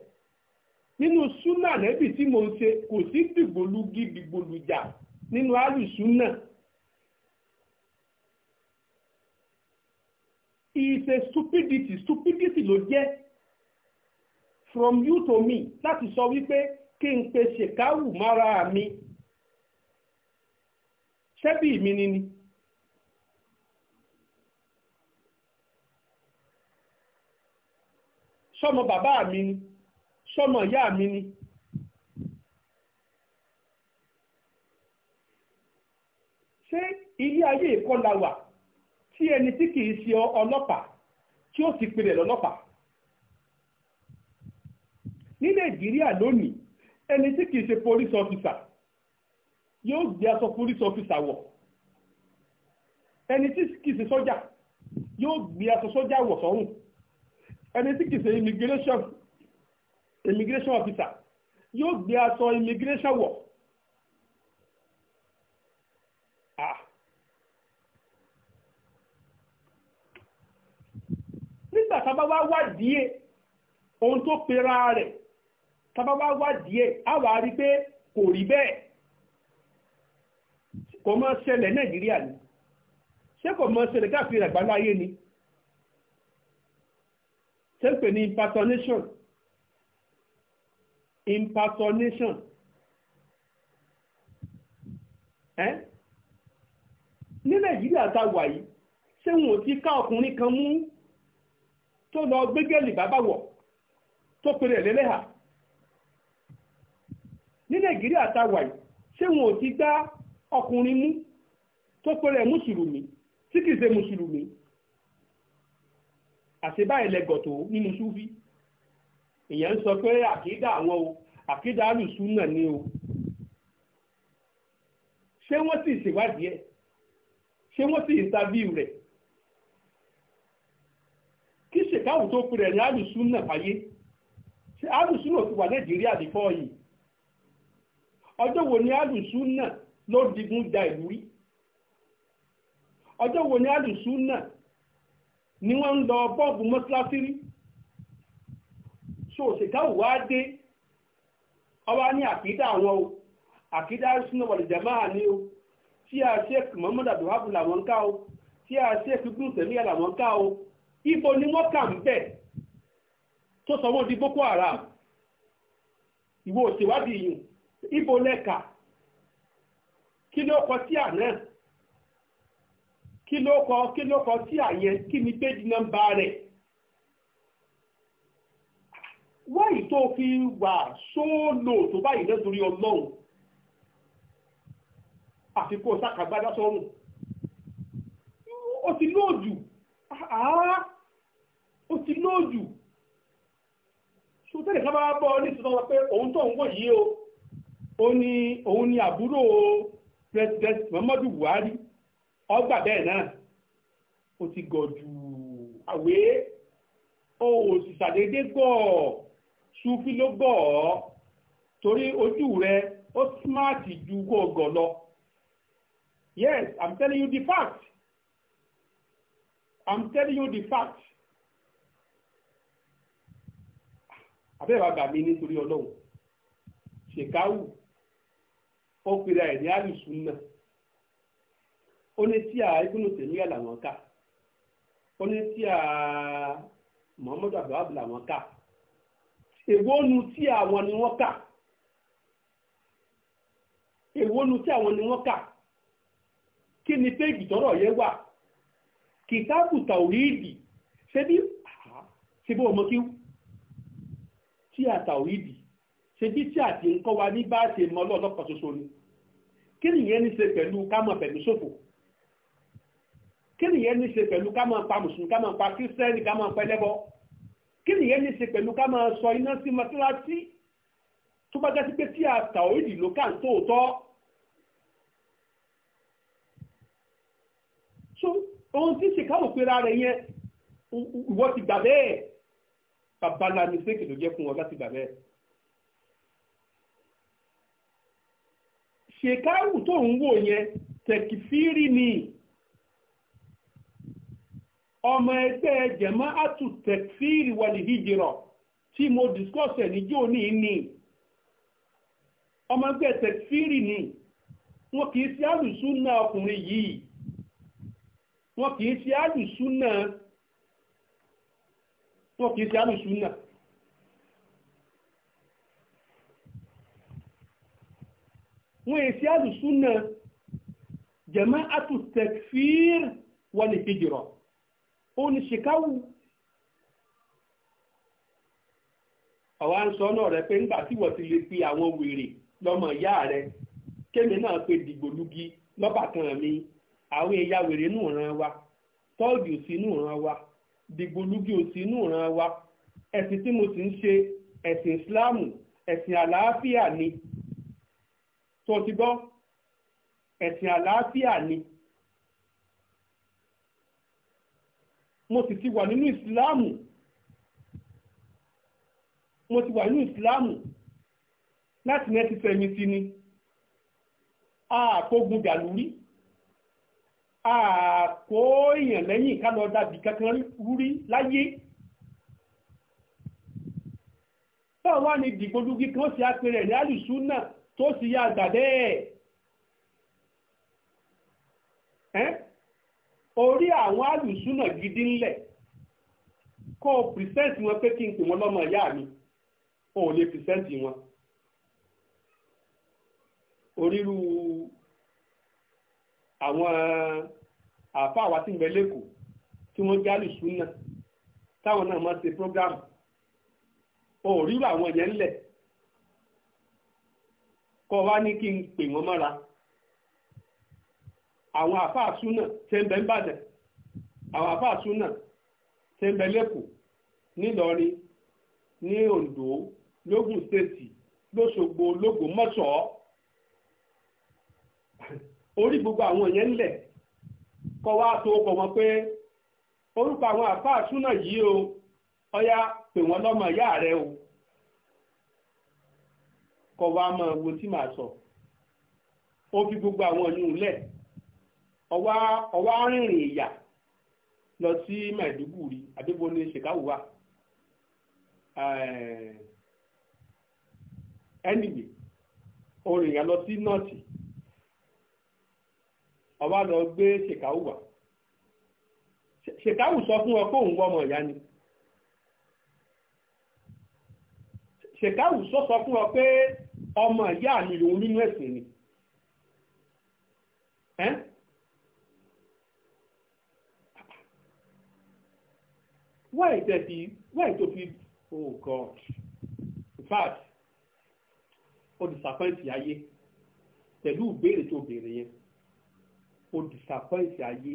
nínú súnà nẹ́bì tí mo ṣe kò sí dìgbòlugi dìgbòlùjà nínú àlùsúnà. ìṣe stupidity stupidity ló jẹ́ from you to me láti sọ wípé kí n pe ṣèkáwù mọ́ra mi ṣẹ́bí mi ni ni. sọmọ bàbá mi ni sọmọ ìyá mi ni. ṣé ilé ayé ìkọlà wà tí ẹni tí kìí ṣe ọlọ́pàá tí ó sì pinnu lọ́lọ́pàá ní nàìjíríà lónìí ẹni tí kìí ṣe police officer yóò gbé aṣọ police officer wọ̀ ẹni tí kìí ṣe sọ́jà yóò gbé aṣọ sọ́jà wọ̀ sọ́rùn ẹni tí kìí ṣe immigration immigration officer yóò gbé aṣọ immigration wọ̀ ah nígbà tá a bá wá wádìí ohun tó pera rẹ̀ tábà wá wádìí ẹ̀ á wà á rí pé kò rí bẹ́ẹ̀ kò mọ́ ṣẹlẹ̀ nàìjíríà ni ṣé kò mọ́ ṣẹlẹ̀ káàkiri àgbáláyé ni ṣé ń pè ní impersonation impersonation ẹ́ ní nàìjíríà tá a wà yìí ṣé wọn ò ti ká ọkùnrin kan mú tó lọ gbégẹ́lì bàbá wọ̀ tó pèrè lẹ́lẹ́hàá ní nàìjíríà tá a wà yìí ṣé wọn ò ti gbá ọkùnrin mú tó pẹ́rẹ́ mùsùlùmí tí kìí ṣe mùsùlùmí àṣebá ẹlẹgọ̀tò nínú súfí èèyàn ń sọ pé àkídà àwọn o àkídà alùsùn náà ni o ṣé wọ́n sì ṣèwádìí ẹ̀ ṣé wọ́n sì ìntàbíù rẹ̀ kí ṣèkáwù tó pèrè ní alùsùn náà fàyè ṣé alùsùn náà ti wà nàìjíríà bífọ́ yìí ọjọ́ wo ni alùsùnà ló digun da ìlú rí ọjọ́ wo ni alùsùnà ni wọ́n ń lọ bọ́ọ̀bù mọ́sálásí rí so ṣèkà wà á dé ọba ní àkídà àwọn o àkídà sínú wal jamaa ni o tí a ṣe Muhammad abdulhabu làwọn ká o tí a ṣe fífún tẹ̀lé làwọn ká o ibo ni wọ́n kà ń bẹ̀ tó sọ wọ́n di Boko Haram ìwọ òṣèwádìí yìí ibo lẹ́ka kí ló kọ tíà náà kí ló kọ kí ló kọ tíà yẹn kí ni péjì nọ́mbà rẹ̀ wáyé tó fi wà sóòlò tó báyìí lẹ́tòrí ọlọ́run àfikún sákàgbádá sọ́run ó ti lóòjù àá ó ti lóòjù ṣùgbọ́n tẹ́lẹ̀ ká bá bọ́ ní ìṣúná wọn pé òun tó ń wọ̀ yìí o ó ní òun ni àbúrò president Muhammadu Buhari ọgbà bẹ́ẹ̀ náà ó ti gọ̀ jù àwé ó sì ṣàdédé gọ̀ ṣúfí ló gọ̀ ọ́ torí ojú rẹ ó smart ju gọ̀ọ̀gọ̀ lọ yes i'm telling you the fact i'm telling you the fact abẹ́rẹ́ àgbà mi nítorí ọlọ́run ṣèkáwù ó pèrè ẹ̀ ní àlùsùn náà ó ní tí a ibùnú tèmíyà làwọn kà ó ní tí a muhammadu abdulhab làwọn kà èwónu tí àwọn ni wọ́n kà èwónu tí àwọn ni wọ́n kà kí ni péjì tọrọ yẹn wà kìtàbù tàwíìdì ṣé bí ṣe tí a tàwíìdì ṣe bí tí àti ń kọ́ wa ní bá ṣe mọ ọlọ́ọ̀lọ́pàá ṣoṣo ni kí nìyẹn ní ṣe pẹ̀lú kámọ̀ pẹ̀lú ṣòfò kí nìyẹn ní ṣe pẹ̀lú kámọ̀ pa mùsùlùmí kámọ̀ pa kírísítẹ́nì kámọ̀ pa ẹlẹ́bọ kí nìyẹn ní ṣe pẹ̀lú kámọ̀ sọ iná sí mọ́tíláṣí tó bá jásí pé tí a tà ó ìdì ló kà ń tóòtọ́ so ohun tí ṣèkáwò pera rẹ̀ yẹn ìwọ ti gbà bẹ́ẹ̀ babalá ní sèkè ló jẹ́ fún ọ láti gbà bẹ́ẹ̀ ṣèkáwù tó ń wò yẹn tẹ̀kìfírì ni ọmọ ẹgbẹ́ jẹ̀mọ́ àtù tẹ̀kìfírì wàlìhíjìrọ̀ tí mo discuss ẹ̀ níjó ní ní ọmọ ẹgbẹ́ tẹ̀kìfírì ni wọ́n kìí sí àlùsúnà ọkùnrin yìí wọ́n kìí sí àlùsúnà wọ́n kìí sí àlùsúnà. wọn èsì àlùsúnà jẹ̀mọ́ àtúntẹ̀fíìr wọn lè fi jùrọ̀ oníṣìkáwù ọ̀wá ń sọ náà rẹ pé ńgbà tí wọ́n ti lè pe àwọn wèrè lọ́mọ ìyá rẹ kémi náà pe dìgbòlugi lọ́bàkan mi àwọn ẹ̀yà wèrè nù ràn wa tọ́ọ̀gì ò sí nù ràn wa dìgbòlugi ò sí nù ràn wa ẹ̀sìn tí mo sì ń ṣe ẹ̀sìn ìsìláàmù ẹ̀sìn àlàáfíà ni tó ti gbọ́ ẹ̀sìn àlàáfíà ni mo sì ti wà nínú ìsìláàmù mo ti wà nínú ìsìláàmù láti nẹ́ẹ̀tì sẹ́mi sí ni àkógun dàlúrí àkó èèyàn lẹ́yìn ká lọ dàbí kankan rúrí láyé báwo wá ní dìgbòlugi kan ṣe àpẹẹrẹ ní àlùsùn náà tó sì yá àgbà bẹ́ẹ̀ orí àwọn alùsúnà gidi ńlẹ̀ kó o pìrìsẹ́ǹtì wọn pé kí n pè wọn lọ́mọ ìyá mi o ò lè pìrìsẹ́ǹtì wọn orírú àwọn àáfàá wa ti ń bẹ lẹ́kọ̀ọ́ tí wọ́n jẹ́ alùsúnà táwọn náà máa ṣe prógráàmù o ò rírú àwọn yẹn ńlẹ̀ kọ́ wá ní kí n pè mọ́ra àwọn àfáà súnà tẹ́ ń bẹ ń bàdàn àwọn àfáà súnà tẹ́ ń bẹ lẹ́kọ̀ọ́ nílọrin ní Oǹdó lógùn stéètì orí gbogbo àwọn yẹn ńlẹ̀ kọ́ wá tó kọ́ pé àwọn yìí o ọyá pè ìyá rẹ o kọwa mọ tí màá sọ ó fi gbogbo àwọn ìyún lẹ̀ ọwá rìnrìn ìyà lọ sí Maiduguri àdébò wa orin ìyà lọ sí nọ́ọ̀tì ọwá lọ gbé ṣèkáwù sọ fún ọ pé òun ìyá ni ṣèkáwù sọ sọ fún ọ pé ọmọ ìyá mi lòun nínú ẹ̀sìn ni why there be why to be oh god in fact o disappoint ayé pẹ̀lú ìbéèrè tó béèrè yẹn o disappoint ayé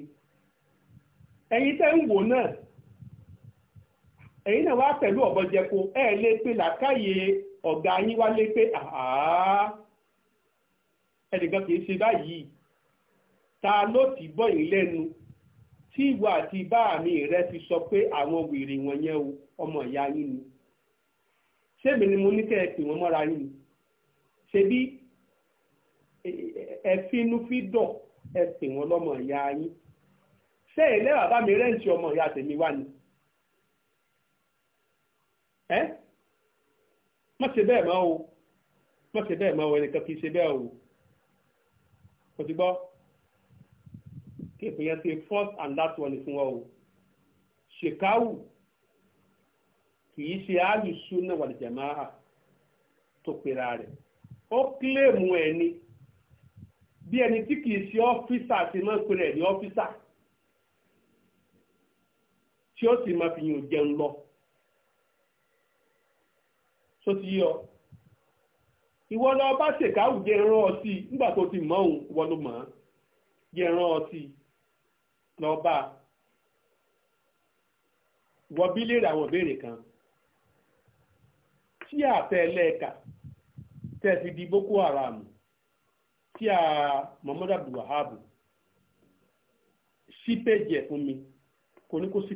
ẹ̀yin tẹ́ ń wò náà ẹ̀yin náà wá pẹ̀lú ọ̀bọ̀jẹ̀kọ ẹ̀ lè pe làkàyè ọ̀gá yín wálé pé ẹnìkan kì í ṣe báyìí ta ló ti bọ́ yín lẹ́nu tí ìwà àti báàmì rẹ fi sọ pé àwọn wèrè wọ̀nyẹn o ọmọ ìyá yín ni ṣébi ni mo ní kẹ́ ẹ pè wọ́n mọ́ra yín ni ṣebí ẹ̀fínúfídọ̀ ẹ pè wọ́n lọ́mọ ìyá yín ṣé ìlẹ́ bàbá mi rẹ́ǹtì ọmọ ìyá tèmi wá ni má ṣe bẹ́ẹ̀ mọ́ o má ṣe bẹ́ẹ̀ mọ́ o ẹnìkan kì í ṣe bẹ́ẹ̀ o kò ti gbọ́ kí èpè yẹn ṣe first and last one fún ọ o ṣèkáwù kì í ṣe alùsùnà wàlìjàmáà tó pera rẹ̀ ó kílèmù ẹ̀ ni bí ẹni tí kì ṣe ọ́fíìsà ti máa ń pera ẹ̀ ní ọ́fíìsà tí ó sì máa fi yàn jẹun lọ. tó ti yọ ìwọ lọ bá ṣèkáwù jẹ ẹran ọtí nígbà tó ti mọ òun mọ jẹ ẹran ọtí lọ bá wọ àwọn ìbéèrè kan tí àtẹ ẹlẹ́ẹ̀ka tẹ́ fi di Boko Haram tí a Muhammadu Abdul sí péjì ẹ̀ fún mi kò ní kó sí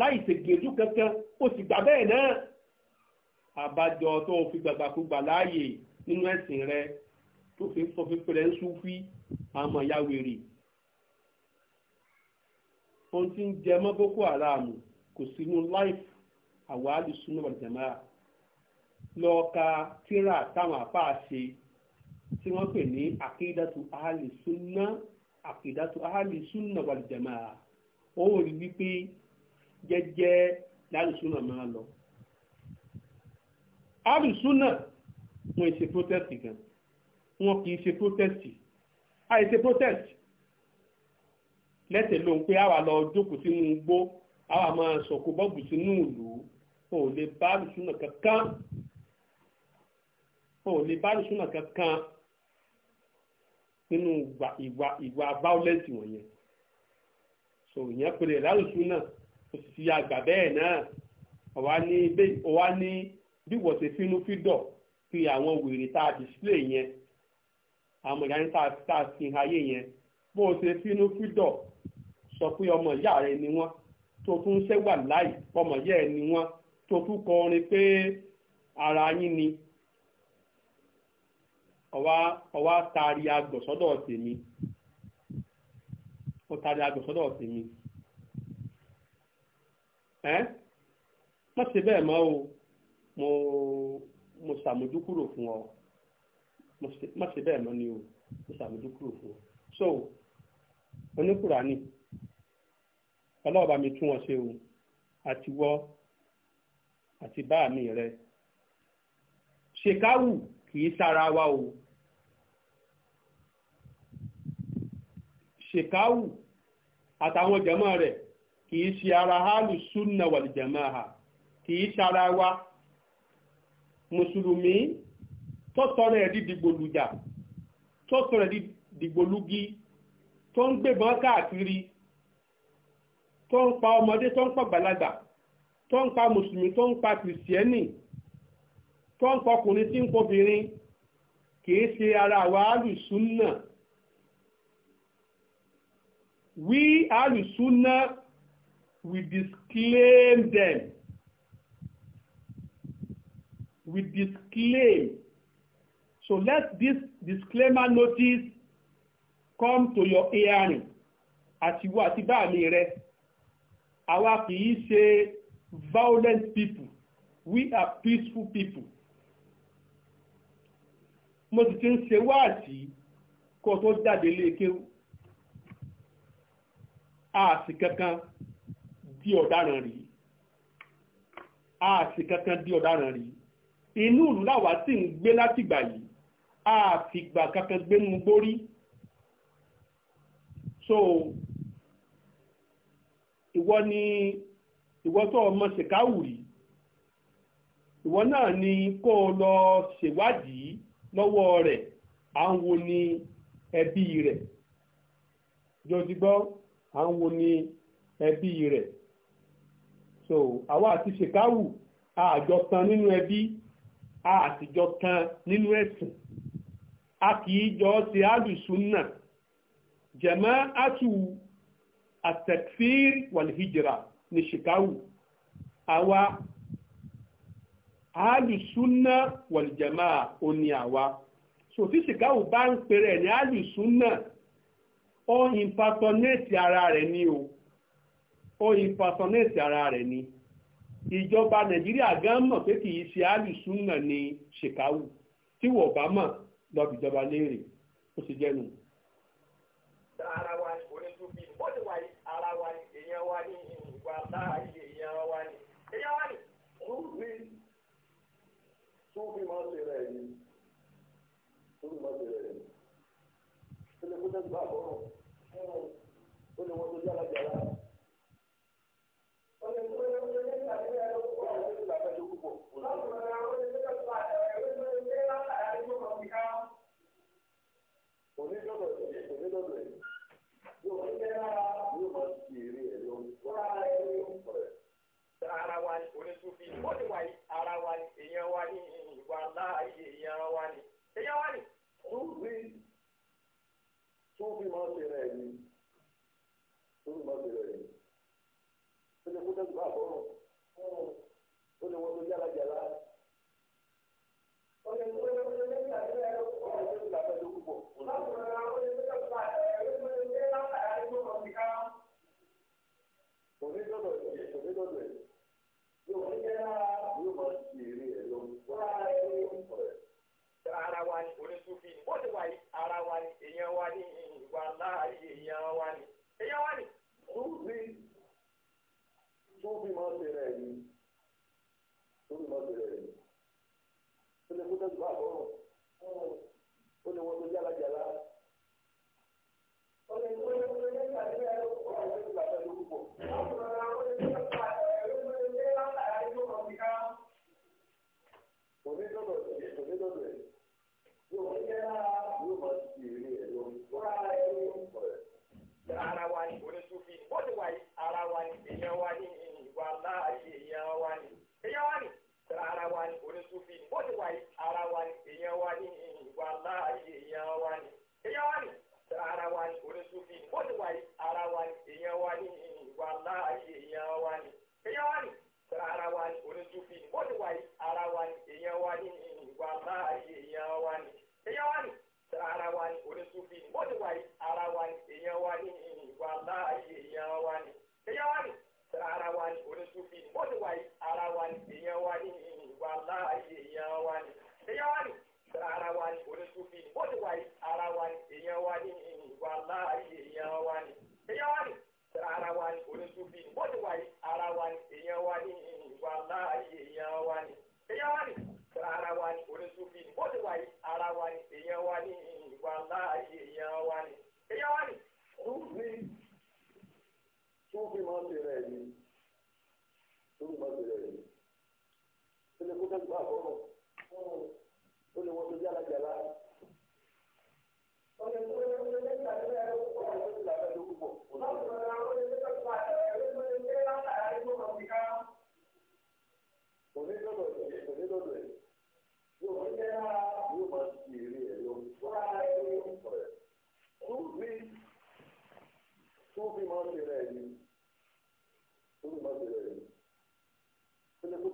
láì ṣègbèjú kankan ó sì gbà bẹ́ẹ̀ náà àbájọ tó o fi gbàgbàkúgbà láàyè nínú ẹ̀sìn rẹ tó fi sọ fi pẹ̀lẹ́ ń súnfí àmọ́ ìyá wèrè ohun tí ń jẹ mọ́ boko haram kò sínú life àwa alùsùnú à lọ ka tíra táwọn àfáà ṣe tí wọ́n pè ní àkídàtú ahàlì súnná àkídàtú ahàlì súnná wàlìjàmá ó rí wípé jẹ́jẹ́ lálùsúnà máa lọ alùsúnà wọn ṣe protest gan wọn kì í ṣe protest àìṣe protest lẹ́sẹ̀ ló ń pé àwa lọ jókòó sínú igbó àwa máa sọ̀kò bọ́ọ̀bù sínú ìlú ò lè bá alùsúnà kankan ò lè bá alùsúnà kankan nínú ìwà ìwà violence wọ̀nyẹn so ìyẹn pèrè lálùsúnà ó sì fi àgbà bẹ́ẹ̀ náà ọ̀wá ní ọ̀wá ní bí wọ́n ṣe fínú fídọ̀ fi àwọn wèrè tá a display yẹn àwọn ìyá yẹn tá a fi ayé yẹn bó o ṣe fínú fídọ̀ sọ pé ọmọ ìyá rẹ ni wọ́n tó tún ṣẹ́wà láì ọmọ ìyá ẹ ni wọ́n tó tún kọ orin pé ara yín ni ọwá ọwá taari agbọ̀sọ́dọ̀ tèmi ó taari agbọ̀sọ́dọ̀ tèmi. ẹ́ má bẹ́ẹ̀ o mo fún ọ má ni o mo fún ọ so oníkùránì ọlọ́ọ̀bá mi wọn ṣe o àti wọ́ àti bá mi rẹ ṣèkáwù kì í wa o ṣèkáwù àtàwọn jẹmọ́ rẹ̀ kìí ṣe ara hálù súnà wàlìjàmáà kìí ṣe ara wa mùsùlùmí tọ́tọ́rọ̀ ẹ̀rí dìgbòlùjà tọ́tọ́rọ̀ ẹ̀rí dìgbòlùgí tó ń gbébọn káàkiri tó ń pa ọmọdé tó ń pa gbàlagbà tó ń pa mùsùlùmí tó ń pa kìrìsìẹ́nì tó ń pa ọkùnrin tí ń kọbìnrin kìí ṣe ara wa hálù súnà wí hálù súnà we disclaim them. We disclaim. So let this disclaimer notice come to your hearing. Àtiwọ́ àti báàmì rẹ̀, àwa kì í ṣe violent people. We are peaceful people. Mo sì ti ń ṣe wáàsí kó tó jáde lékewu. Àsì kankan. di ọ̀daràn rí a sì kankan di ọ̀daràn rí inú ìlú làwa sì ń gbé látìgbà yìí a fìgbà kankan gbé nu gbórí so ìwọ ni ìwọ tó ọmọ ṣèkáwùrì ìwọ náà ni kó o lọ ṣèwádìí lọ́wọ́ rẹ̀ à ń wo ni ẹbí jọ ti wo ni ẹbí so àwa àti ṣèkáwù àjọ tan nínú ẹbí àtijọ́ tan nínú ẹ̀sìn a kì jọ ṣe alùsùnà jẹ̀mọ́ àtù àtẹ̀kfír wàlìhìjìrà ní ṣèkáwù àwa alùsùnà wàlìjẹ̀mọ́ òní àwa sòfin ṣèkáwù bá ń pèrè ní alùsùnà ó impersonate ara rẹ̀ ní o. ó impersonate ara rẹ̀ ni ìjọba nàìjíríà gan mọ̀ pé kì í ṣe alùsùnà ní ṣèkáwù tí wọ́n bá mọ̀ lọ́bi ìjọba léèrè ó sì jẹ́nu. ara wa ni onítúbí bọ́dù wa ni ara wa ni èèyàn wa ni ìwà láàyè èèyàn wa ni èèyàn wa ni. túbí túbí máa ṣe rẹ̀ ni túbí máa ṣe rẹ̀ ni. ó lè kó tẹ́sí bá a ó lè wọ́n tó jára jára. ìwọ wà ní ara wa ni èèyàn wa ní ìwà láàyè èèyàn wa ni èèyàn wa ni. tó fi tó fi máa ṣe rẹ̀ ni tó fi máa ṣe rẹ̀ ni ó lè kó tẹ́sí bá àbọ̀rọ̀ ó lè wọ́n tó yára jàlá. ní ìwà láàyè èèyàn wa ni èèyàn wa ni túbí túbí máa ṣe rẹ̀ ni túbí máa ṣe rẹ̀ ni ó lè kó tẹ̀síwájú ọ̀rọ̀ ó lè wọ́n tó yára èèyàn wa ni ìwà láàyè èèyàn wa ni èèyàn wa ni ara wa ni onísùfì ni bó ti wà yìí ara wa ni èèyàn wa ni ìwà láàyè èèyàn wa ni èèyàn wa ni ara wa ni onísùfì ni bó ti wà yìí ara wa ni èèyàn wa ni ìwà láàyè èèyàn wa ni èèyàn wa ni ara wa ni onísùfì ni bó ti wà yìí ara wa ni èèyàn wa ni ìwà láàyè èèyàn wa ni èèyàn wa ni ara wa ni onísùfì ni bó ti wà yìí ara wa ni èèyàn wa ni ìwà láàyè èèyàn wa ni èèyàn wa ni ara wa ni oníṣòfin bó ti wà yìí ara wa ni èèyàn wa ni ìwà láàyè èèyàn wa ni èèyàn wa ni ara wa ni oníṣòfin bó ti wà yìí ara wa ni èèyàn wa ni ìwà láàyè èèyàn wa ni èèyàn wa ni ara wa ni oníṣòfin bó ti wà yìí ara wa ni èèyàn wa ni ìwà èèyàn wa ni èèyàn wa ni ara wa ni oníṣòfin bó ti wà yìí ara wa ni èèyàn wa ni ìwà èèyàn wa ni èèyàn wa ni tó fi máa ṣe rẹ̀ yìí tó fi máa ṣe rẹ̀ yìí ó lè kó dẹ́gbà àbọ̀rọ̀ ó lè wọ́n tó yára jàlá. ọ̀sẹ̀ tó lè wọ́n tó lẹ́gbàá tó yára ó kọ̀ ọ̀sẹ̀ tó làbẹ́ tó púpọ̀. láti wọ́n ra ó lè lẹ́gbàá tó yára ó lè lẹ́gbàá tó yára ó kọ̀ ọ̀sẹ̀ ká. onídọ̀dọ̀ ẹ̀ onídọ̀dọ̀ ẹ̀ yóò fi lẹ́ra yóò máa ṣe eré ẹ̀ lọ. wọ́n á lè tó fi máa ṣe rẹ̀ yìí.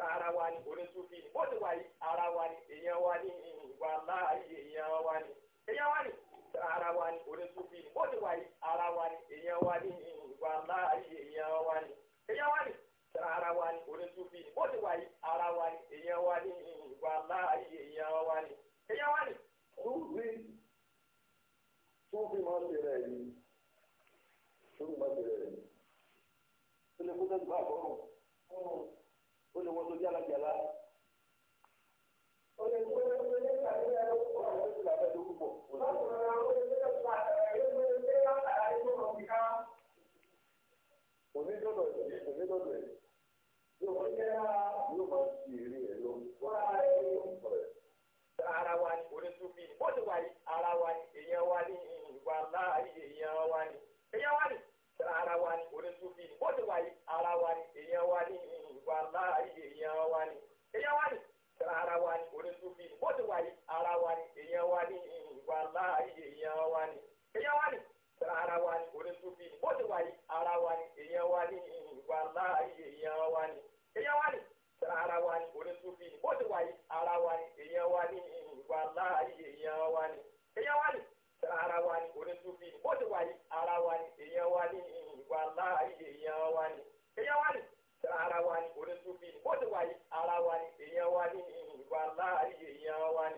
ara wa ni onísùfì ni bó ti wà yìí ara wa ni èèyàn wa ni ìwà láàyè èèyàn wa ni èèyàn wa ni ara wa ni onísùfì ni bó ti wà yìí ara wa ni èèyàn wa ni ìwà láàyè èèyàn wa ni èèyàn wa ni ara wa ni onísùfì ni bó ti wà yìí ara wa ni èèyàn wa ni ìwà láàyè èèyàn wa ni èèyàn wa ni. Súfì Súfì máa ń bẹ̀rẹ̀ yìí Súfì máa ń bẹ̀rẹ̀ yìí. Ó lè kó tẹ́tù bá àbọ̀rùn ó lè wọ́n tó jálá jálá. ó lè gbé ẹgbẹ́ ní oṣù làbẹ́ tó púpọ̀. lọ́sùn ra ó lè onídọ̀dọ̀ ẹ̀ onídọ̀dọ̀ ẹ̀ yóò jẹ́ yóò máa ti èrè ẹ̀ lọ. ara wa ni onítúbí ni bọ́ọ̀lù wa ni ara wa ni èèyàn wa ni ìwà láàyè èèyàn wa ni èèyàn wa ni ara wa ni onítúbí ni bọ́ọ̀lù wa ni ara wa ni èèyàn wa ni wàhálà èèyàn wa ni èèyàn wa ni ara wa ni onísùnfì ni bó ti wà yìí ara wa ni èèyàn wa ni wàhálà èèyàn wa ni èèyàn wa ni ara wa ni onísùnfì ni bó ti wà yìí ara wa ni èèyàn wa ni wàhálà èèyàn wa ni èèyàn wa ni ara wa ni onísùnfì ni bó ti wà yìí ara wa ni èèyàn wa ni wàhálà èèyàn wa ni èèyàn wa ni ara wa ni onísùnfì bó ti wà yìí ara wa ni èèyàn wa ni wàhálà èèyàn wa ni èèyàn wa ni ara wa ni onísùnfì ni bó ti wà yìí ara wa ni èèyàn wa ni ìwà láàyè èèyàn wa ni.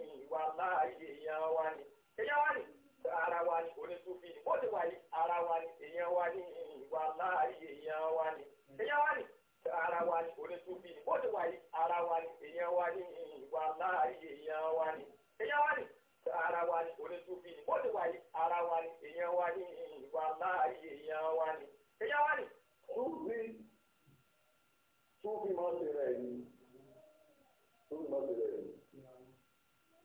láàyè èèyàn wa ni èèyàn wa ni ara wa ni onísùfì ni bó ti wà yìí ara wa ni èèyàn wa ni ìwà láàyè èèyàn wa ni èèyàn wa ni ara wa ni onísùfì ni bó ti wà yìí ara wa ni èèyàn wa ni ìwà láàyè èèyàn wa ni èèyàn wa ni ara wa ni onísùfì ni bó ti wà yìí ara wa ni èèyàn wa ni ìwà láàyè èèyàn wa ni èèyàn wa ni. Súfì Súfì máa ń ṣe rẹ̀ ni Súfì máa ń ṣe rẹ̀ ni.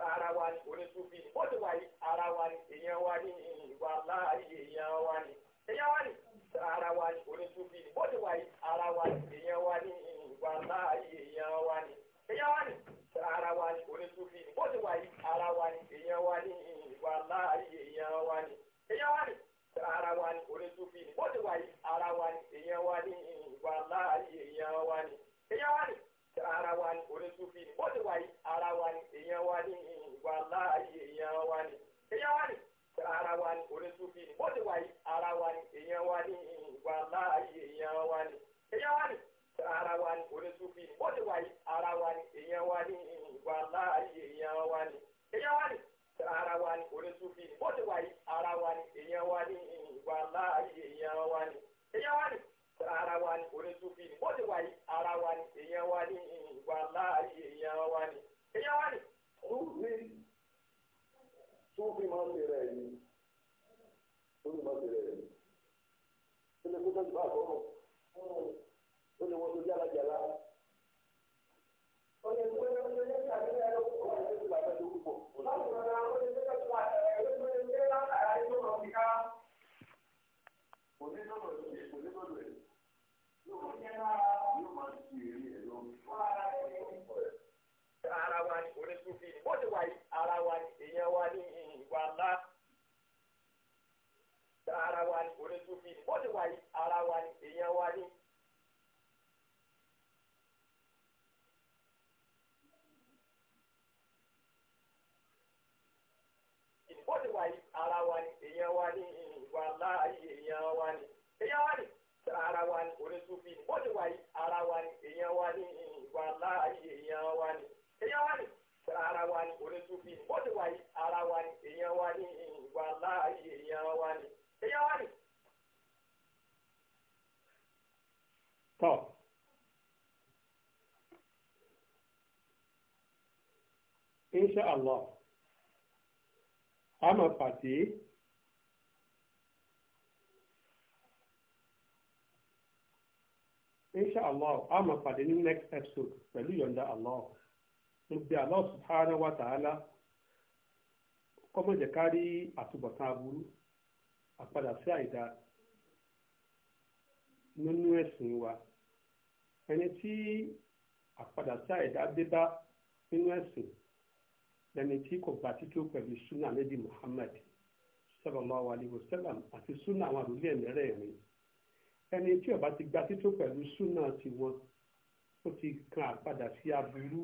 ara wa ni onísùnfì bó ti wà yìí ara wa ni èèyàn wa ni ìwà láàyè èèyàn wa ni èèyàn wa ni ara wa ni onísùnfì bó ti wà yìí ara wa ni èèyàn wa ni ìwà láàyè èèyàn wa ni èèyàn wa ni ara wa ni onísùnfì bó ti wà yìí ara wa ni èèyàn wa ni ìwà láàyè èèyàn wa ni èèyàn wa ni ara wa ni onísùnfì bó ti wà yìí ara wa ni èèyàn wa ni ìwà láàyè èèyàn wa ni èèyàn wa ni ara wa ni onísùfì ni bó ti wà yìí ara wa ni èèyàn wa ni ìwà láàyè èèyàn wa ni èèyàn wa ni ara wa ni onísùfì ni bó ti wà yìí ara wa ni èèyàn wa ni ìwà láàyè èèyàn wa ni èèyàn wa ni ara wa ni onísùfì ni bó ti wà yìí ara wa ni èèyàn wa ni ìwà láàyè èèyàn wa ni èèyàn wa ni ara wa ni onísùfì ni bó ti wà yìí ara wa ni èèyàn wa ni ìwà láàyè èèyàn wa ni èèyàn wa ni. ara wa ni onítúfì ni bó ti wà ara wa ni èèyàn wa ni ìwà láàyè èèyàn wa ni èèyàn wa ni. túfì túfì máa ń yìí máa ń yìí lè ara wa ni onísùnfì ni wọ́n ti wà yìí ara wa ni èèyàn wa ni ìwà ńlá ara wa ni onísùnfì ni wọ́n ti wà yìí ara wa ni èèyàn wa ni. wọ́n ti wà yìí ara wa ni èèyàn èèyàn wa ni èèyàn wa ni. ara wa ni oníṣúfì ni bó yìí ara wa ni èèyàn wa ni ìwà láàyè èèyàn wa ni èèyàn wa ni ni ni wa ni èèyàn ni ìwà láàyè èèyàn wa ni insha allah a máa pàdé ní next episode pẹ̀lú allah mo allah subhanahu wa ta'ala kọ́mọ̀jẹ̀ kárí aburu aburú àpadà sí nínú ẹ̀sìn wa ẹni tí àpadà sí àìdá dé nínú ẹ̀sìn lẹni tí kò títí ó sunna muhammad sallallahu alayhi wa sallam àti sunna àwọn ẹni tí ó bá ti gba títò pẹ̀lú súnà tiwọn ó ti kan àpadà sí aburú